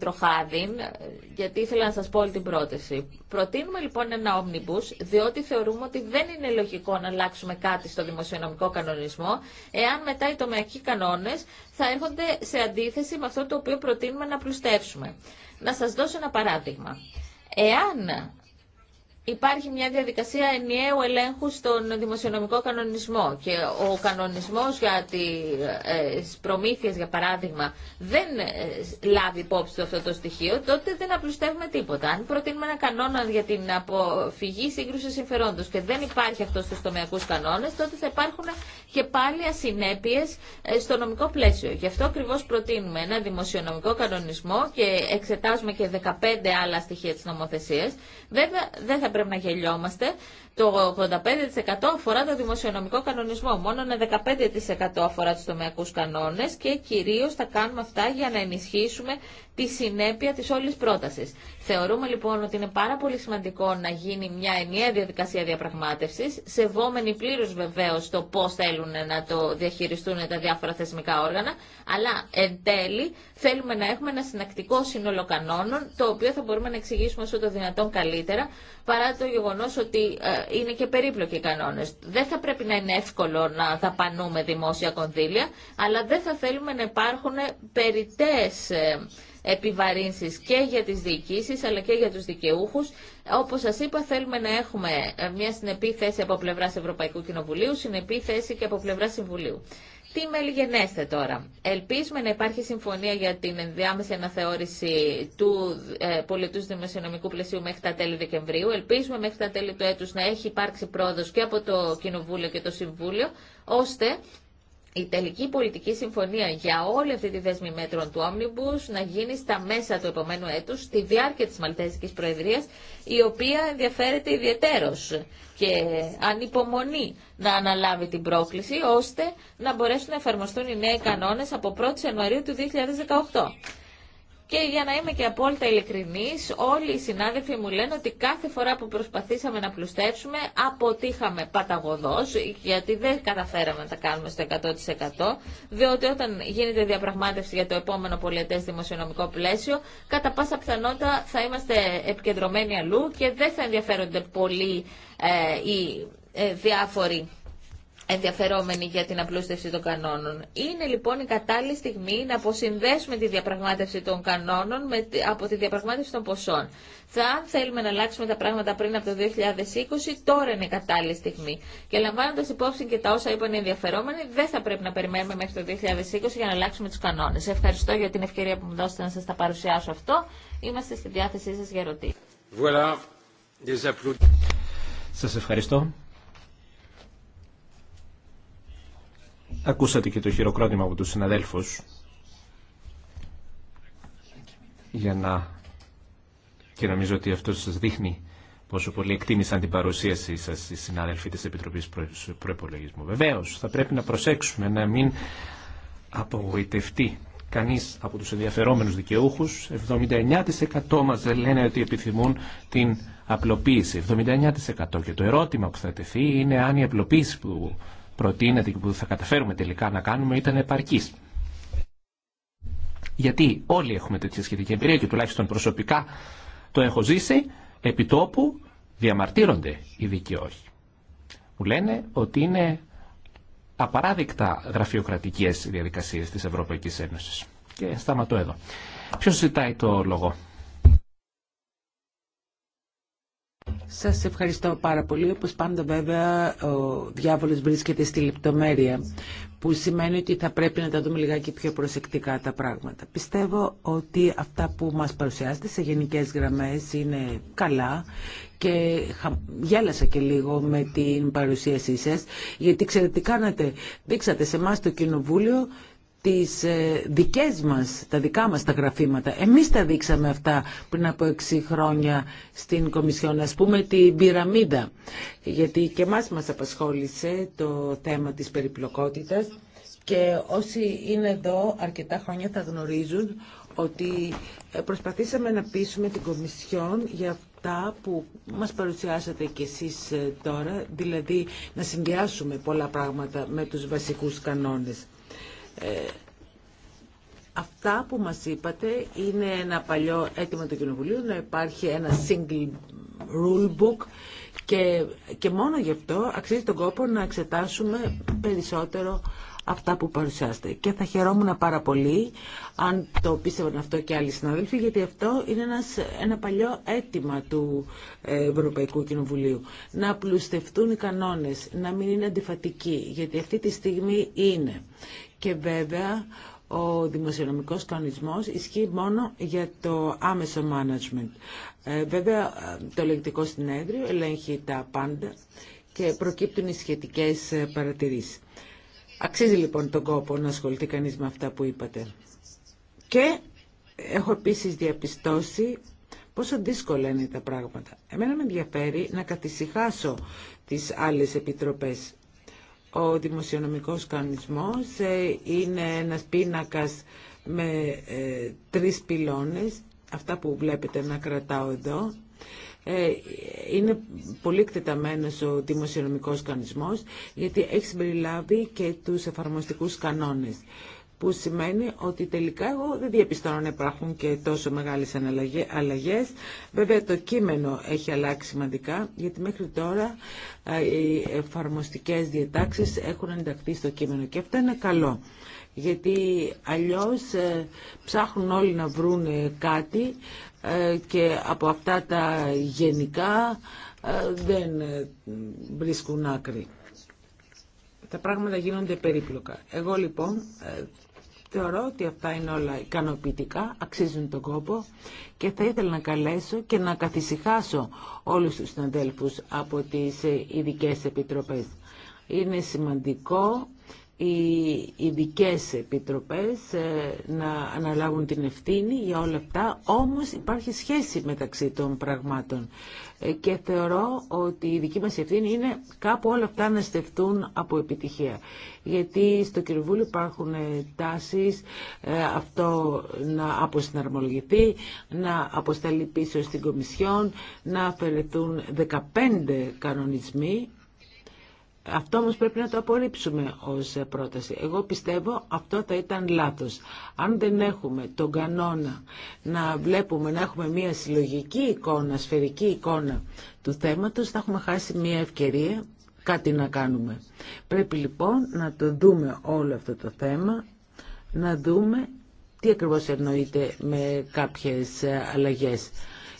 γιατί ήθελα να σας πω όλη την πρόταση. Προτείνουμε λοιπόν ένα όμνιμπους, διότι θεωρούμε ότι δεν είναι λογικό να αλλάξουμε κάτι στο δημοσιονομικό κανονισμό, εάν μετά οι τομεακοί κανόνες θα έρχονται σε αντίθεση με αυτό το οποίο προτείνουμε να πλουστεύσουμε. Να σας δώσω ένα παράδειγμα. Εάν υπάρχει μια διαδικασία ενιαίου ελέγχου στον δημοσιονομικό κανονισμό και ο κανονισμός για τις ε, προμήθειες, για παράδειγμα, δεν ε, λάβει υπόψη αυτό το στοιχείο, τότε δεν απλουστεύουμε τίποτα. Αν προτείνουμε ένα κανόνα για την αποφυγή σύγκρουση συμφερόντος και δεν υπάρχει αυτό στους τομεακούς κανόνες, τότε θα υπάρχουν και πάλι ασυνέπειες ε, στο νομικό πλαίσιο. Γι' αυτό ακριβώς προτείνουμε ένα δημοσιονομικό κανονισμό και εξετάζουμε και 15 άλλα στοιχεία της νομοθεσίας. Βέβαια, δεν θα πρέπει να γελιόμαστε το 85% αφορά το δημοσιονομικό κανονισμό. Μόνο ένα 15% αφορά του τομεακού κανόνε και κυρίω θα κάνουμε αυτά για να ενισχύσουμε τη συνέπεια τη όλη πρόταση. Θεωρούμε λοιπόν ότι είναι πάρα πολύ σημαντικό να γίνει μια ενιαία διαδικασία διαπραγμάτευσης, σεβόμενοι πλήρω βεβαίω το πώ θέλουν να το διαχειριστούν τα διάφορα θεσμικά όργανα, αλλά εν τέλει θέλουμε να έχουμε ένα συνακτικό σύνολο κανόνων, το οποίο θα μπορούμε να εξηγήσουμε όσο το δυνατόν καλύτερα, παρά το γεγονό ότι ε, είναι και περίπλοκοι κανόνες. Δεν θα πρέπει να είναι εύκολο να δαπανούμε δημόσια κονδύλια, αλλά δεν θα θέλουμε να υπάρχουν περιττές ε, επιβαρύνσεις και για τις διοικήσεις αλλά και για τους δικαιούχους. Όπως σας είπα θέλουμε να έχουμε ε, μια συνεπή θέση από πλευράς Ευρωπαϊκού Κοινοβουλίου, συνεπή θέση και από πλευρά Συμβουλίου. Τι μελιγενέστε ναι, τώρα. Ελπίζουμε να υπάρχει συμφωνία για την ενδιάμεση αναθεώρηση του ε, πολιτού δημοσιονομικού πλαισίου μέχρι τα τέλη Δεκεμβρίου. Ελπίζουμε μέχρι τα τέλη του έτους να έχει υπάρξει πρόοδο και από το Κοινοβούλιο και το Συμβούλιο, ώστε η τελική πολιτική συμφωνία για όλη αυτή τη δέσμη μέτρων του Omnibus να γίνει στα μέσα του επόμενου έτους, στη διάρκεια της Μαλτέζικης Προεδρίας, η οποία ενδιαφέρεται ιδιαιτέρως και ανυπομονεί να αναλάβει την πρόκληση, ώστε να μπορέσουν να εφαρμοστούν οι νέοι κανόνες από 1η Ιανουαρίου του 2018. Και για να είμαι και απόλυτα ειλικρινής, όλοι οι συνάδελφοι μου λένε ότι κάθε φορά που προσπαθήσαμε να πλουστέψουμε, αποτύχαμε παταγωδό, γιατί δεν καταφέραμε να τα κάνουμε στο 100%, διότι όταν γίνεται διαπραγμάτευση για το επόμενο πολιτεύσιο δημοσιονομικό πλαίσιο, κατά πάσα πιθανότητα θα είμαστε επικεντρωμένοι αλλού και δεν θα ενδιαφέρονται πολύ ε, οι ε, διάφοροι ενδιαφερόμενοι για την απλούστευση των κανόνων. Είναι λοιπόν η κατάλληλη στιγμή να αποσυνδέσουμε τη διαπραγμάτευση των κανόνων με, από τη διαπραγμάτευση των ποσών. Θα αν θέλουμε να αλλάξουμε τα πράγματα πριν από το 2020, τώρα είναι η κατάλληλη στιγμή. Και λαμβάνοντα υπόψη και τα όσα είπαν οι ενδιαφερόμενοι, δεν θα πρέπει να περιμένουμε μέχρι το 2020 για να αλλάξουμε του κανόνε. Ευχαριστώ για την ευκαιρία που μου δώσετε να σα τα παρουσιάσω αυτό. Είμαστε στη διάθεσή σα για ερωτήσει. Voilà. ευχαριστώ. Ακούσατε και το χειροκρότημα από τους συναδέλφους για να και νομίζω ότι αυτό σας δείχνει πόσο πολύ εκτίμησαν την παρουσίασή σας οι συνάδελφοι της Επιτροπής Προεπολογισμού. Βεβαίως, θα πρέπει να προσέξουμε να μην απογοητευτεί κανείς από τους ενδιαφερόμενους δικαιούχους. 79% μας λένε ότι επιθυμούν την απλοποίηση. 79% και το ερώτημα που θα τεθεί είναι αν η απλοποίηση που προτείνεται και που θα καταφέρουμε τελικά να κάνουμε ήταν επαρκή. Γιατί όλοι έχουμε τέτοια σχετική εμπειρία και τουλάχιστον προσωπικά το έχω ζήσει επί τόπου διαμαρτύρονται οι δικαιοχοι. Μου λένε ότι είναι απαράδεκτα γραφειοκρατικές διαδικασίες της Ευρωπαϊκής Ένωσης. Και σταματώ εδώ. Ποιος ζητάει το λόγο. Σας ευχαριστώ πάρα πολύ. Όπως πάντα βέβαια ο διάβολος βρίσκεται στη λεπτομέρεια που σημαίνει ότι θα πρέπει να τα δούμε λιγάκι πιο προσεκτικά τα πράγματα. Πιστεύω ότι αυτά που μας παρουσιάζετε σε γενικές γραμμές είναι καλά και γέλασα και λίγο με την παρουσίασή σας γιατί ξέρετε τι κάνατε. Δείξατε σε εμά το Κοινοβούλιο τις ε, δικές μας, τα δικά μας τα γραφήματα. Εμείς τα δείξαμε αυτά πριν από έξι χρόνια στην Κομισιόν, ας πούμε την πυραμίδα. Γιατί και μας μας απασχόλησε το θέμα της περιπλοκότητας και όσοι είναι εδώ αρκετά χρόνια θα γνωρίζουν ότι ε, προσπαθήσαμε να πείσουμε την Κομισιόν για αυτά που μας παρουσιάσατε κι εσείς ε, τώρα, δηλαδή να συνδυάσουμε πολλά πράγματα με τους βασικούς κανόνες. Ε, αυτά που μας είπατε είναι ένα παλιό έτοιμο του Κοινοβουλίου να υπάρχει ένα single rule book και, και μόνο γι' αυτό αξίζει τον κόπο να εξετάσουμε περισσότερο αυτά που παρουσιάσετε. Και θα χαιρόμουν πάρα πολύ αν το πίστευαν αυτό και άλλοι συνάδελφοι, γιατί αυτό είναι ένας, ένα παλιό αίτημα του ε, Ευρωπαϊκού Κοινοβουλίου. Να πλουστευτούν οι κανόνες, να μην είναι αντιφατικοί, γιατί αυτή τη στιγμή είναι. Και βέβαια ο δημοσιονομικός κανονισμός ισχύει μόνο για το άμεσο management. Ε, βέβαια το ελεγκτικό συνέδριο ελέγχει τα πάντα και προκύπτουν οι σχετικές ε, παρατηρήσεις. Αξίζει λοιπόν τον κόπο να ασχοληθεί κανείς με αυτά που είπατε. Και έχω επίσης διαπιστώσει πόσο δύσκολα είναι τα πράγματα. Εμένα με ενδιαφέρει να κατησυχάσω τις άλλες επιτροπές. Ο δημοσιονομικός κανονισμός ε, είναι ένας πίνακας με ε, τρεις πυλώνες, αυτά που βλέπετε να κρατάω εδώ. Ε, είναι πολύ εκτεταμένος ο δημοσιονομικός κανονισμός γιατί έχει συμπεριλάβει και τους εφαρμοστικούς κανόνες που σημαίνει ότι τελικά εγώ δεν διαπιστώνω να υπάρχουν και τόσο μεγάλες αλλαγές. Βέβαια το κείμενο έχει αλλάξει σημαντικά, γιατί μέχρι τώρα ε, οι εφαρμοστικές διατάξεις έχουν ενταχθεί στο κείμενο και αυτό είναι καλό γιατί αλλιώς ε, ψάχνουν όλοι να βρουν κάτι ε, και από αυτά τα γενικά ε, δεν βρίσκουν άκρη. Τα πράγματα γίνονται περίπλοκα. Εγώ λοιπόν θεωρώ ότι αυτά είναι όλα ικανοποιητικά, αξίζουν τον κόπο και θα ήθελα να καλέσω και να καθησυχάσω όλους τους συναδέλφους από τις ειδικέ επιτροπές. Είναι σημαντικό οι ειδικέ επιτροπές ε, να αναλάβουν την ευθύνη για όλα αυτά, όμως υπάρχει σχέση μεταξύ των πραγμάτων ε, και θεωρώ ότι η δική μας ευθύνη είναι κάπου όλα αυτά να στεφτούν από επιτυχία. Γιατί στο Κυριοβούλιο υπάρχουν ε, τάσεις αυτό να αποσυναρμολογηθεί, να αποσταλεί πίσω στην Κομισιόν, να αφαιρεθούν 15 κανονισμοί αυτό όμως πρέπει να το απορρίψουμε ως πρόταση. Εγώ πιστεύω αυτό θα ήταν λάθος. Αν δεν έχουμε τον κανόνα να βλέπουμε, να έχουμε μια συλλογική εικόνα, σφαιρική εικόνα του θέματος, θα έχουμε χάσει μια ευκαιρία κάτι να κάνουμε. Πρέπει λοιπόν να το δούμε όλο αυτό το θέμα, να δούμε τι ακριβώς εννοείται με κάποιες αλλαγές.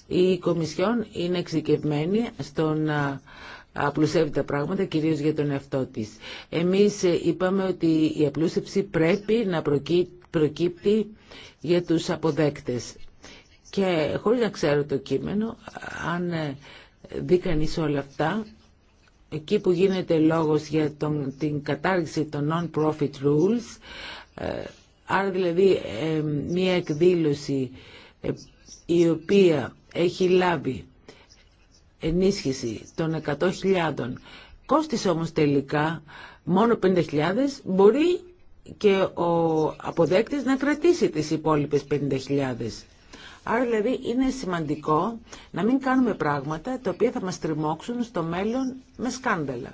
Η Κομισιόν είναι εξειδικευμένη στο να απλουσεύει τα πράγματα κυρίως για τον εαυτό της. Εμείς ε, είπαμε ότι η απλούσευση πρέπει να προκύπτει για τους αποδέκτες. Και χωρίς να ξέρω το κείμενο, αν ε, δει κανείς όλα αυτά, εκεί που γίνεται λόγος για τον, την κατάργηση των non-profit rules, ε, άρα δηλαδή μια εκδήλωση η οποία έχει λάβει ενίσχυση των 100.000 κόστισε όμως τελικά μόνο 50.000 μπορεί και ο αποδέκτης να κρατήσει τις υπόλοιπες 50.000. Άρα δηλαδή είναι σημαντικό να μην κάνουμε πράγματα τα οποία θα μας τριμώξουν στο μέλλον με σκάνδαλα.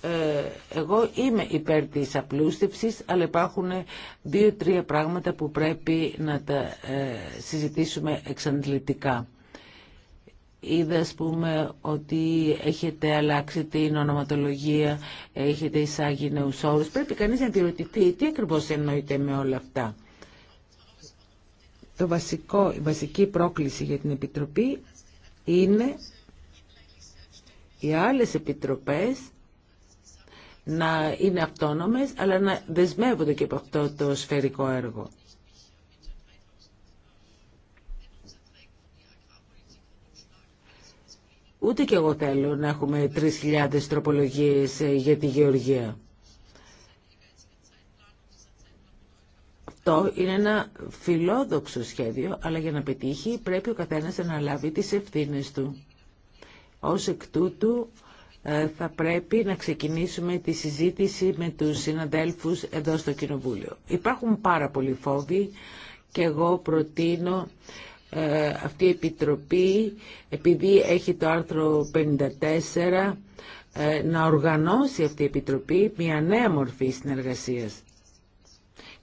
Ε, εγώ είμαι υπέρ της απλούστευσης, αλλά υπάρχουν δύο-τρία πράγματα που πρέπει να τα ε, συζητήσουμε εξαντλητικά. Είδα, ας πούμε, ότι έχετε αλλάξει την ονοματολογία, έχετε εισάγει νέους όρους. Πρέπει κανείς να διερωτηθεί τι ακριβώς εννοείται με όλα αυτά. Το βασικό, η βασική πρόκληση για την Επιτροπή είναι οι άλλες επιτροπές να είναι αυτόνομες, αλλά να δεσμεύονται και από αυτό το σφαιρικό έργο. Ούτε και εγώ θέλω να έχουμε 3.000 τροπολογίες ε, για τη γεωργία. Αυτό είναι ένα φιλόδοξο σχέδιο, αλλά για να πετύχει πρέπει ο καθένας να αναλάβει τις ευθύνες του. Ως εκ τούτου ε, θα πρέπει να ξεκινήσουμε τη συζήτηση με τους συναδέλφους εδώ στο Κοινοβούλιο. Υπάρχουν πάρα πολλοί φόβοι και εγώ προτείνω ε, αυτή η Επιτροπή, επειδή έχει το άρθρο 54, ε, να οργανώσει αυτή η Επιτροπή μια νέα μορφή συνεργασίας.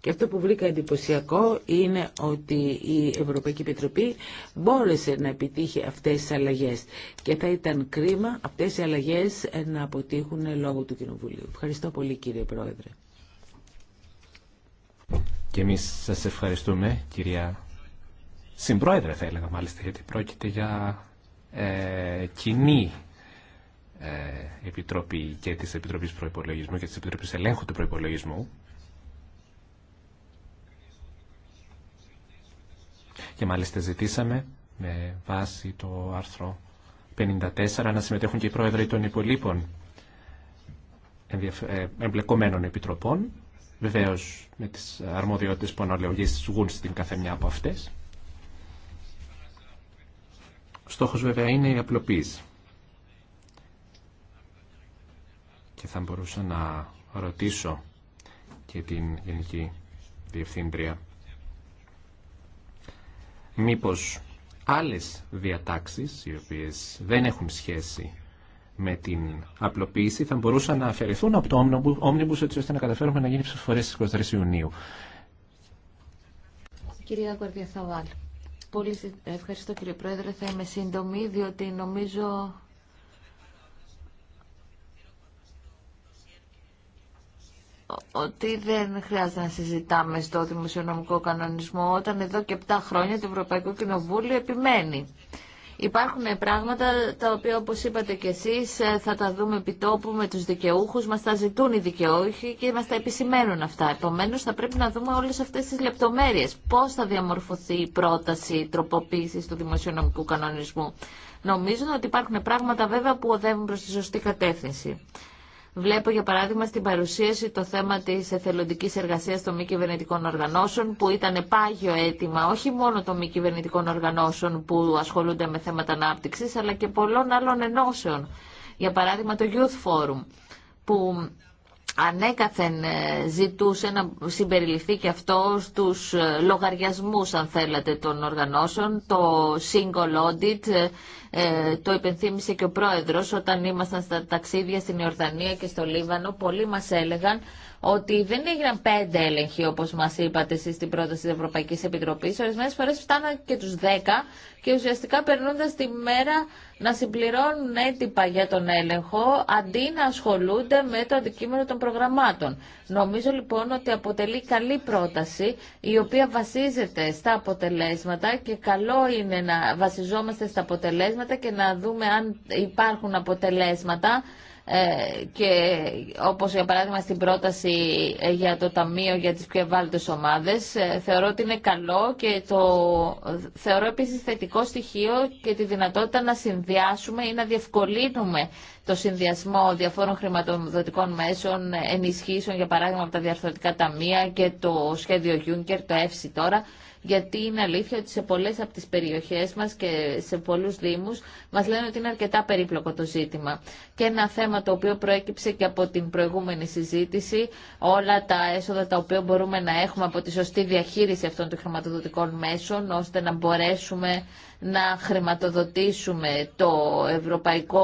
Και αυτό που βρήκα εντυπωσιακό είναι ότι η Ευρωπαϊκή Επιτροπή μπόρεσε να επιτύχει αυτές τις αλλαγές. Και θα ήταν κρίμα αυτές οι αλλαγές να αποτύχουν λόγω του Κοινοβουλίου. Ευχαριστώ πολύ κύριε Πρόεδρε. Και εμείς σας ευχαριστούμε κυρία συμπρόεδρε θα έλεγα μάλιστα, γιατί πρόκειται για ε, κοινή ε, επιτροπή και της Επιτροπής Προϋπολογισμού και της Επιτροπής Ελέγχου του Προϋπολογισμού. Και μάλιστα ζητήσαμε με βάση το άρθρο 54 να συμμετέχουν και οι πρόεδροι των υπολείπων ε, εμπλεκομένων επιτροπών, βεβαίως με τις αρμοδιότητες που αναλογείς βγουν στην καθεμιά από αυτές. Ο στόχος βέβαια είναι η απλοποίηση. Και θα μπορούσα να ρωτήσω και την Γενική Διευθύντρια μήπως άλλες διατάξεις οι οποίες δεν έχουν σχέση με την απλοποίηση θα μπορούσαν να αφαιρεθούν από το Omnibus έτσι ώστε να καταφέρουμε να γίνει ψηφοφορές στις 23 Ιουνίου. Κυρία ευχαριστώ κύριε Πρόεδρε. Θα είμαι σύντομη διότι νομίζω ότι δεν χρειάζεται να συζητάμε στο δημοσιονομικό κανονισμό όταν εδώ και 7 χρόνια το Ευρωπαϊκό Κοινοβούλιο επιμένει. Υπάρχουν πράγματα τα οποία όπως είπατε και εσείς ε, θα τα δούμε επιτόπου με τους δικαιούχους, μας τα ζητούν οι δικαιούχοι και μας τα επισημαίνουν αυτά. Επομένως θα πρέπει να δούμε όλες αυτές τις λεπτομέρειες, πώς θα διαμορφωθεί η πρόταση τροποποίησης του δημοσιονομικού κανονισμού. Νομίζω ότι υπάρχουν πράγματα βέβαια που οδεύουν προς τη σωστή κατεύθυνση. Βλέπω για παράδειγμα στην παρουσίαση το θέμα τη εθελοντικής εργασίας των μη κυβερνητικών οργανώσεων που ήταν πάγιο αίτημα όχι μόνο των μη κυβερνητικών οργανώσεων που ασχολούνται με θέματα ανάπτυξη, αλλά και πολλών άλλων ενώσεων. Για παράδειγμα το Youth Forum που ανέκαθεν ε, ζητούσε να συμπεριληφθεί και αυτό στους ε, λογαριασμούς, αν θέλατε, των οργανώσεων. Το single audit ε, το υπενθύμησε και ο πρόεδρος όταν ήμασταν στα ταξίδια στην Ιορδανία και στο Λίβανο. Πολλοί μας έλεγαν ότι δεν έγιναν πέντε έλεγχοι όπω μα είπατε εσεί στην πρόταση τη Ευρωπαϊκή Επιτροπή. Ορισμένε φορέ φτάναν και του δέκα και ουσιαστικά περνώντα τη μέρα να συμπληρώνουν έτυπα για τον έλεγχο αντί να ασχολούνται με το αντικείμενο των προγραμμάτων. Νομίζω λοιπόν ότι αποτελεί καλή πρόταση η οποία βασίζεται στα αποτελέσματα και καλό είναι να βασιζόμαστε στα αποτελέσματα και να δούμε αν υπάρχουν αποτελέσματα ε, και όπως για παράδειγμα στην πρόταση ε, για το Ταμείο για τις πιο ευάλωτες ομάδες ε, θεωρώ ότι είναι καλό και το θεωρώ επίσης θετικό στοιχείο και τη δυνατότητα να συνδυάσουμε ή να διευκολύνουμε το συνδυασμό διαφόρων χρηματοδοτικών μέσων ενισχύσεων για παράδειγμα από τα διαρθρωτικά ταμεία και το σχέδιο Juncker, το ΕΦΣΙ τώρα γιατί είναι αλήθεια ότι σε πολλές από τις περιοχές μας και σε πολλούς δήμους μας λένε ότι είναι αρκετά περίπλοκο το ζήτημα. Και ένα θέμα το οποίο προέκυψε και από την προηγούμενη συζήτηση, όλα τα έσοδα τα οποία μπορούμε να έχουμε από τη σωστή διαχείριση αυτών των χρηματοδοτικών μέσων, ώστε να μπορέσουμε να χρηματοδοτήσουμε το Ευρωπαϊκό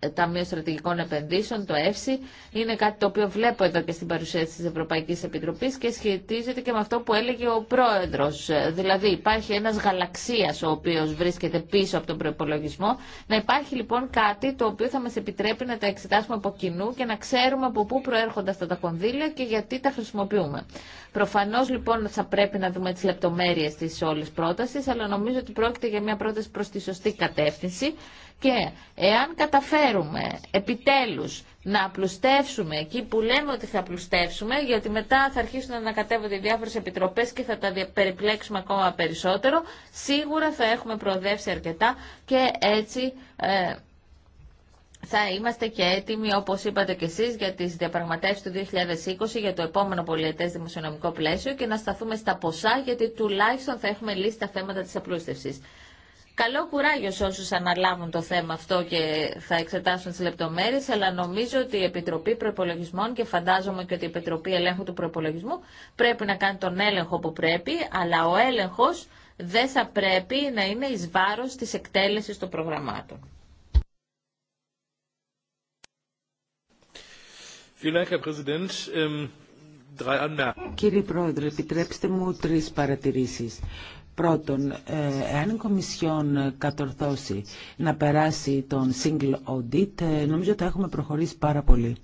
ε, Ταμείο Στρατηγικών Επενδύσεων, το ΕΦΣΙ. Είναι κάτι το οποίο βλέπω εδώ και στην παρουσίαση της Ευρωπαϊκής Επιτροπής και σχετίζεται και με αυτό που έλεγε ο πρόεδρο, Δηλαδή υπάρχει ένα γαλαξία ο οποίο βρίσκεται πίσω από τον προπολογισμό. Να υπάρχει λοιπόν κάτι το οποίο θα μα επιτρέπει να τα εξετάσουμε από κοινού και να ξέρουμε από πού προέρχονται αυτά τα κονδύλια και γιατί τα χρησιμοποιούμε. Προφανώ λοιπόν θα πρέπει να δούμε τι λεπτομέρειε τη όλη πρόταση, αλλά νομίζω ότι πρόκειται για μια πρόταση προ τη σωστή κατεύθυνση και εάν καταφέρουμε επιτέλου να απλουστεύσουμε εκεί που λέμε ότι θα απλουστεύσουμε, γιατί μετά θα αρχίσουν να ανακατεύονται οι διάφορες επιτροπές και θα τα περιπλέξουμε ακόμα περισσότερο, σίγουρα θα έχουμε προοδεύσει αρκετά και έτσι ε, θα είμαστε και έτοιμοι, όπως είπατε και εσείς, για τις διαπραγματεύσεις του 2020, για το επόμενο πολιετές δημοσιονομικό πλαίσιο και να σταθούμε στα ποσά, γιατί τουλάχιστον θα έχουμε λύσει τα θέματα της απλούστευσης. Καλό κουράγιο σε όσους αναλάβουν το θέμα αυτό και θα εξετάσουν τις λεπτομέρειες, αλλά νομίζω ότι η Επιτροπή Προπολογισμών και φαντάζομαι και ότι η Επιτροπή Ελέγχου του Προπολογισμού πρέπει να κάνει τον έλεγχο που πρέπει, αλλά ο έλεγχος δεν θα πρέπει να είναι εις βάρος της εκτέλεσης των προγραμμάτων. Ähm, Κύριε Πρόεδρε, επιτρέψτε μου τρεις παρατηρήσεις. Πρώτον, ε, εάν η Κομισιόν κατορθώσει να περάσει τον single audit, ε, νομίζω ότι έχουμε προχωρήσει πάρα πολύ.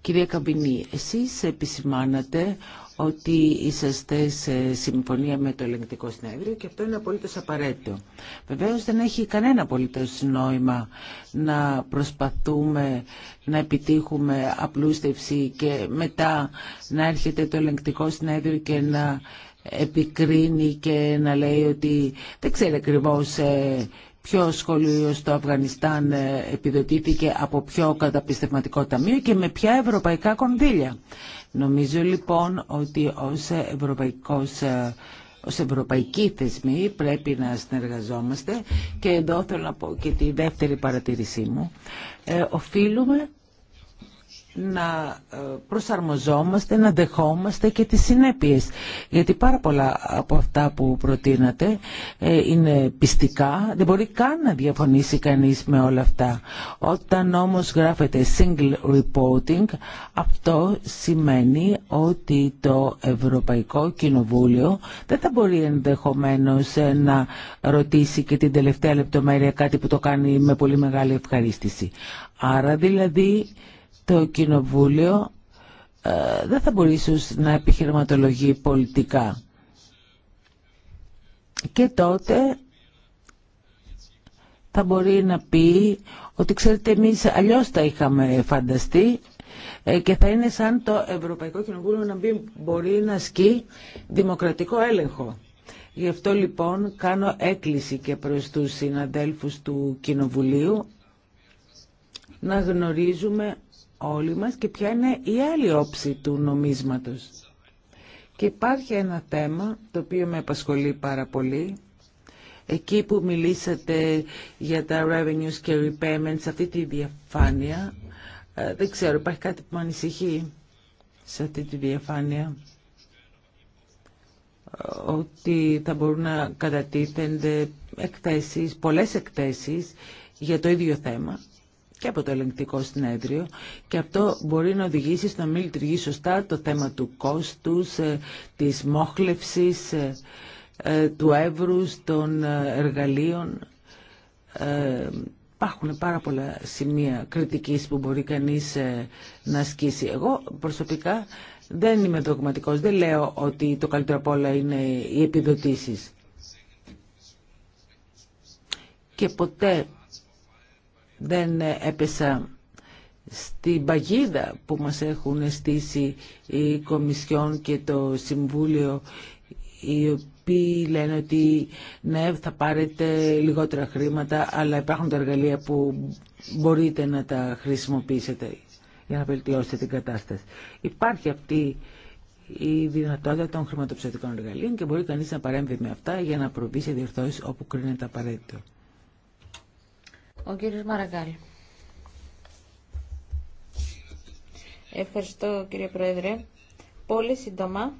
Κυρία Καμπινή, εσείς επισημάνατε ότι είσαστε σε συμφωνία με το ελεγκτικό συνέδριο και αυτό είναι απολύτως απαραίτητο. Βεβαίως δεν έχει κανένα απολύτως νόημα να προσπαθούμε να επιτύχουμε απλούστευση και μετά να έρχεται το ελεγκτικό συνέδριο και να επικρίνει και να λέει ότι δεν ξέρει ακριβώς ε, ποιο σχολείο στο Αφγανιστάν ε, επιδοτήθηκε από ποιο καταπιστευματικό ταμείο και με ποια ευρωπαϊκά κονδύλια. Νομίζω λοιπόν ότι ως, ευρωπαϊκός, ε, ως ευρωπαϊκοί θεσμοί πρέπει να συνεργαζόμαστε και εδώ θέλω να πω και τη δεύτερη παρατήρησή μου. Ε, οφείλουμε να ε, προσαρμοζόμαστε, να δεχόμαστε και τις συνέπειες. Γιατί πάρα πολλά από αυτά που προτείνατε ε, είναι πιστικά, δεν μπορεί καν να διαφωνήσει κανείς με όλα αυτά. Όταν όμως γράφεται single reporting, αυτό σημαίνει ότι το Ευρωπαϊκό Κοινοβούλιο δεν θα μπορεί ενδεχομένως ε, να ρωτήσει και την τελευταία λεπτομέρεια κάτι που το κάνει με πολύ μεγάλη ευχαρίστηση. Άρα δηλαδή το Κοινοβούλιο ε, δεν θα μπορεί να επιχειρηματολογεί πολιτικά. Και τότε θα μπορεί να πει ότι ξέρετε εμείς αλλιώς τα είχαμε φανταστεί ε, και θα είναι σαν το Ευρωπαϊκό Κοινοβούλιο να μην μπορεί να ασκεί δημοκρατικό έλεγχο. Γι' αυτό λοιπόν κάνω έκκληση και προς τους συναδέλφους του Κοινοβουλίου να γνωρίζουμε όλοι μας και ποια είναι η άλλη όψη του νομίσματος. Και υπάρχει ένα θέμα το οποίο με απασχολεί πάρα πολύ. Εκεί που μιλήσατε για τα revenues και repayments, αυτή τη διαφάνεια, ε, δεν ξέρω, υπάρχει κάτι που με ανησυχεί σε αυτή τη διαφάνεια ε, ότι θα μπορούν να κατατίθενται εκθέσεις, πολλές εκθέσεις για το ίδιο θέμα και από το ελεγκτικό συνέδριο και αυτό μπορεί να οδηγήσει στο να μην λειτουργεί σωστά το θέμα του κόστους, ε, της μόχλευσης, ε, ε, του εύρους των εργαλείων. Υπάρχουν πάρα πολλά σημεία κριτικής που μπορεί κανείς να ασκήσει. Εγώ προσωπικά δεν είμαι δογματικός, δεν λέω ότι το καλύτερο από όλα είναι οι επιδοτήσεις. Και ποτέ δεν έπεσα στην παγίδα που μας έχουν στήσει οι Κομισιόν και το Συμβούλιο οι οποίοι λένε ότι ναι θα πάρετε λιγότερα χρήματα αλλά υπάρχουν τα εργαλεία που μπορείτε να τα χρησιμοποιήσετε για να βελτιώσετε την κατάσταση. Υπάρχει αυτή η δυνατότητα των χρηματοψηφιακών εργαλείων και μπορεί κανείς να παρέμβει με αυτά για να προβεί σε διορθώσεις όπου κρίνεται απαραίτητο. Ο κύριος Μαραγκάλη. Ευχαριστώ κύριε Πρόεδρε. Πολύ σύντομα.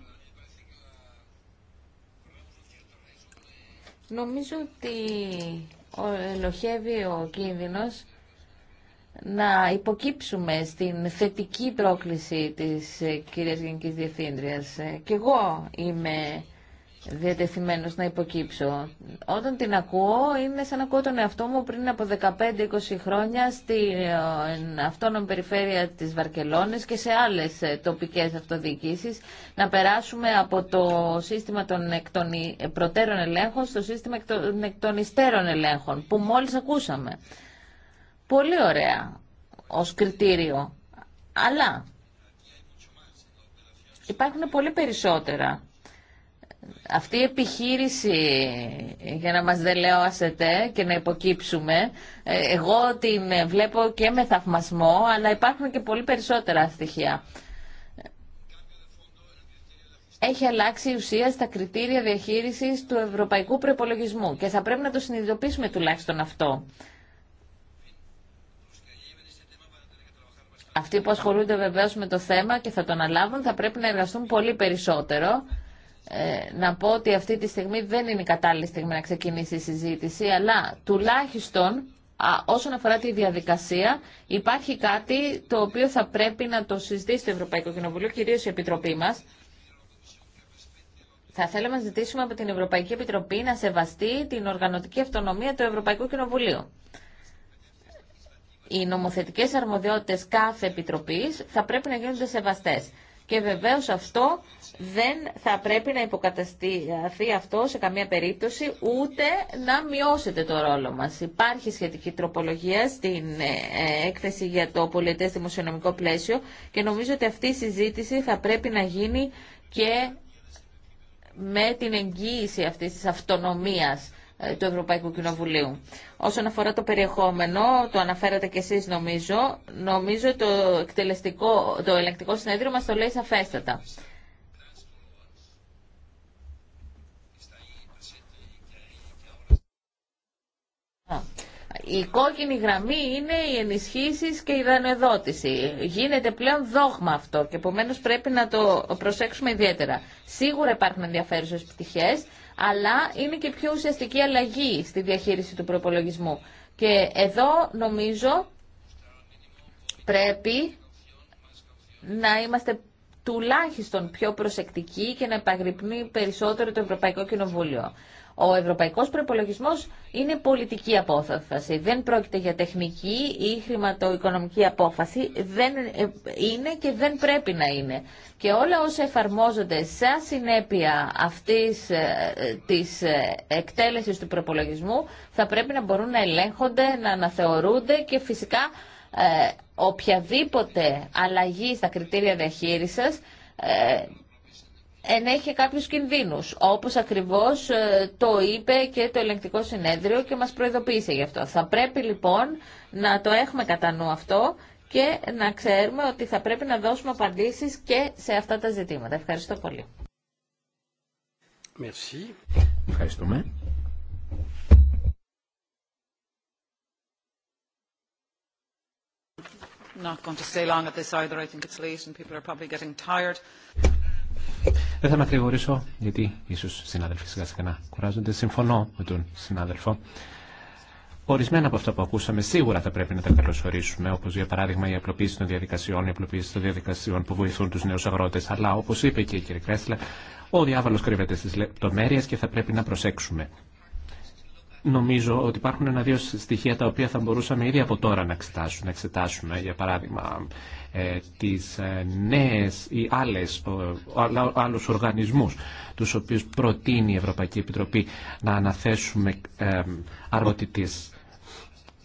Νομίζω ότι ελοχεύει ο κίνδυνος να υποκύψουμε στην θετική πρόκληση της ε, κυρίας Γενικής Διευθύντριας. Ε, Κι εγώ είμαι διατεθειμένος να υποκύψω. Όταν την ακούω, είναι σαν να ακούω τον εαυτό μου πριν από 15-20 χρόνια στην ε, αυτόνομη περιφέρεια της Βαρκελόνης και σε άλλες ε, τοπικές αυτοδιοικήσεις, να περάσουμε από το σύστημα των εκτονι... Ε, προτέρων ελέγχων στο σύστημα των εκτονιστέρων ελέγχων, που μόλις ακούσαμε. Πολύ ωραία ως κριτήριο. Αλλά υπάρχουν πολύ περισσότερα αυτή η επιχείρηση, για να μας ασετέ και να υποκύψουμε, ε, εγώ την βλέπω και με θαυμασμό, αλλά υπάρχουν και πολύ περισσότερα στοιχεία. Έχει αλλάξει η ουσία στα κριτήρια διαχείρισης του ευρωπαϊκού προπολογισμού και θα πρέπει να το συνειδητοποιήσουμε τουλάχιστον αυτό. Αυτοί που ασχολούνται βεβαίως με το θέμα και θα το αναλάβουν θα πρέπει να εργαστούν πολύ περισσότερο ε, να πω ότι αυτή τη στιγμή δεν είναι η κατάλληλη στιγμή να ξεκινήσει η συζήτηση, αλλά τουλάχιστον όσον αφορά τη διαδικασία, υπάρχει κάτι το οποίο θα πρέπει να το συζητήσει το Ευρωπαϊκό Κοινοβουλίο, κυρίω η Επιτροπή μα. Θα θέλαμε να ζητήσουμε από την Ευρωπαϊκή Επιτροπή να σεβαστεί την οργανωτική αυτονομία του Ευρωπαϊκού Κοινοβουλίου. Οι νομοθετικές αρμοδιότητες κάθε επιτροπής θα πρέπει να γίνονται σεβαστές. Και βεβαίως αυτό δεν θα πρέπει να υποκατασταθεί αυτό σε καμία περίπτωση, ούτε να μειώσετε το ρόλο μας. Υπάρχει σχετική τροπολογία στην ε, έκθεση για το πολιτές δημοσιονομικό πλαίσιο και νομίζω ότι αυτή η συζήτηση θα πρέπει να γίνει και με την εγγύηση αυτής της αυτονομίας ε, του Ευρωπαϊκού Κοινοβουλίου. Όσον αφορά το περιεχόμενο, το αναφέρατε κι εσείς νομίζω, νομίζω το, εκτελεστικό, το ελεγκτικό συνέδριο μας το λέει σαφέστατα. Η κόκκινη γραμμή είναι οι ενισχύσεις και η δανειοδότηση. Γίνεται πλέον δόγμα αυτό και επομένω πρέπει να το προσέξουμε ιδιαίτερα. Σίγουρα υπάρχουν ενδιαφέρουσες πτυχές, αλλά είναι και πιο ουσιαστική αλλαγή στη διαχείριση του προπολογισμού. Και εδώ νομίζω πρέπει να είμαστε τουλάχιστον πιο προσεκτικοί και να επαγρυπνεί περισσότερο το Ευρωπαϊκό Κοινοβούλιο. Ο ευρωπαϊκός προϋπολογισμός είναι πολιτική απόφαση. Δεν πρόκειται για τεχνική ή χρηματοοικονομική απόφαση. Δεν ε, είναι και δεν πρέπει να είναι. Και όλα όσα εφαρμόζονται σε συνέπεια αυτής ε, της ε, εκτέλεσης του προϋπολογισμού θα πρέπει να μπορούν να ελέγχονται, να αναθεωρούνται και φυσικά οποιαδήποτε αλλαγή στα κριτήρια διαχείρισης ενέχει κάποιους κινδύνους, όπως ακριβώς ε, το είπε και το ελεγκτικό συνέδριο και μας προειδοποίησε γι' αυτό. Θα πρέπει λοιπόν να το έχουμε κατά νου αυτό και να ξέρουμε ότι θα πρέπει να δώσουμε απαντήσεις και σε αυτά τα ζητήματα. Ευχαριστώ πολύ. Merci. Not going to stay long at this either. I think it's late and people are probably getting tired. Δεν θα ακριβωρήσω, γιατί ίσως οι συνάδελφοι σιγά σιγά κουράζονται. Συμφωνώ με τον συνάδελφο. Ορισμένα από αυτά που ακούσαμε σίγουρα θα πρέπει να τα καλωσορίσουμε, όπω για παράδειγμα η απλοποίηση των διαδικασιών, η απλοποίηση των διαδικασιών που βοηθούν του νέου αγρότε. Αλλά όπω είπε και η κυρία Κρέσλα, ο διάβαλο κρύβεται στι λεπτομέρειε και θα πρέπει να προσέξουμε. Νομίζω ότι υπάρχουν ένα-δύο στοιχεία τα οποία θα μπορούσαμε ήδη από τώρα να εξετάσουμε. Να εξετάσουμε για παράδειγμα, ε, τις ε, νέες ή άλλες, άλλους οργανισμούς τους οποίους προτείνει η Ευρωπαϊκή Επιτροπή να αναθέσουμε αρμοτητής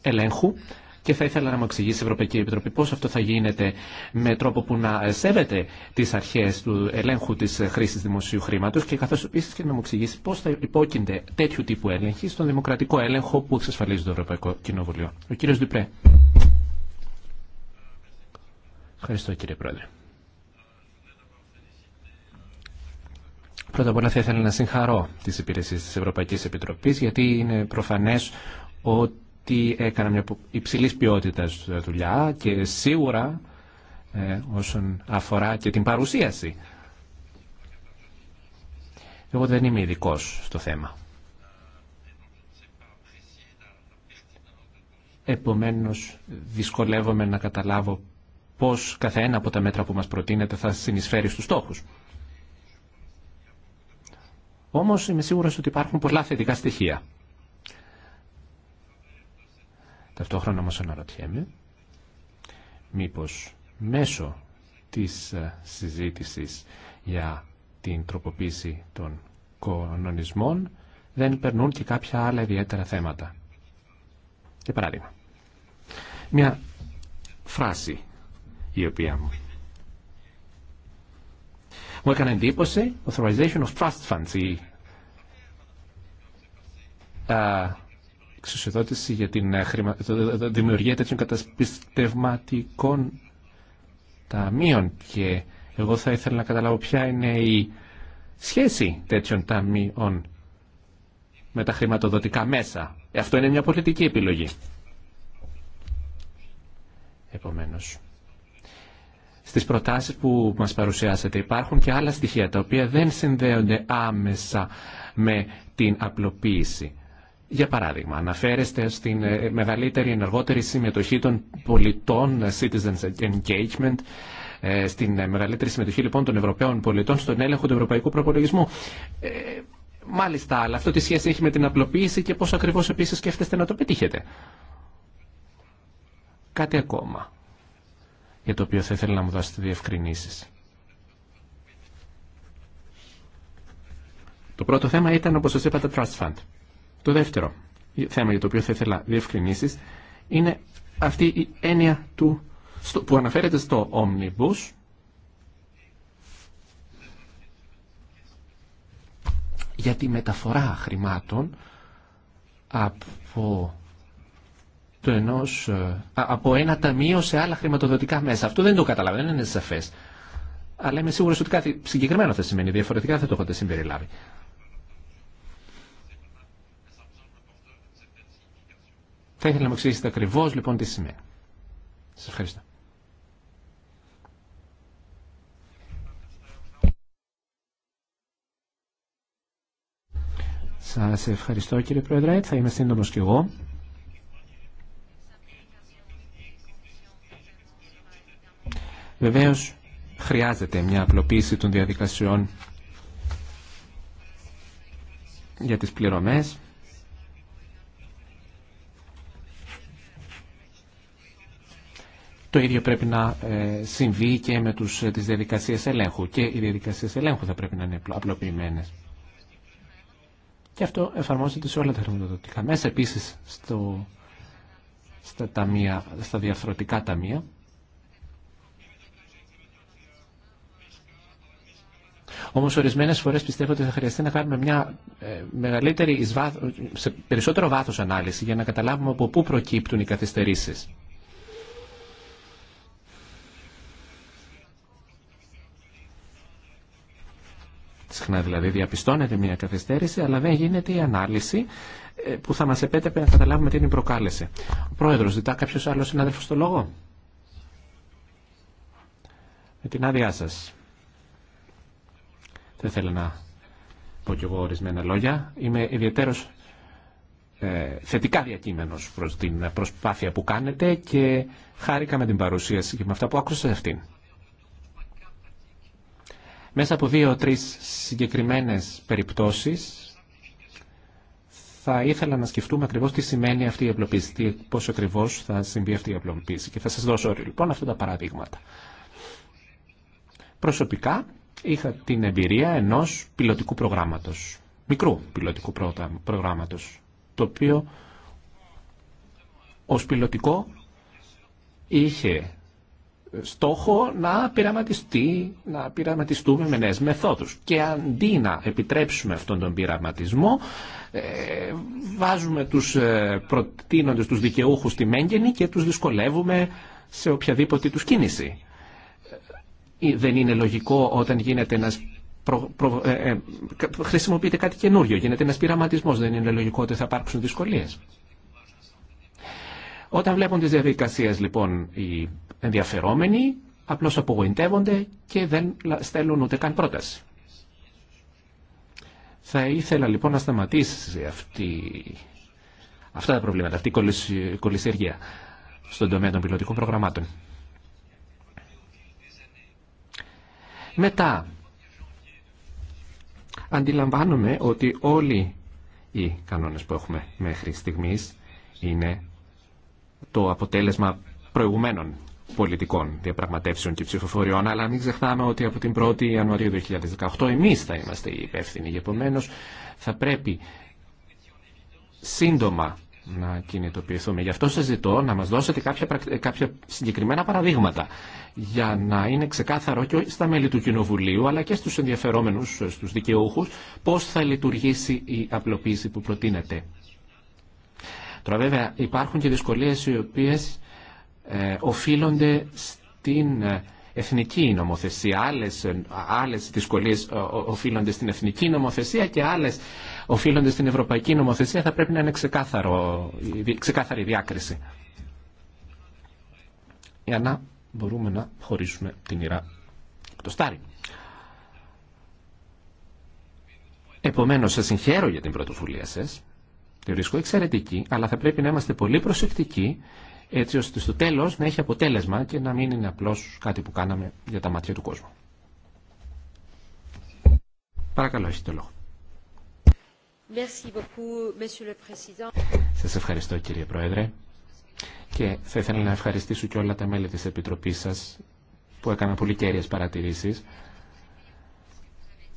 ε, ελέγχου και θα ήθελα να μου εξηγήσει η Ευρωπαϊκή Επιτροπή πώς αυτό θα γίνεται με τρόπο που να σέβεται τις αρχές του ελέγχου της χρήσης δημοσίου χρήματος και καθώς επίσης και να μου εξηγήσει πώς θα υπόκεινται τέτοιου τύπου έλεγχη στον δημοκρατικό έλεγχο που εξασφαλίζει το Ευρωπαϊκό Κοινοβουλίο. Ο κύριος Διπρέ. Ευχαριστώ κύριε Πρόεδρε. Πρώτα απ' όλα θα ήθελα να συγχαρώ τις υπηρεσίες της Ευρωπαϊκής Επιτροπής γιατί είναι προφανές ότι έκανα μια υψηλής ποιότητας δουλειά και σίγουρα ε, όσον αφορά και την παρουσίαση. Εγώ δεν είμαι ειδικό στο θέμα. Επομένως δυσκολεύομαι να καταλάβω πώς καθένα από τα μέτρα που μας προτείνεται θα συνεισφέρει στους στόχους. Όμως είμαι σίγουρος ότι υπάρχουν πολλά θετικά στοιχεία. Ταυτόχρονα όμως αναρωτιέμαι μήπως μέσω της ε, συζήτησης για την τροποποίηση των κανονισμών δεν περνούν και κάποια άλλα ιδιαίτερα θέματα. Για παράδειγμα, μια φράση η οποία μου. Μου έκανε εντύπωση authorization of trust funds, η εξουσιοδότηση για την ε, δημιουργία τέτοιων κατασπιστευματικών ταμείων και εγώ θα ήθελα να καταλάβω ποια είναι η σχέση τέτοιων ταμείων με τα χρηματοδοτικά μέσα. Ε, αυτό είναι μια πολιτική επιλογή. Επομένως, στις προτάσεις που μας παρουσιάσατε. Υπάρχουν και άλλα στοιχεία τα οποία δεν συνδέονται άμεσα με την απλοποίηση. Για παράδειγμα, αναφέρεστε στην ε, μεγαλύτερη ενεργότερη συμμετοχή των πολιτών, citizens engagement, ε, στην ε, μεγαλύτερη συμμετοχή λοιπόν των Ευρωπαίων πολιτών στον έλεγχο του Ευρωπαϊκού Προπολογισμού. μάλιστα, αλλά αυτό τι σχέση έχει με την απλοποίηση και πώ ακριβώς επίσης σκέφτεστε να το πετύχετε. Κάτι ακόμα για το οποίο θα ήθελα να μου δώσετε διευκρινήσεις. Το πρώτο θέμα ήταν, όπως σας είπα, τα trust fund. Το δεύτερο θέμα για το οποίο θα ήθελα διευκρινήσεις είναι αυτή η έννοια του, που αναφέρεται στο Omnibus για τη μεταφορά χρημάτων από του ενός, ε, από ένα ταμείο σε άλλα χρηματοδοτικά μέσα. Αυτό δεν το καταλαβαίνω, δεν είναι σαφέ. Αλλά είμαι σίγουρος ότι κάτι συγκεκριμένο θα σημαίνει, διαφορετικά θα το έχετε συμπεριλάβει. Θα ήθελα να μου εξηγήσετε ακριβώ λοιπόν τι σημαίνει. Σα ευχαριστώ. Σας ευχαριστώ κύριε Πρόεδρε. Θα είμαι σύντομος κι εγώ. Βεβαίως χρειάζεται μια απλοποίηση των διαδικασιών για τις πληρωμές. Το ίδιο πρέπει να ε, συμβεί και με τους, ε, τις διαδικασίες ελέγχου. Και οι διαδικασίες ελέγχου θα πρέπει να είναι απλοποιημένες. Και αυτό εφαρμόζεται σε όλα τα χρηματοδοτικά μέσα. Επίσης στο, στα, ταμεία, στα ταμεία Όμω ορισμένε φορέ πιστεύω ότι θα χρειαστεί να κάνουμε μια ε, μεγαλύτερη, σε περισσότερο βάθο ανάλυση για να καταλάβουμε από πού προκύπτουν οι καθυστερήσει. Συχνά δηλαδή διαπιστώνεται μια καθυστέρηση, αλλά δεν γίνεται η ανάλυση ε, που θα μας επέτρεπε να καταλάβουμε τι είναι η προκάλεση. Ο πρόεδρος ζητά κάποιος άλλος συνάδελφος το λόγο. Με την άδειά σας. Δεν θέλω να πω κι εγώ ορισμένα λόγια. Είμαι ιδιαίτερος ε, θετικά διακείμενο προς την προσπάθεια που κάνετε και χάρηκα με την παρουσίαση και με αυτά που άκουσα αυτήν. Μέσα από δύο-τρεις συγκεκριμένες περιπτώσεις θα ήθελα να σκεφτούμε ακριβώς τι σημαίνει αυτή η απλοποίηση, τι, ακριβώ ακριβώς θα συμβεί αυτή η απλοποίηση. Και θα σας δώσω λοιπόν αυτά τα παραδείγματα. Προσωπικά είχα την εμπειρία ενός πιλωτικού προγράμματος, μικρού πιλωτικού προγράμματος, το οποίο ως πιλωτικό είχε στόχο να πειραματιστεί, να πειραματιστούμε με νέες μεθόδους. Και αντί να επιτρέψουμε αυτόν τον πειραματισμό, ε, βάζουμε τους ε, προτείνοντες, τους δικαιούχους στη μέγενη και τους δυσκολεύουμε σε οποιαδήποτε τους κίνηση. Ε, δεν είναι λογικό όταν γίνεται ένας προ, προ, ε, ε χρησιμοποιείται κάτι καινούριο, γίνεται ένας πειραματισμός, δεν είναι λογικό ότι θα υπάρξουν δυσκολίες. Όταν βλέπουν τις διαδικασίες λοιπόν οι ενδιαφερόμενοι, απλώς απογοητεύονται και δεν στέλνουν ούτε καν πρόταση. Θα ήθελα λοιπόν να σταματήσει αυτή, αυτά τα προβλήματα, αυτή η κολυσιεργία στον τομέα των πιλωτικών προγραμμάτων. Μετά, αντιλαμβάνομαι ότι όλοι οι κανόνες που έχουμε μέχρι στιγμής είναι το αποτέλεσμα προηγουμένων πολιτικών διαπραγματεύσεων και ψηφοφοριών, αλλά μην ξεχνάμε ότι από την 1η Ιανουαρίου 2018 εμείς θα είμαστε οι υπεύθυνοι. Επομένω, θα πρέπει σύντομα να κινητοποιηθούμε. Γι' αυτό σα ζητώ να μας δώσετε ε, κάποια, συγκεκριμένα παραδείγματα για να είναι ξεκάθαρο και στα μέλη του Κοινοβουλίου αλλά και στους ενδιαφερόμενους, ε, στους δικαιούχου, πώς θα λειτουργήσει η απλοποίηση που προτείνεται. Τώρα βέβαια υπάρχουν και δυσκολίες οι οποίες ε, οφείλονται στην ε, εθνική νομοθεσία. Άλλε δυσκολίε οφείλονται στην εθνική νομοθεσία και άλλε οφείλονται στην ευρωπαϊκή νομοθεσία θα πρέπει να είναι ξεκάθαρο, ξεκάθαρη διάκριση. Για να μπορούμε να χωρίσουμε την Ιρά το στάρι. Επομένως, σας συγχαίρω για την πρωτοβουλία σας. Τη βρίσκω εξαιρετική, αλλά θα πρέπει να είμαστε πολύ προσεκτικοί έτσι ώστε στο τέλος να έχει αποτέλεσμα και να μην είναι απλώς κάτι που κάναμε για τα μάτια του κόσμου. Παρακαλώ, έχετε λόγο. Σας ευχαριστώ κύριε Πρόεδρε και θα ήθελα να ευχαριστήσω και όλα τα μέλη της Επιτροπής σας που έκαναν πολύ κέρδιες παρατηρήσεις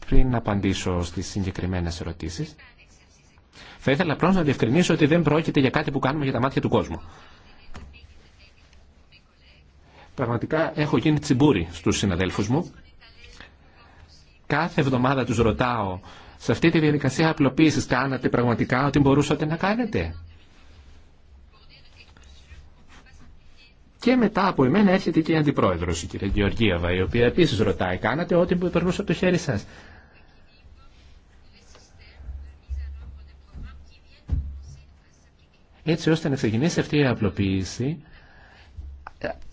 πριν απαντήσω στις συγκεκριμένες ερωτήσεις. Θα ήθελα πρώτα να διευκρινίσω ότι δεν πρόκειται για κάτι που κάνουμε για τα μάτια του κόσμου. Πραγματικά έχω γίνει τσιμπούρι στους συναδέλφους μου. Κάθε εβδομάδα τους ρωτάω σε αυτή τη διαδικασία απλοποίησης κάνατε πραγματικά ό,τι μπορούσατε να κάνετε. Και μετά από εμένα έρχεται και η αντιπρόεδρο, η κυρία Γεωργίαβα, η οποία επίση ρωτάει, κάνατε ό,τι περνούσε από το χέρι σα. Έτσι ώστε να ξεκινήσει αυτή η απλοποίηση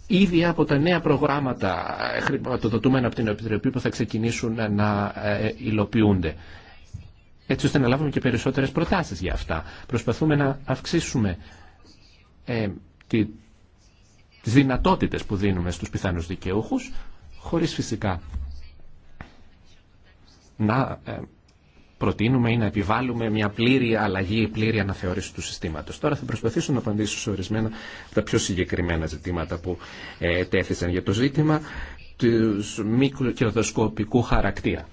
ήδη από τα νέα προγράμματα χρηματοδοτούμενα από την Επιτροπή που θα ξεκινήσουν να ε, υλοποιούνται έτσι ώστε να λάβουμε και περισσότερες προτάσεις για αυτά. Προσπαθούμε να αυξήσουμε ε, τη, τις δυνατότητες που δίνουμε στους πιθανούς δικαιούχους, χωρίς φυσικά να ε, προτείνουμε ή να επιβάλλουμε μια πλήρη αλλαγή, πλήρη αναθεώρηση του συστήματος. Τώρα θα προσπαθήσω να απαντήσω σε ορισμένα τα πιο συγκεκριμένα ζητήματα που ε, τέθησαν για το ζήτημα του μη χαρακτήρα.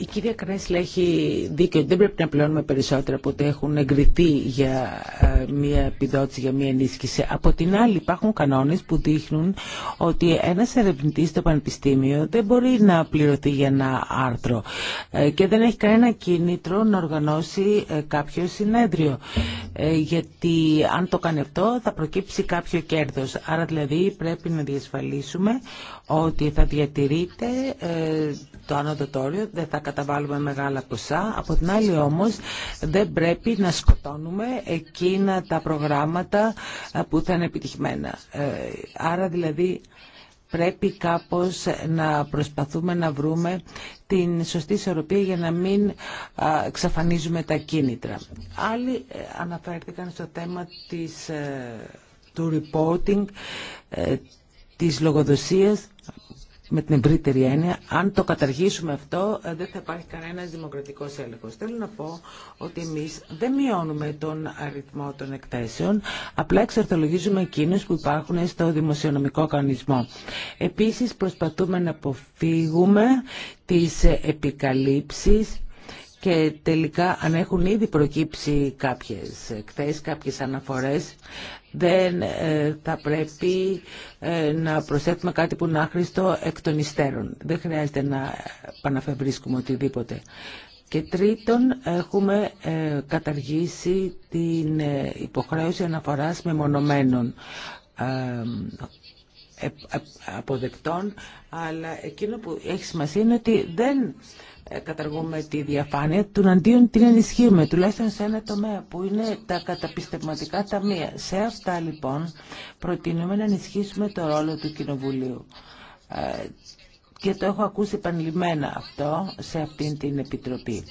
Η κυρία Κρέσλα έχει δίκιο. Δεν πρέπει να πληρώνουμε περισσότερα από ό,τι έχουν εγκριθεί για ε, μια επιδότηση, για μια ενίσχυση. Από την άλλη υπάρχουν κανόνες που δείχνουν ότι ένας ερευνητή στο πανεπιστήμιο δεν μπορεί να πληρωθεί για ένα άρθρο ε, και δεν έχει κανένα κίνητρο να οργανώσει ε, κάποιο συνέδριο. Γιατί αν το κάνει αυτό θα προκύψει κάποιο κέρδο. Άρα δηλαδή πρέπει να διασφαλίσουμε ότι θα διατηρείται το ανωτοτόριο, δεν θα καταβάλουμε μεγάλα ποσά. Από την άλλη όμως δεν πρέπει να σκοτώνουμε εκείνα τα προγράμματα που θα είναι επιτυχημένα. Ε, άρα δηλαδή πρέπει κάπως να προσπαθούμε να βρούμε την σωστή ισορροπία για να μην εξαφανίζουμε τα κίνητρα. Άλλοι ε, αναφέρθηκαν στο θέμα της, ε, του reporting, της λογοδοσίας με την ευρύτερη έννοια, αν το καταργήσουμε αυτό, ε, δεν θα υπάρχει κανένα δημοκρατικό έλεγχο. Θέλω να πω ότι εμεί δεν μειώνουμε τον αριθμό των εκθέσεων, απλά εξορθολογίζουμε εκείνου που υπάρχουν στο δημοσιονομικό κανονισμό. Επίση, προσπαθούμε να αποφύγουμε τι επικαλύψει και τελικά αν έχουν ήδη προκύψει κάποιες εκθέσεις, κάποιες αναφορές δεν ε, θα πρέπει ε, να προσθέτουμε κάτι που είναι άχρηστο εκ των υστέρων. Δεν χρειάζεται να παναφευρίσκουμε οτιδήποτε. Και τρίτον, έχουμε ε, καταργήσει την υποχρέωση αναφοράς μεμονωμένων αποδεκτών, αλλά εκείνο που έχει σημασία είναι ότι δεν καταργούμε τη διαφάνεια, του αντίον την ενισχύουμε, τουλάχιστον σε ένα τομέα που είναι τα καταπιστευματικά ταμεία. Σε αυτά λοιπόν προτείνουμε να ενισχύσουμε το ρόλο του Κοινοβουλίου ε, και το έχω ακούσει επανειλημμένα αυτό σε αυτήν την Επιτροπή.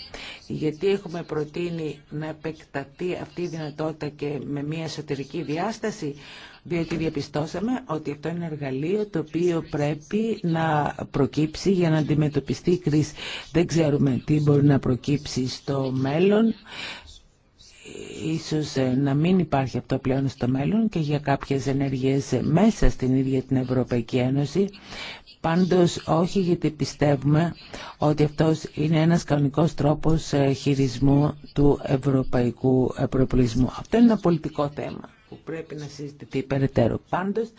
Γιατί έχουμε προτείνει να επεκταθεί αυτή η δυνατότητα και με μια εσωτερική διάσταση, διότι διαπιστώσαμε ότι αυτό είναι εργαλείο το οποίο πρέπει να προκύψει για να αντιμετωπιστεί η κρίση. Δεν ξέρουμε τι μπορεί να προκύψει στο μέλλον ίσως ε, να μην υπάρχει αυτό πλέον στο μέλλον και για κάποιες ενέργειες μέσα στην ίδια την Ευρωπαϊκή Ένωση Πάντως όχι γιατί πιστεύουμε ότι αυτός είναι ένας κανονικός τρόπος ε, χειρισμού του ευρωπαϊκού ε, προπολισμού. Αυτό είναι ένα πολιτικό θέμα που πρέπει να συζητηθεί περαιτέρω. Πάντως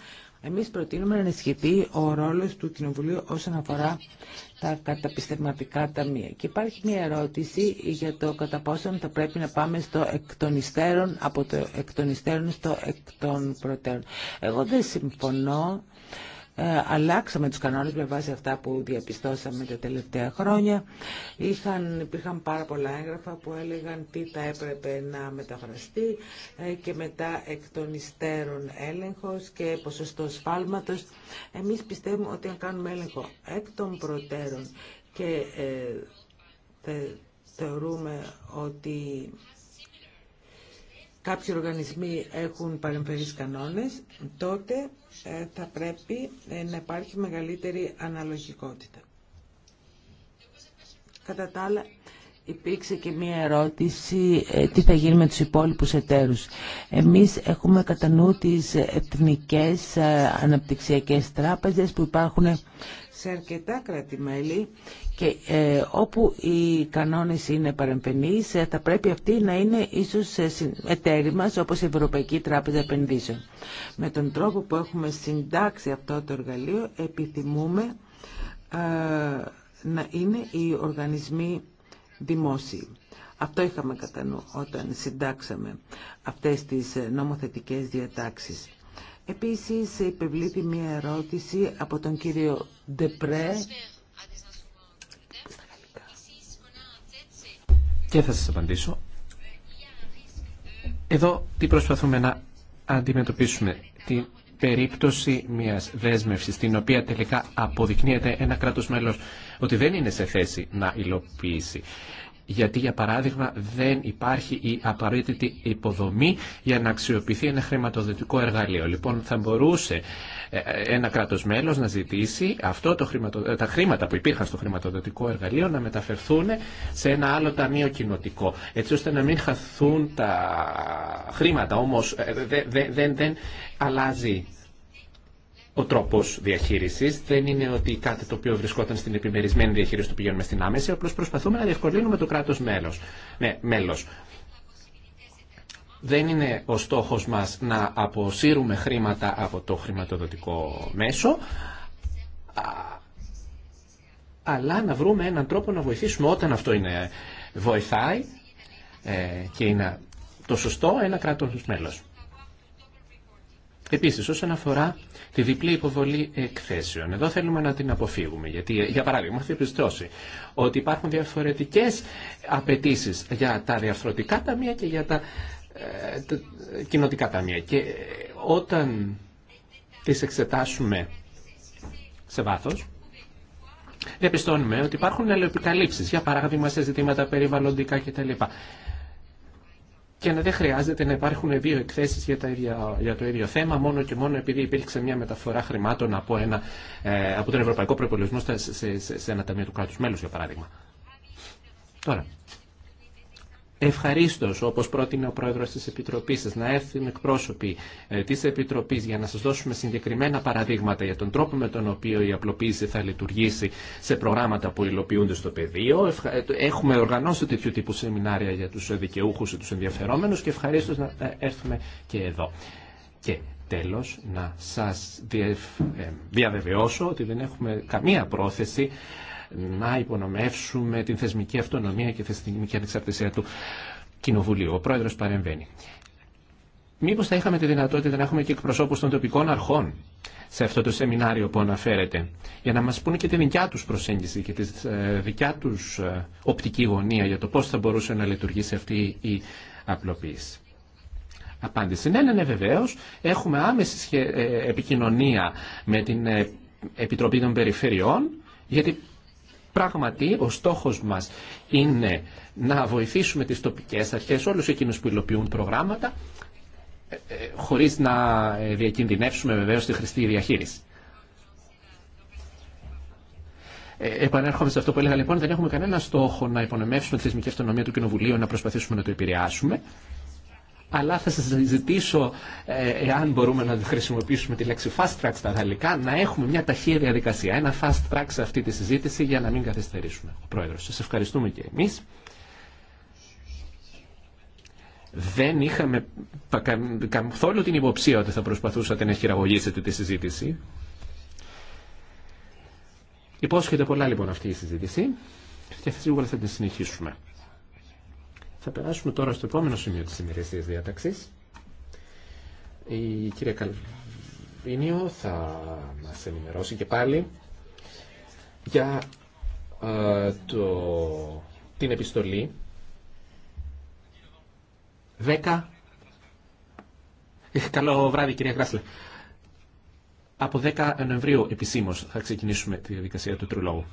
εμείς προτείνουμε να ενισχυθεί ο ρόλος του Κοινοβουλίου όσον αφορά τα καταπιστευματικά ταμεία. Και υπάρχει μια ερώτηση για το κατά πόσον θα πρέπει να πάμε στο εκ από το εκ των υστέρων στο εκ των προτέρων. Εγώ δεν συμφωνώ ε, αλλάξαμε τους κανόνες με βάση αυτά που διαπιστώσαμε τα τελευταία χρόνια. Είχαν, υπήρχαν πάρα πολλά έγγραφα που έλεγαν τι θα έπρεπε να μεταφραστεί ε, και μετά εκ των υστέρων έλεγχος και ποσοστό σφάλματος. Εμείς πιστεύουμε ότι αν κάνουμε έλεγχο εκ των προτέρων και ε, θεωρούμε ότι κάποιοι οργανισμοί έχουν παρεμφερείς κανόνες, τότε ε, θα πρέπει ε, να υπάρχει μεγαλύτερη αναλογικότητα. Κατά τα άλλα, Υπήρξε και μία ερώτηση ε, τι θα γίνει με τους υπόλοιπους εταίρους. Εμείς έχουμε κατά νου τις εθνικές ε, αναπτυξιακές τράπεζες που υπάρχουν σε αρκετά κράτη-μέλη και ε, όπου οι κανόνες είναι παρεμφενείς θα πρέπει αυτοί να είναι ίσως εταίροι μας όπως η Ευρωπαϊκή Τράπεζα Επενδύσεων. Με τον τρόπο που έχουμε συντάξει αυτό το εργαλείο επιθυμούμε να είναι οι οργανισμοί δημόσιοι. Αυτό είχαμε κατά νου όταν συντάξαμε αυτές τις ε, νομοθετικές διατάξεις. Επίσης υπευλήθη μια ερώτηση από τον κύριο Ντεπρέ και θα σας απαντήσω. Εδώ τι προσπαθούμε να αντιμετωπίσουμε την περίπτωση μιας δέσμευσης την οποία τελικά αποδεικνύεται ένα κράτος μέλος ότι δεν είναι σε θέση να υλοποιήσει γιατί για παράδειγμα δεν υπάρχει η απαραίτητη υποδομή για να αξιοποιηθεί ένα χρηματοδοτικό εργαλείο. Λοιπόν, θα μπορούσε ε, ε, ένα κράτος μέλος να ζητήσει αυτό το χρηματο... Ε, τα χρήματα που υπήρχαν στο χρηματοδοτικό εργαλείο να μεταφερθούν σε ένα άλλο ταμείο κοινοτικό, έτσι ώστε να μην χαθούν τα χρήματα. Όμως δεν, δεν αλλάζει ο τρόπο διαχείριση. Δεν είναι ότι κάτι το οποίο βρισκόταν στην επιμερισμένη διαχείριση το πηγαίνουμε στην άμεση, απλώ προσπαθούμε να διευκολύνουμε το κράτο μέλο. Ναι, μέλος. Δεν είναι ο στόχος μας να αποσύρουμε χρήματα από το χρηματοδοτικό μέσο, αλλά να βρούμε έναν τρόπο να βοηθήσουμε όταν αυτό είναι, βοηθάει ε, και είναι το σωστό ένα κράτος μέλος. Επίσης, όσον αφορά τη διπλή υποβολή εκθέσεων. Εδώ θέλουμε να την αποφύγουμε, γιατί για παράδειγμα έχω επιστρώσει ότι υπάρχουν διαφορετικές απαιτήσει για τα διαρθρωτικά ταμεία και για τα, ε, τα κοινοτικά ταμεία. Και ε, όταν τι εξετάσουμε σε βάθος, διαπιστώνουμε ότι υπάρχουν αλληλεπικαλύψει. για παράδειγμα σε ζητήματα περιβαλλοντικά κτλ και να δεν χρειάζεται να υπάρχουν δύο εκθέσεις για, τα για το ίδιο θέμα μόνο και μόνο επειδή υπήρξε μια μεταφορά χρημάτων από, ένα, ε, από τον Ευρωπαϊκό Προπολογισμό σε, σε, σε, ένα ταμείο του κράτους μέλους για παράδειγμα. Τώρα, Ευχαρίστω, όπω πρότεινε ο πρόεδρο τη Επιτροπή σα, να έρθουν εκπρόσωποι ε, τη Επιτροπή για να σα δώσουμε συγκεκριμένα παραδείγματα για τον τρόπο με τον οποίο η απλοποίηση θα λειτουργήσει σε προγράμματα που υλοποιούνται στο πεδίο. Ε, έχουμε οργανώσει τέτοιου τύπου σεμινάρια για του δικαιούχου και του ενδιαφερόμενου και ευχαρίστω να έρθουμε και εδώ. Και τέλος να σας ε, διαβεβαιώσω ότι δεν έχουμε καμία πρόθεση να υπονομεύσουμε την θεσμική αυτονομία και θεσμική ανεξαρτησία του Κοινοβουλίου. Ο πρόεδρος παρεμβαίνει. Μήπως θα είχαμε τη δυνατότητα να έχουμε και εκπροσώπους των τοπικών αρχών σε αυτό το σεμινάριο που αναφέρεται, για να μας πούνε και τη δικιά τους προσέγγιση και τη ε, δικιά τους ε, οπτική γωνία για το πώς θα μπορούσε να λειτουργήσει αυτή η απλοποίηση. Απάντηση. Ναι, ναι, ναι βεβαίως. Έχουμε άμεση ε, επικοινωνία με την Επιτροπή των Περιφερειών, γιατί Πράγματι, ο στόχος μας είναι να βοηθήσουμε τις τοπικές αρχές, όλους εκείνους που υλοποιούν προγράμματα, ε, ε, χωρίς να ε, διακινδυνεύσουμε βεβαίως τη χρηστή διαχείριση. επανέρχομαι σε αυτό που έλεγα λοιπόν, δεν έχουμε κανένα στόχο να υπονομεύσουμε τη θεσμική αυτονομία του Κοινοβουλίου, να προσπαθήσουμε να το επηρεάσουμε αλλά θα σας ζητήσω, ε, εάν μπορούμε να χρησιμοποιήσουμε τη λέξη fast track στα γαλλικά, να έχουμε μια ταχεία διαδικασία, ένα fast track σε αυτή τη συζήτηση για να μην καθυστερήσουμε. Ο Πρόεδρος, σας ευχαριστούμε και εμείς. Δεν είχαμε καθόλου την υποψία ότι θα προσπαθούσατε να χειραγωγήσετε τη συζήτηση. Υπόσχεται πολλά λοιπόν αυτή η συζήτηση και σίγουρα θα την συνεχίσουμε. Θα περάσουμε τώρα στο επόμενο σημείο της ημερησίας διάταξης. Η κυρία Καλβίνιο θα μας ενημερώσει και πάλι για ε, το, την επιστολή 10. Ε, καλό βράδυ κυρία Γκράσλε. Από 10 Νοεμβρίου επισήμως θα ξεκινήσουμε τη διαδικασία του τριλόγου.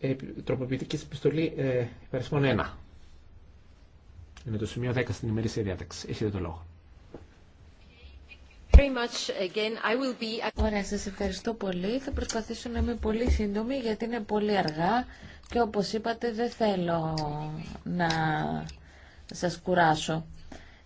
Ε, τροποποιητική επιστολή ε, 1. Είναι το σημείο 10 στην ημερήσια διάταξη. Έχετε το λόγο. Ωραία, σας ευχαριστώ πολύ. Θα προσπαθήσω να είμαι πολύ σύντομη γιατί είναι πολύ αργά και όπως είπατε δεν θέλω να σας κουράσω.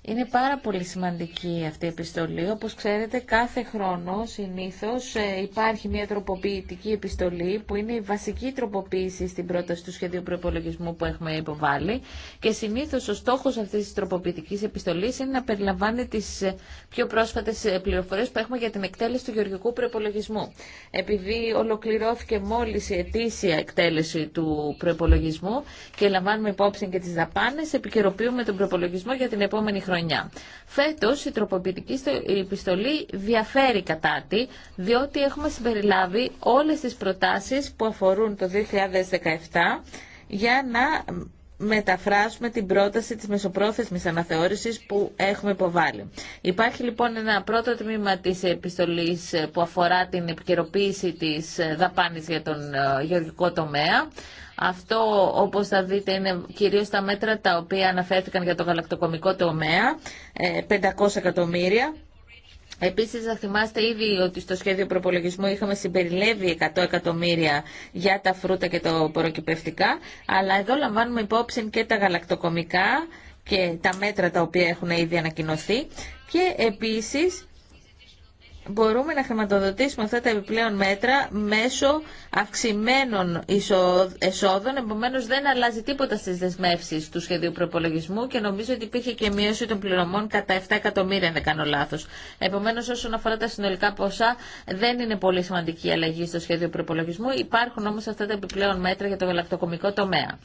Είναι πάρα πολύ σημαντική αυτή η επιστολή. Όπως ξέρετε, κάθε χρόνο συνήθως ε, υπάρχει μια τροποποιητική επιστολή που είναι η βασική τροποποίηση στην πρόταση του σχεδίου προπολογισμού που έχουμε υποβάλει και συνήθως ο στόχος αυτής της τροποποιητικής επιστολής είναι να περιλαμβάνει τις ε, πιο πρόσφατες ε, πληροφορίες που έχουμε για την εκτέλεση του γεωργικού προπολογισμού. Επειδή ολοκληρώθηκε μόλις η ετήσια εκτέλεση του προπολογισμού και λαμβάνουμε υπόψη και τις δαπάνες, επικαιροποιούμε τον προπολογισμό για την επόμενη χρονιά χρονιά. Φέτος η τροποποιητική επιστολή διαφέρει κατά τη, διότι έχουμε συμπεριλάβει όλες τις προτάσεις που αφορούν το 2017 για να μεταφράσουμε την πρόταση της μεσοπρόθεσμης αναθεώρησης που έχουμε υποβάλει. Υπάρχει λοιπόν ένα πρώτο τμήμα της επιστολής ε, που αφορά την επικαιροποίηση της ε, δαπάνης για τον ε, γεωργικό τομέα. Αυτό, όπως θα δείτε, είναι κυρίως τα μέτρα τα οποία αναφέρθηκαν για το γαλακτοκομικό τομέα, 500 εκατομμύρια. Επίση, θα θυμάστε ήδη ότι στο σχέδιο προπολογισμού είχαμε συμπεριλέβει 100 εκατομμύρια για τα φρούτα και το προκυπευτικά, αλλά εδώ λαμβάνουμε υπόψη και τα γαλακτοκομικά και τα μέτρα τα οποία έχουν ήδη ανακοινωθεί και επίσης μπορούμε να χρηματοδοτήσουμε αυτά τα επιπλέον μέτρα μέσω αυξημένων εσόδων. Επομένω, δεν αλλάζει τίποτα στι δεσμεύσει του σχεδίου προπολογισμού και νομίζω ότι υπήρχε και μείωση των πληρωμών κατά 7 εκατομμύρια, αν δεν κάνω λάθο. Επομένω, όσον αφορά τα συνολικά ποσά, δεν είναι πολύ σημαντική η αλλαγή στο σχέδιο προπολογισμού. Υπάρχουν όμω αυτά τα επιπλέον μέτρα για το γαλακτοκομικό τομέα.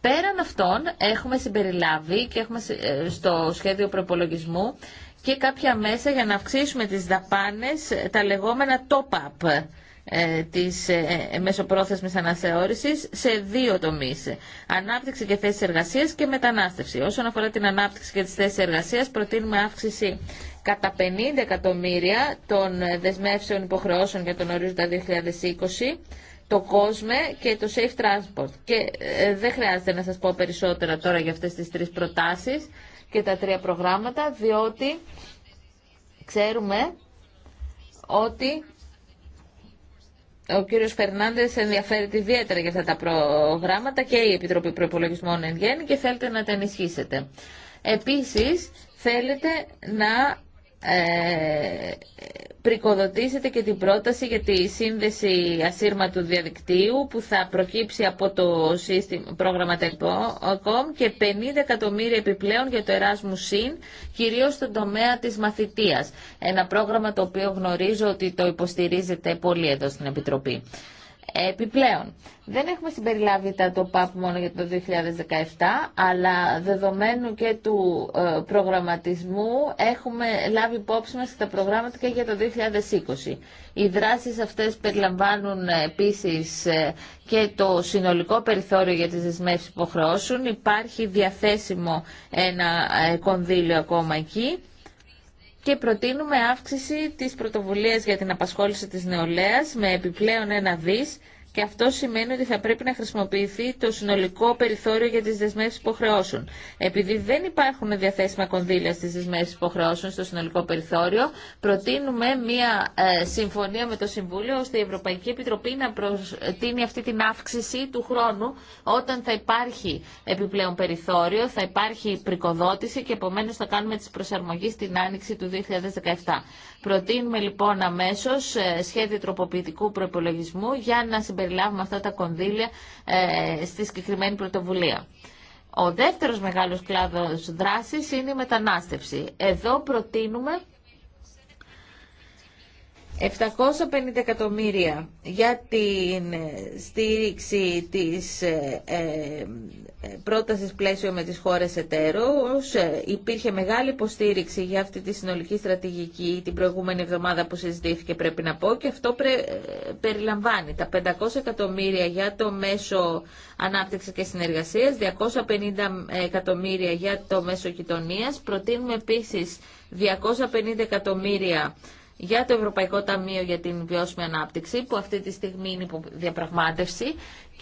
Πέραν αυτών, έχουμε συμπεριλάβει και έχουμε ε, στο σχέδιο προπολογισμού και κάποια μέσα για να αυξήσουμε τις δαπάνες, τα λεγόμενα top-up ε, της ε, ε, μεσοπρόθεσμης αναθεώρησης σε δύο τομείς. Ανάπτυξη και θέσεις εργασίας και μετανάστευση. Όσον αφορά την ανάπτυξη και τις θέσεις εργασίας, προτείνουμε αύξηση κατά 50 εκατομμύρια των δεσμεύσεων υποχρεώσεων για τον ορίζοντα 2020 το κόσμο και το safe transport. Και δεν χρειάζεται να σας πω περισσότερα τώρα για αυτές τις τρεις προτάσεις και τα τρία προγράμματα, διότι ξέρουμε ότι ο κύριος Φερνάνδες ενδιαφέρεται ιδιαίτερα για αυτά τα προγράμματα και η Επιτροπή Προϋπολογισμών εν και θέλετε να τα ενισχύσετε. Επίσης, θέλετε να ε, πρικοδοτήσετε και την πρόταση για τη σύνδεση ασύρματου διαδικτύου που θα προκύψει από το σύστημα, πρόγραμμα Telecom και 50 εκατομμύρια επιπλέον για το Erasmus Sin, κυρίως στον τομέα της μαθητείας. Ένα πρόγραμμα το οποίο γνωρίζω ότι το υποστηρίζετε πολύ εδώ στην Επιτροπή. Επιπλέον, δεν έχουμε συμπεριλάβει τα το μόνο για το 2017, αλλά δεδομένου και του ε, προγραμματισμού έχουμε λάβει υπόψη μας τα προγράμματα και για το 2020. Οι δράσεις αυτές περιλαμβάνουν ε, επίσης ε, και το συνολικό περιθώριο για τις δεσμεύσεις χρεώσουν. Υπάρχει διαθέσιμο ένα κονδύλιο ακόμα εκεί και προτείνουμε αύξηση της πρωτοβουλίας για την απασχόληση της νεολαίας με επιπλέον ένα δις και αυτό σημαίνει ότι θα πρέπει να χρησιμοποιηθεί το συνολικό περιθώριο για τις δεσμεύσεις υποχρεώσεων. Επειδή δεν υπάρχουν διαθέσιμα κονδύλια στις δεσμεύσεις υποχρεώσεων στο συνολικό περιθώριο, προτείνουμε μια ε, συμφωνία με το Συμβούλιο ώστε η Ευρωπαϊκή Επιτροπή να προτείνει αυτή την αύξηση του χρόνου όταν θα υπάρχει επιπλέον περιθώριο, θα υπάρχει πρικοδότηση και επομένως θα κάνουμε τις προσαρμογές στην άνοιξη του 2017. Προτείνουμε λοιπόν αμέσω ε, σχέδιο τροποποιητικού προπολογισμού για να συμπεριλάβουμε αυτά τα κονδύλια ε, στη συγκεκριμένη πρωτοβουλία. Ο δεύτερος μεγάλος κλάδος δράσης είναι η μετανάστευση. Εδώ προτείνουμε 750 εκατομμύρια για την ε, στήριξη της πρότασης πλαίσιο με τις χώρες εταίρους. Ε, υπήρχε μεγάλη υποστήριξη για αυτή τη συνολική στρατηγική την προηγούμενη εβδομάδα που συζητήθηκε πρέπει να πω και αυτό ε, περιλαμβάνει τα 500 εκατομμύρια για το μέσο ανάπτυξης και συνεργασίας, 250 ε, εκατομμύρια για το μέσο κοινωνία. Προτείνουμε επίσης 250 εκατομμύρια για το Ευρωπαϊκό Ταμείο για την Βιώσιμη Ανάπτυξη, που αυτή τη στιγμή είναι υπό διαπραγμάτευση,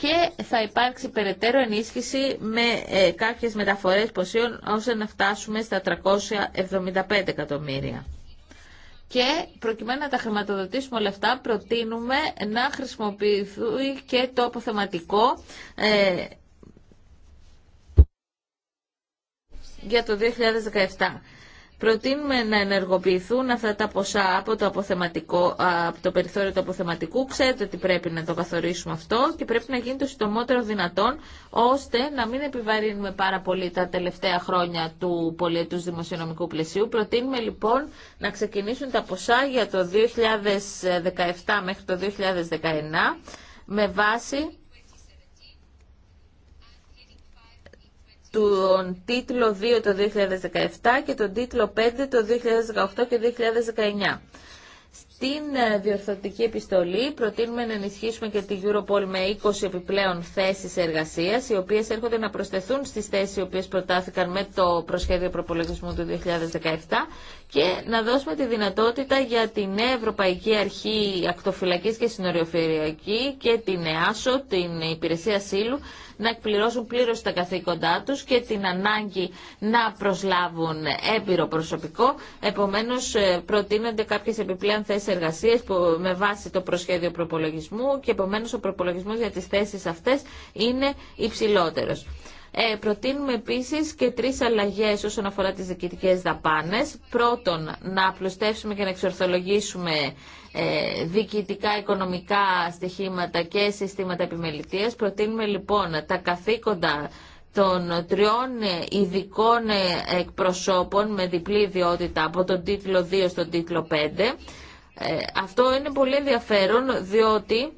και θα υπάρξει περαιτέρω ενίσχυση με ε, κάποιες μεταφορές ποσίων ώστε να φτάσουμε στα 375 εκατομμύρια. Και προκειμένου να τα χρηματοδοτήσουμε όλα αυτά, προτείνουμε να χρησιμοποιηθεί και το αποθεματικό ε, για το 2017. Προτείνουμε να ενεργοποιηθούν αυτά τα ποσά από το, αποθεματικό, το περιθώριο του αποθεματικού. Ξέρετε ότι πρέπει να το καθορίσουμε αυτό και πρέπει να γίνει το συντομότερο δυνατόν, ώστε να μην επιβαρύνουμε πάρα πολύ τα τελευταία χρόνια του πολιετούς δημοσιονομικού πλαισίου. Προτείνουμε λοιπόν να ξεκινήσουν τα ποσά για το 2017 μέχρι το 2019 με βάση τον τίτλο 2 το 2017 και τον τίτλο 5 το 2018 και 2019. Στην ε, διορθωτική επιστολή προτείνουμε να ενισχύσουμε και τη Europol με 20 επιπλέον θέσεις εργασίας, οι οποίες έρχονται να προσθεθούν στις θέσεις οι οποίες προτάθηκαν με το προσχέδιο προπολογισμού του 2017 και να δώσουμε τη δυνατότητα για την Ευρωπαϊκή Αρχή Ακτοφυλακής και Συνοριοφυριακή και την ΕΑΣΟ, την Υπηρεσία Σύλλου, να εκπληρώσουν πλήρως τα καθήκοντά τους και την ανάγκη να προσλάβουν έμπειρο προσωπικό. Επομένως, ε, προτείνονται κάποιες επιπλέον θέσεις εργασίας με βάση το προσχέδιο προπολογισμού και επομένως ο προπολογισμός για τις θέσεις αυτές είναι υψηλότερος. Ε, προτείνουμε επίσης και τρεις αλλαγές όσον αφορά τις διοικητικέ δαπάνες. Πρώτον, να απλουστεύσουμε και να εξορθολογήσουμε ε, διοικητικά, οικονομικά στοιχήματα και συστήματα επιμελητία. Προτείνουμε λοιπόν τα καθήκοντα των τριών ειδικών εκπροσώπων με διπλή ιδιότητα από τον τίτλο 2 στον τίτλο 5. Ε, αυτό είναι πολύ ενδιαφέρον διότι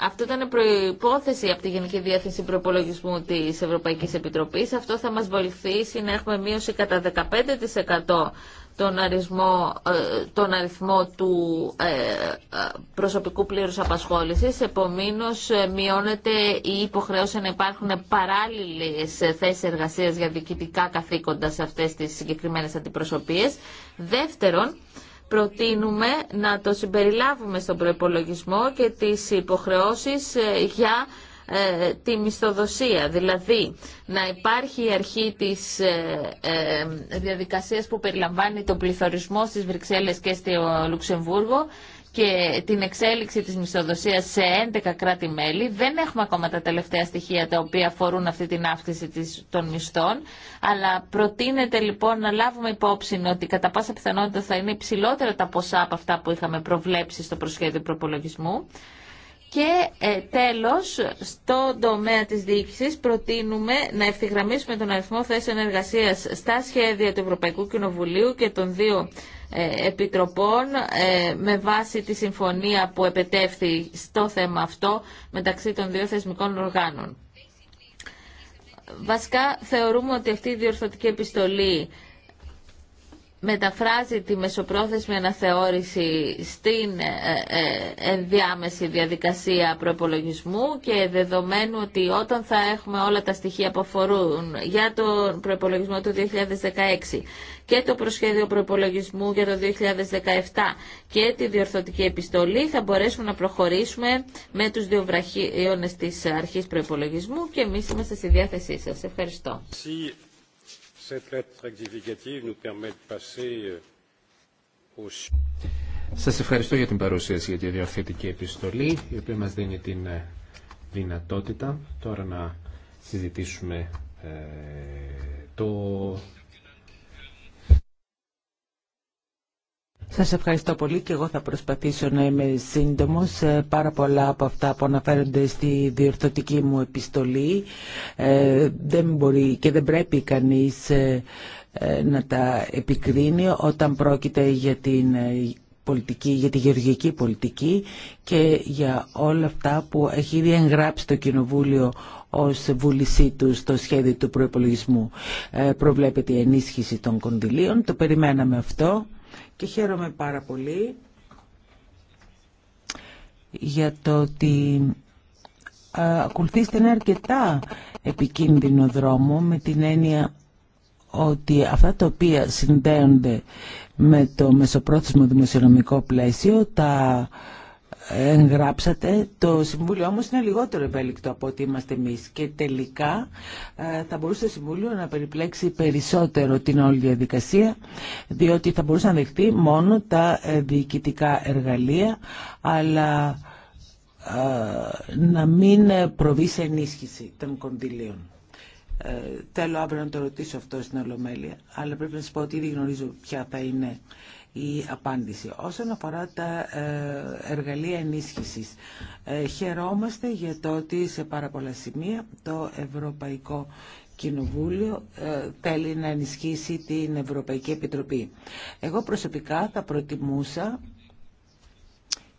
αυτό ήταν προπόθεση από τη Γενική Διεύθυνση Προπολογισμού τη ευρωπαϊκή Επιτροπή. Αυτό θα μας βοηθήσει να έχουμε μείωση κατά 15% τον, ε, τον αριθμό του ε, ε, προσωπικού πλήρους απασχόλησης. Επομένως, μειώνεται η υποχρέωση να υπάρχουν παράλληλες θέσεις εργασίας για διοικητικά καθήκοντα σε αυτές τις συγκεκριμένες αντιπροσωπίες. Δεύτερον, προτείνουμε να το συμπεριλάβουμε στον προπολογισμό και τις υποχρεώσεις ε, για ε, τη μισθοδοσία, δηλαδή να υπάρχει η αρχή της ε, διαδικασίας που περιλαμβάνει τον πληθωρισμό στις Βρυξέλλες και στο Λουξεμβούργο και την εξέλιξη της μισθοδοσίας σε 11 κράτη-μέλη. Δεν έχουμε ακόμα τα τελευταία στοιχεία τα οποία αφορούν αυτή την αύξηση των μισθών, αλλά προτείνεται λοιπόν να λάβουμε υπόψη ότι κατά πάσα πιθανότητα θα είναι υψηλότερα τα ποσά από αυτά που είχαμε προβλέψει στο προσχέδιο προπολογισμού. Και ε, τέλος, στον τομέα της διοίκησης προτείνουμε να ευθυγραμμίσουμε τον αριθμό θέσεων εργασίας στα σχέδια του Ευρωπαϊκού Κοινοβουλίου και των δύο ε, επιτροπών ε, με βάση τη συμφωνία που επετεύθη στο θέμα αυτό μεταξύ των δύο θεσμικών οργάνων. Βασικά θεωρούμε ότι αυτή η διορθωτική επιστολή μεταφράζει τη μεσοπρόθεσμη αναθεώρηση στην ε, ε, ενδιάμεση διαδικασία προπολογισμού και δεδομένου ότι όταν θα έχουμε όλα τα στοιχεία που αφορούν για τον προπολογισμό του 2016 και το προσχέδιο προπολογισμού για το 2017 και τη διορθωτική επιστολή θα μπορέσουμε να προχωρήσουμε με τους δύο βραχίονες της αρχής προπολογισμού και εμείς είμαστε στη διάθεσή σας. Ευχαριστώ. Euh, Σας ευχαριστώ για την παρουσίαση για τη διορθωτική επιστολή, η οποία μας δίνει την ε, δυνατότητα τώρα να συζητήσουμε ε, το Σας ευχαριστώ πολύ και εγώ θα προσπαθήσω να είμαι σύντομος. Ε, πάρα πολλά από αυτά που αναφέρονται στη διορθωτική μου επιστολή ε, δεν μπορεί και δεν πρέπει κανείς ε, να τα επικρίνει όταν πρόκειται για την πολιτική, για τη γεωργική πολιτική και για όλα αυτά που έχει ήδη εγγράψει το Κοινοβούλιο ως βούλησή του στο σχέδιο του προϋπολογισμού. προβλέπεται η ενίσχυση των κονδυλίων, το περιμέναμε αυτό και χαίρομαι πάρα πολύ για το ότι ε, ακολουθήσετε ένα αρκετά επικίνδυνο δρόμο με την έννοια ότι αυτά τα οποία συνδέονται με το μεσοπρόθεσμο δημοσιονομικό πλαίσιο τα εγγράψατε, το Συμβούλιο όμως είναι λιγότερο ευέλικτο από ότι είμαστε εμείς και τελικά ε, θα μπορούσε το Συμβούλιο να περιπλέξει περισσότερο την όλη διαδικασία διότι θα μπορούσε να δεχτεί μόνο τα ε, διοικητικά εργαλεία αλλά ε, να μην προβεί σε ενίσχυση των κονδυλίων. Θέλω αύριο να το ρωτήσω αυτό στην Ολομέλεια, αλλά πρέπει να σα πω ότι ήδη γνωρίζω ποια θα είναι η απάντηση. Όσον αφορά τα ε, εργαλεία ενίσχυσης, ε, χαιρόμαστε για το ότι σε πάρα πολλά σημεία το Ευρωπαϊκό Κοινοβούλιο ε, θέλει να ενισχύσει την Ευρωπαϊκή Επιτροπή. Εγώ προσωπικά θα προτιμούσα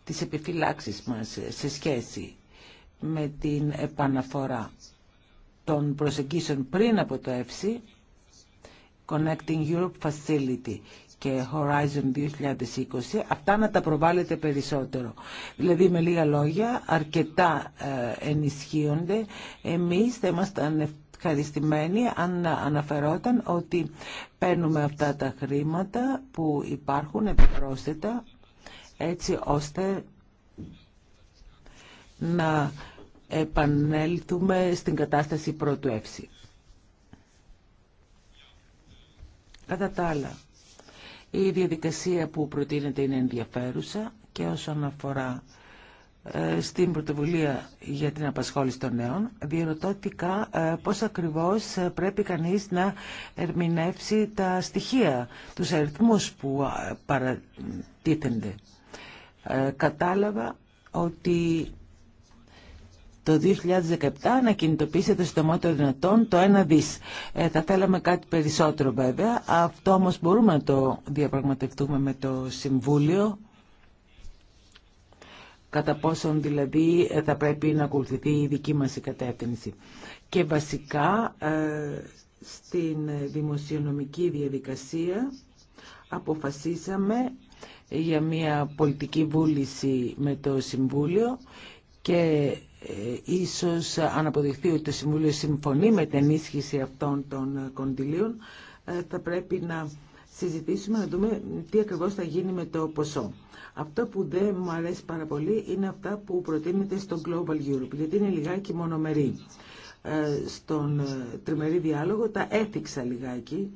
τις επιφυλάξεις μας σε σχέση με την επαναφορά των προσεγγίσεων πριν από το ΕΦΣΥ Connecting Europe Facility και Horizon 2020, αυτά να τα προβάλλετε περισσότερο. Δηλαδή, με λίγα λόγια, αρκετά ε, ενισχύονται. Εμείς θα ήμασταν ευχαριστημένοι αν αναφερόταν ότι παίρνουμε αυτά τα χρήματα που υπάρχουν επιπρόσθετα έτσι ώστε να επανέλθουμε στην κατάσταση πρώτου εύση. Κατά τα άλλα, η διαδικασία που προτείνεται είναι ενδιαφέρουσα και όσον αφορά ε, στην πρωτοβουλία για την απασχόληση των νέων, διερωτώθηκα ε, πώς ακριβώς ε, πρέπει κανείς να ερμηνεύσει τα στοιχεία, τους αριθμούς που παρατίθενται. Κατάλαβα ότι το 2017 να το στο μότο δυνατόν το 1 δις. Ε, θα θέλαμε κάτι περισσότερο βέβαια. Αυτό όμως μπορούμε να το διαπραγματευτούμε με το Συμβούλιο κατά πόσον δηλαδή ε, θα πρέπει να ακολουθηθεί η δική μας η κατεύθυνση. Και βασικά ε, στην δημοσιονομική διαδικασία αποφασίσαμε για μια πολιτική βούληση με το Συμβούλιο και ε, ίσως αν αποδειχθεί ότι το Συμβούλιο συμφωνεί με την ενίσχυση αυτών των ε, κοντιλίων ε, θα πρέπει να συζητήσουμε να δούμε τι ακριβώς θα γίνει με το ποσό. Αυτό που δεν μου αρέσει πάρα πολύ είναι αυτά που προτείνεται στο Global Europe, γιατί είναι λιγάκι μονομερή. στον τριμερή διάλογο τα έθιξα λιγάκι,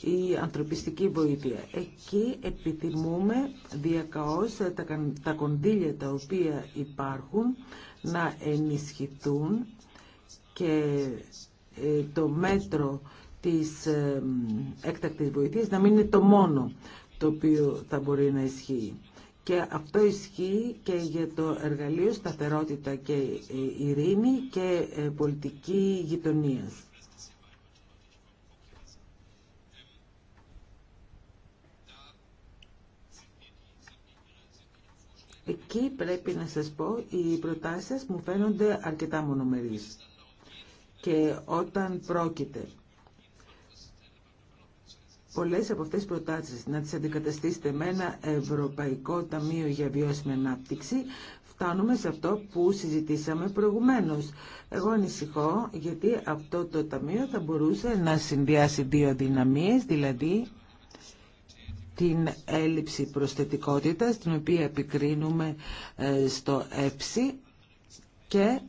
η ανθρωπιστική βοήθεια. Εκεί επιθυμούμε διακαώς τα κονδύλια τα οποία υπάρχουν να ενισχυθούν και ε, το μέτρο της ε, έκτακτης βοήθειας να μην είναι το μόνο το οποίο θα μπορεί να ισχύει. Και αυτό ισχύει και για το εργαλείο σταθερότητα και ε, ειρήνη και πολιτική γειτονίας. Εκεί πρέπει να σας πω, οι προτάσεις σας μου φαίνονται αρκετά μονομερείς. Και όταν πρόκειται πολλές από αυτές τις προτάσεις να τις αντικαταστήσετε με ένα Ευρωπαϊκό Ταμείο για Βιώσιμη Ανάπτυξη, φτάνουμε σε αυτό που συζητήσαμε προηγουμένως. Εγώ ανησυχώ γιατί αυτό το ταμείο θα μπορούσε να συνδυάσει δύο δυναμίες, δηλαδή την έλλειψη προσθετικότητας την οποία επικρίνουμε ε, στο ΕΨΗ και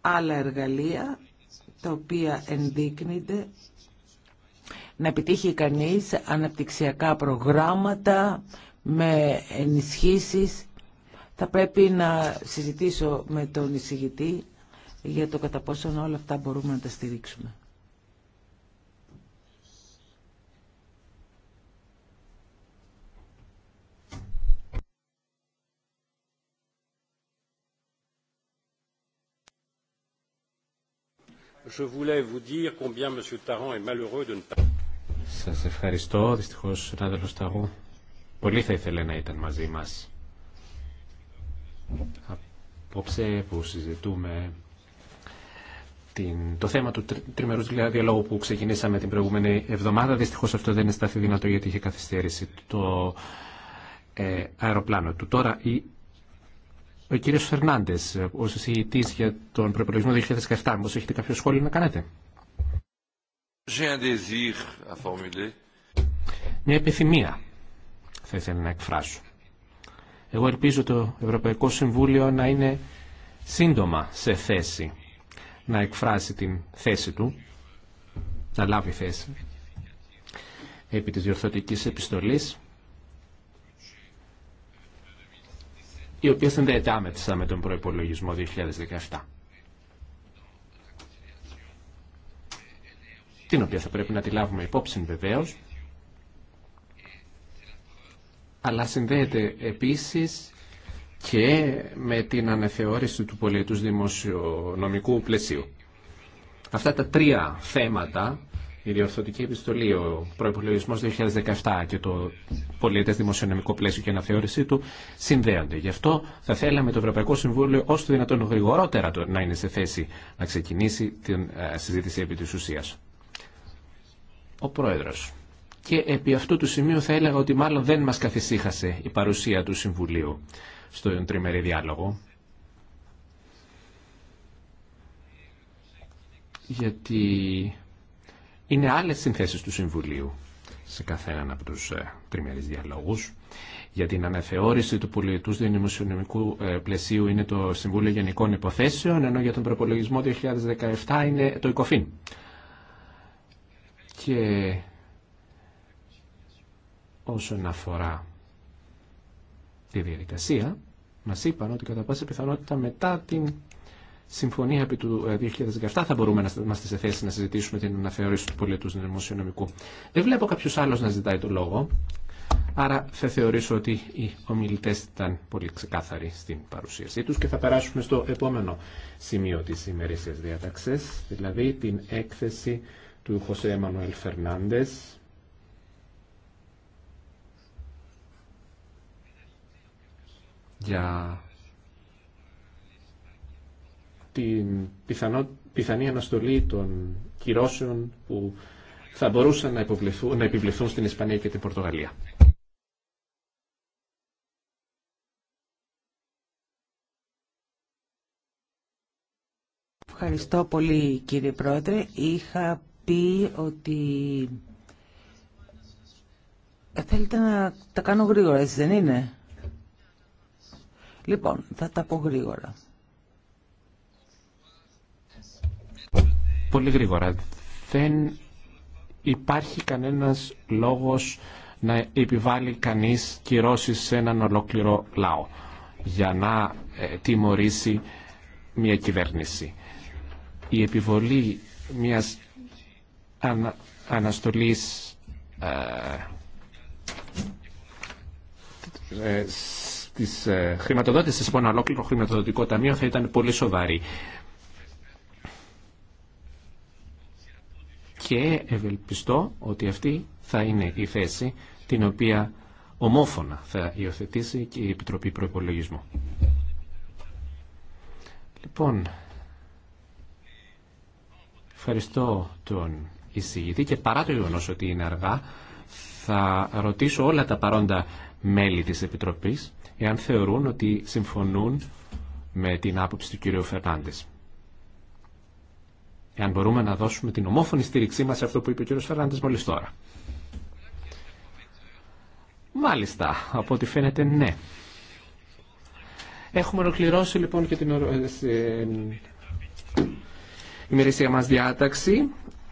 άλλα εργαλεία τα οποία ενδείκνυνται να επιτύχει κανείς αναπτυξιακά προγράμματα με ενισχύσεις. Θα πρέπει να συζητήσω με τον εισηγητή για το κατά πόσο όλα αυτά μπορούμε να τα στηρίξουμε. je Σας ευχαριστώ. Δυστυχώ συνάδελφο Ταρού, Ταγού πολύ θα ήθελε να ήταν μαζί μα. Απόψε που συζητούμε το θέμα του τρι, τριμερού διαλόγου που ξεκινήσαμε την προηγούμενη εβδομάδα, Δυστυχώ αυτό δεν είναι στάθη δυνατό γιατί είχε καθυστέρηση το ε, αεροπλάνο του. Τώρα η ο κύριος Φερνάντες, ο συζητητής για τον προπολογισμό 2017, μήπως έχετε κάποιο σχόλιο να κάνετε. Μια επιθυμία θα ήθελα να εκφράσω. Εγώ ελπίζω το Ευρωπαϊκό Συμβούλιο να είναι σύντομα σε θέση να εκφράσει την θέση του, να λάβει θέση επί της διορθωτικής επιστολής η οποία συνδέεται άμεσα με τον προϋπολογισμό 2017. Την οποία θα πρέπει να τη λάβουμε υπόψη βεβαίω, αλλά συνδέεται επίσης και με την αναθεώρηση του πολιτούς δημοσιονομικού πλαισίου. Αυτά τα τρία θέματα η διορθωτική επιστολή, ο προπολογισμό 2017 και το πολιτέ δημοσιονομικό πλαίσιο και αναθεώρησή του συνδέονται. Γι' αυτό θα θέλαμε το Ευρωπαϊκό Συμβούλιο όσο το δυνατόν γρηγορότερα να είναι σε θέση να ξεκινήσει την ε, συζήτηση επί τη ουσία. Ο Πρόεδρο. Και επί αυτού του σημείου θα έλεγα ότι μάλλον δεν μα καθησύχασε η παρουσία του Συμβουλίου στον τριμερή διάλογο. Γιατί είναι άλλε συνθέσει του Συμβουλίου σε καθέναν από τους ε, τριμερεί διαλόγους. Για την αναθεώρηση του πολιτού δημοσιονομικού ε, πλαισίου είναι το Συμβούλιο Γενικών Υποθέσεων, ενώ για τον προπολογισμό 2017 είναι το ΕΚΟΦΗΝ. Και όσον αφορά τη διαδικασία, μας είπαν ότι κατά πάσα πιθανότητα μετά την συμφωνία επί του 2017 ε, θα μπορούμε να είμαστε σε θέση να συζητήσουμε την αναθεώρηση του πολιτού δημοσιονομικού. Δεν βλέπω κάποιο άλλο να ζητάει το λόγο. Άρα θα θεωρήσω ότι οι ομιλητέ ήταν πολύ ξεκάθαροι στην παρουσίασή τους και θα περάσουμε στο επόμενο σημείο τη ημερήσιας διάταξη, δηλαδή την έκθεση του Χωσέ Εμμανουέλ Φερνάντε. για την πιθανό, πιθανή αναστολή των κυρώσεων που θα μπορούσαν να, να επιβληθούν στην Ισπανία και την Πορτογαλία. Ευχαριστώ πολύ κύριε Πρόεδρε. Είχα πει ότι ε, θέλετε να τα κάνω γρήγορα, έτσι δεν είναι. Λοιπόν, θα τα πω γρήγορα. πολύ γρήγορα. Δεν υπάρχει κανένας λόγος να επιβάλλει κανείς κυρώσεις σε έναν ολόκληρο λαό για να ε, τιμωρήσει μια κυβέρνηση. Η επιβολή μιας ανα, αναστολής ε, ε της ε, χρηματοδότησης από ένα ολόκληρο χρηματοδοτικό ταμείο θα ήταν πολύ σοβαρή. και ευελπιστώ ότι αυτή θα είναι η θέση την οποία ομόφωνα θα υιοθετήσει και η Επιτροπή Προπολογισμού. Λοιπόν, ευχαριστώ τον εισηγητή και παρά το γεγονό ότι είναι αργά, θα ρωτήσω όλα τα παρόντα μέλη της Επιτροπής εάν θεωρούν ότι συμφωνούν με την άποψη του κ. Φερνάντες εάν μπορούμε να δώσουμε την ομόφωνη στήριξή μας σε αυτό που είπε ο κ. Φερνάντες μόλις τώρα. Μάλιστα, από ό,τι φαίνεται ναι. Έχουμε ολοκληρώσει λοιπόν και την ε, ημερησία μας διάταξη.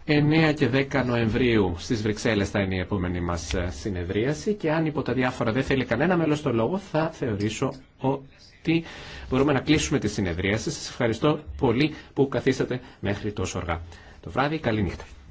9 και 10 Νοεμβρίου στις Βρυξέλλες θα είναι η επόμενη μας ε, συνεδρίαση και αν υπό τα διάφορα δεν θέλει κανένα μέλος το λόγο θα θεωρήσω ο αυτή μπορούμε να κλείσουμε τη συνεδρίαση. Σας ευχαριστώ πολύ που καθίσατε μέχρι τόσο αργά το βράδυ. Καλή νύχτα.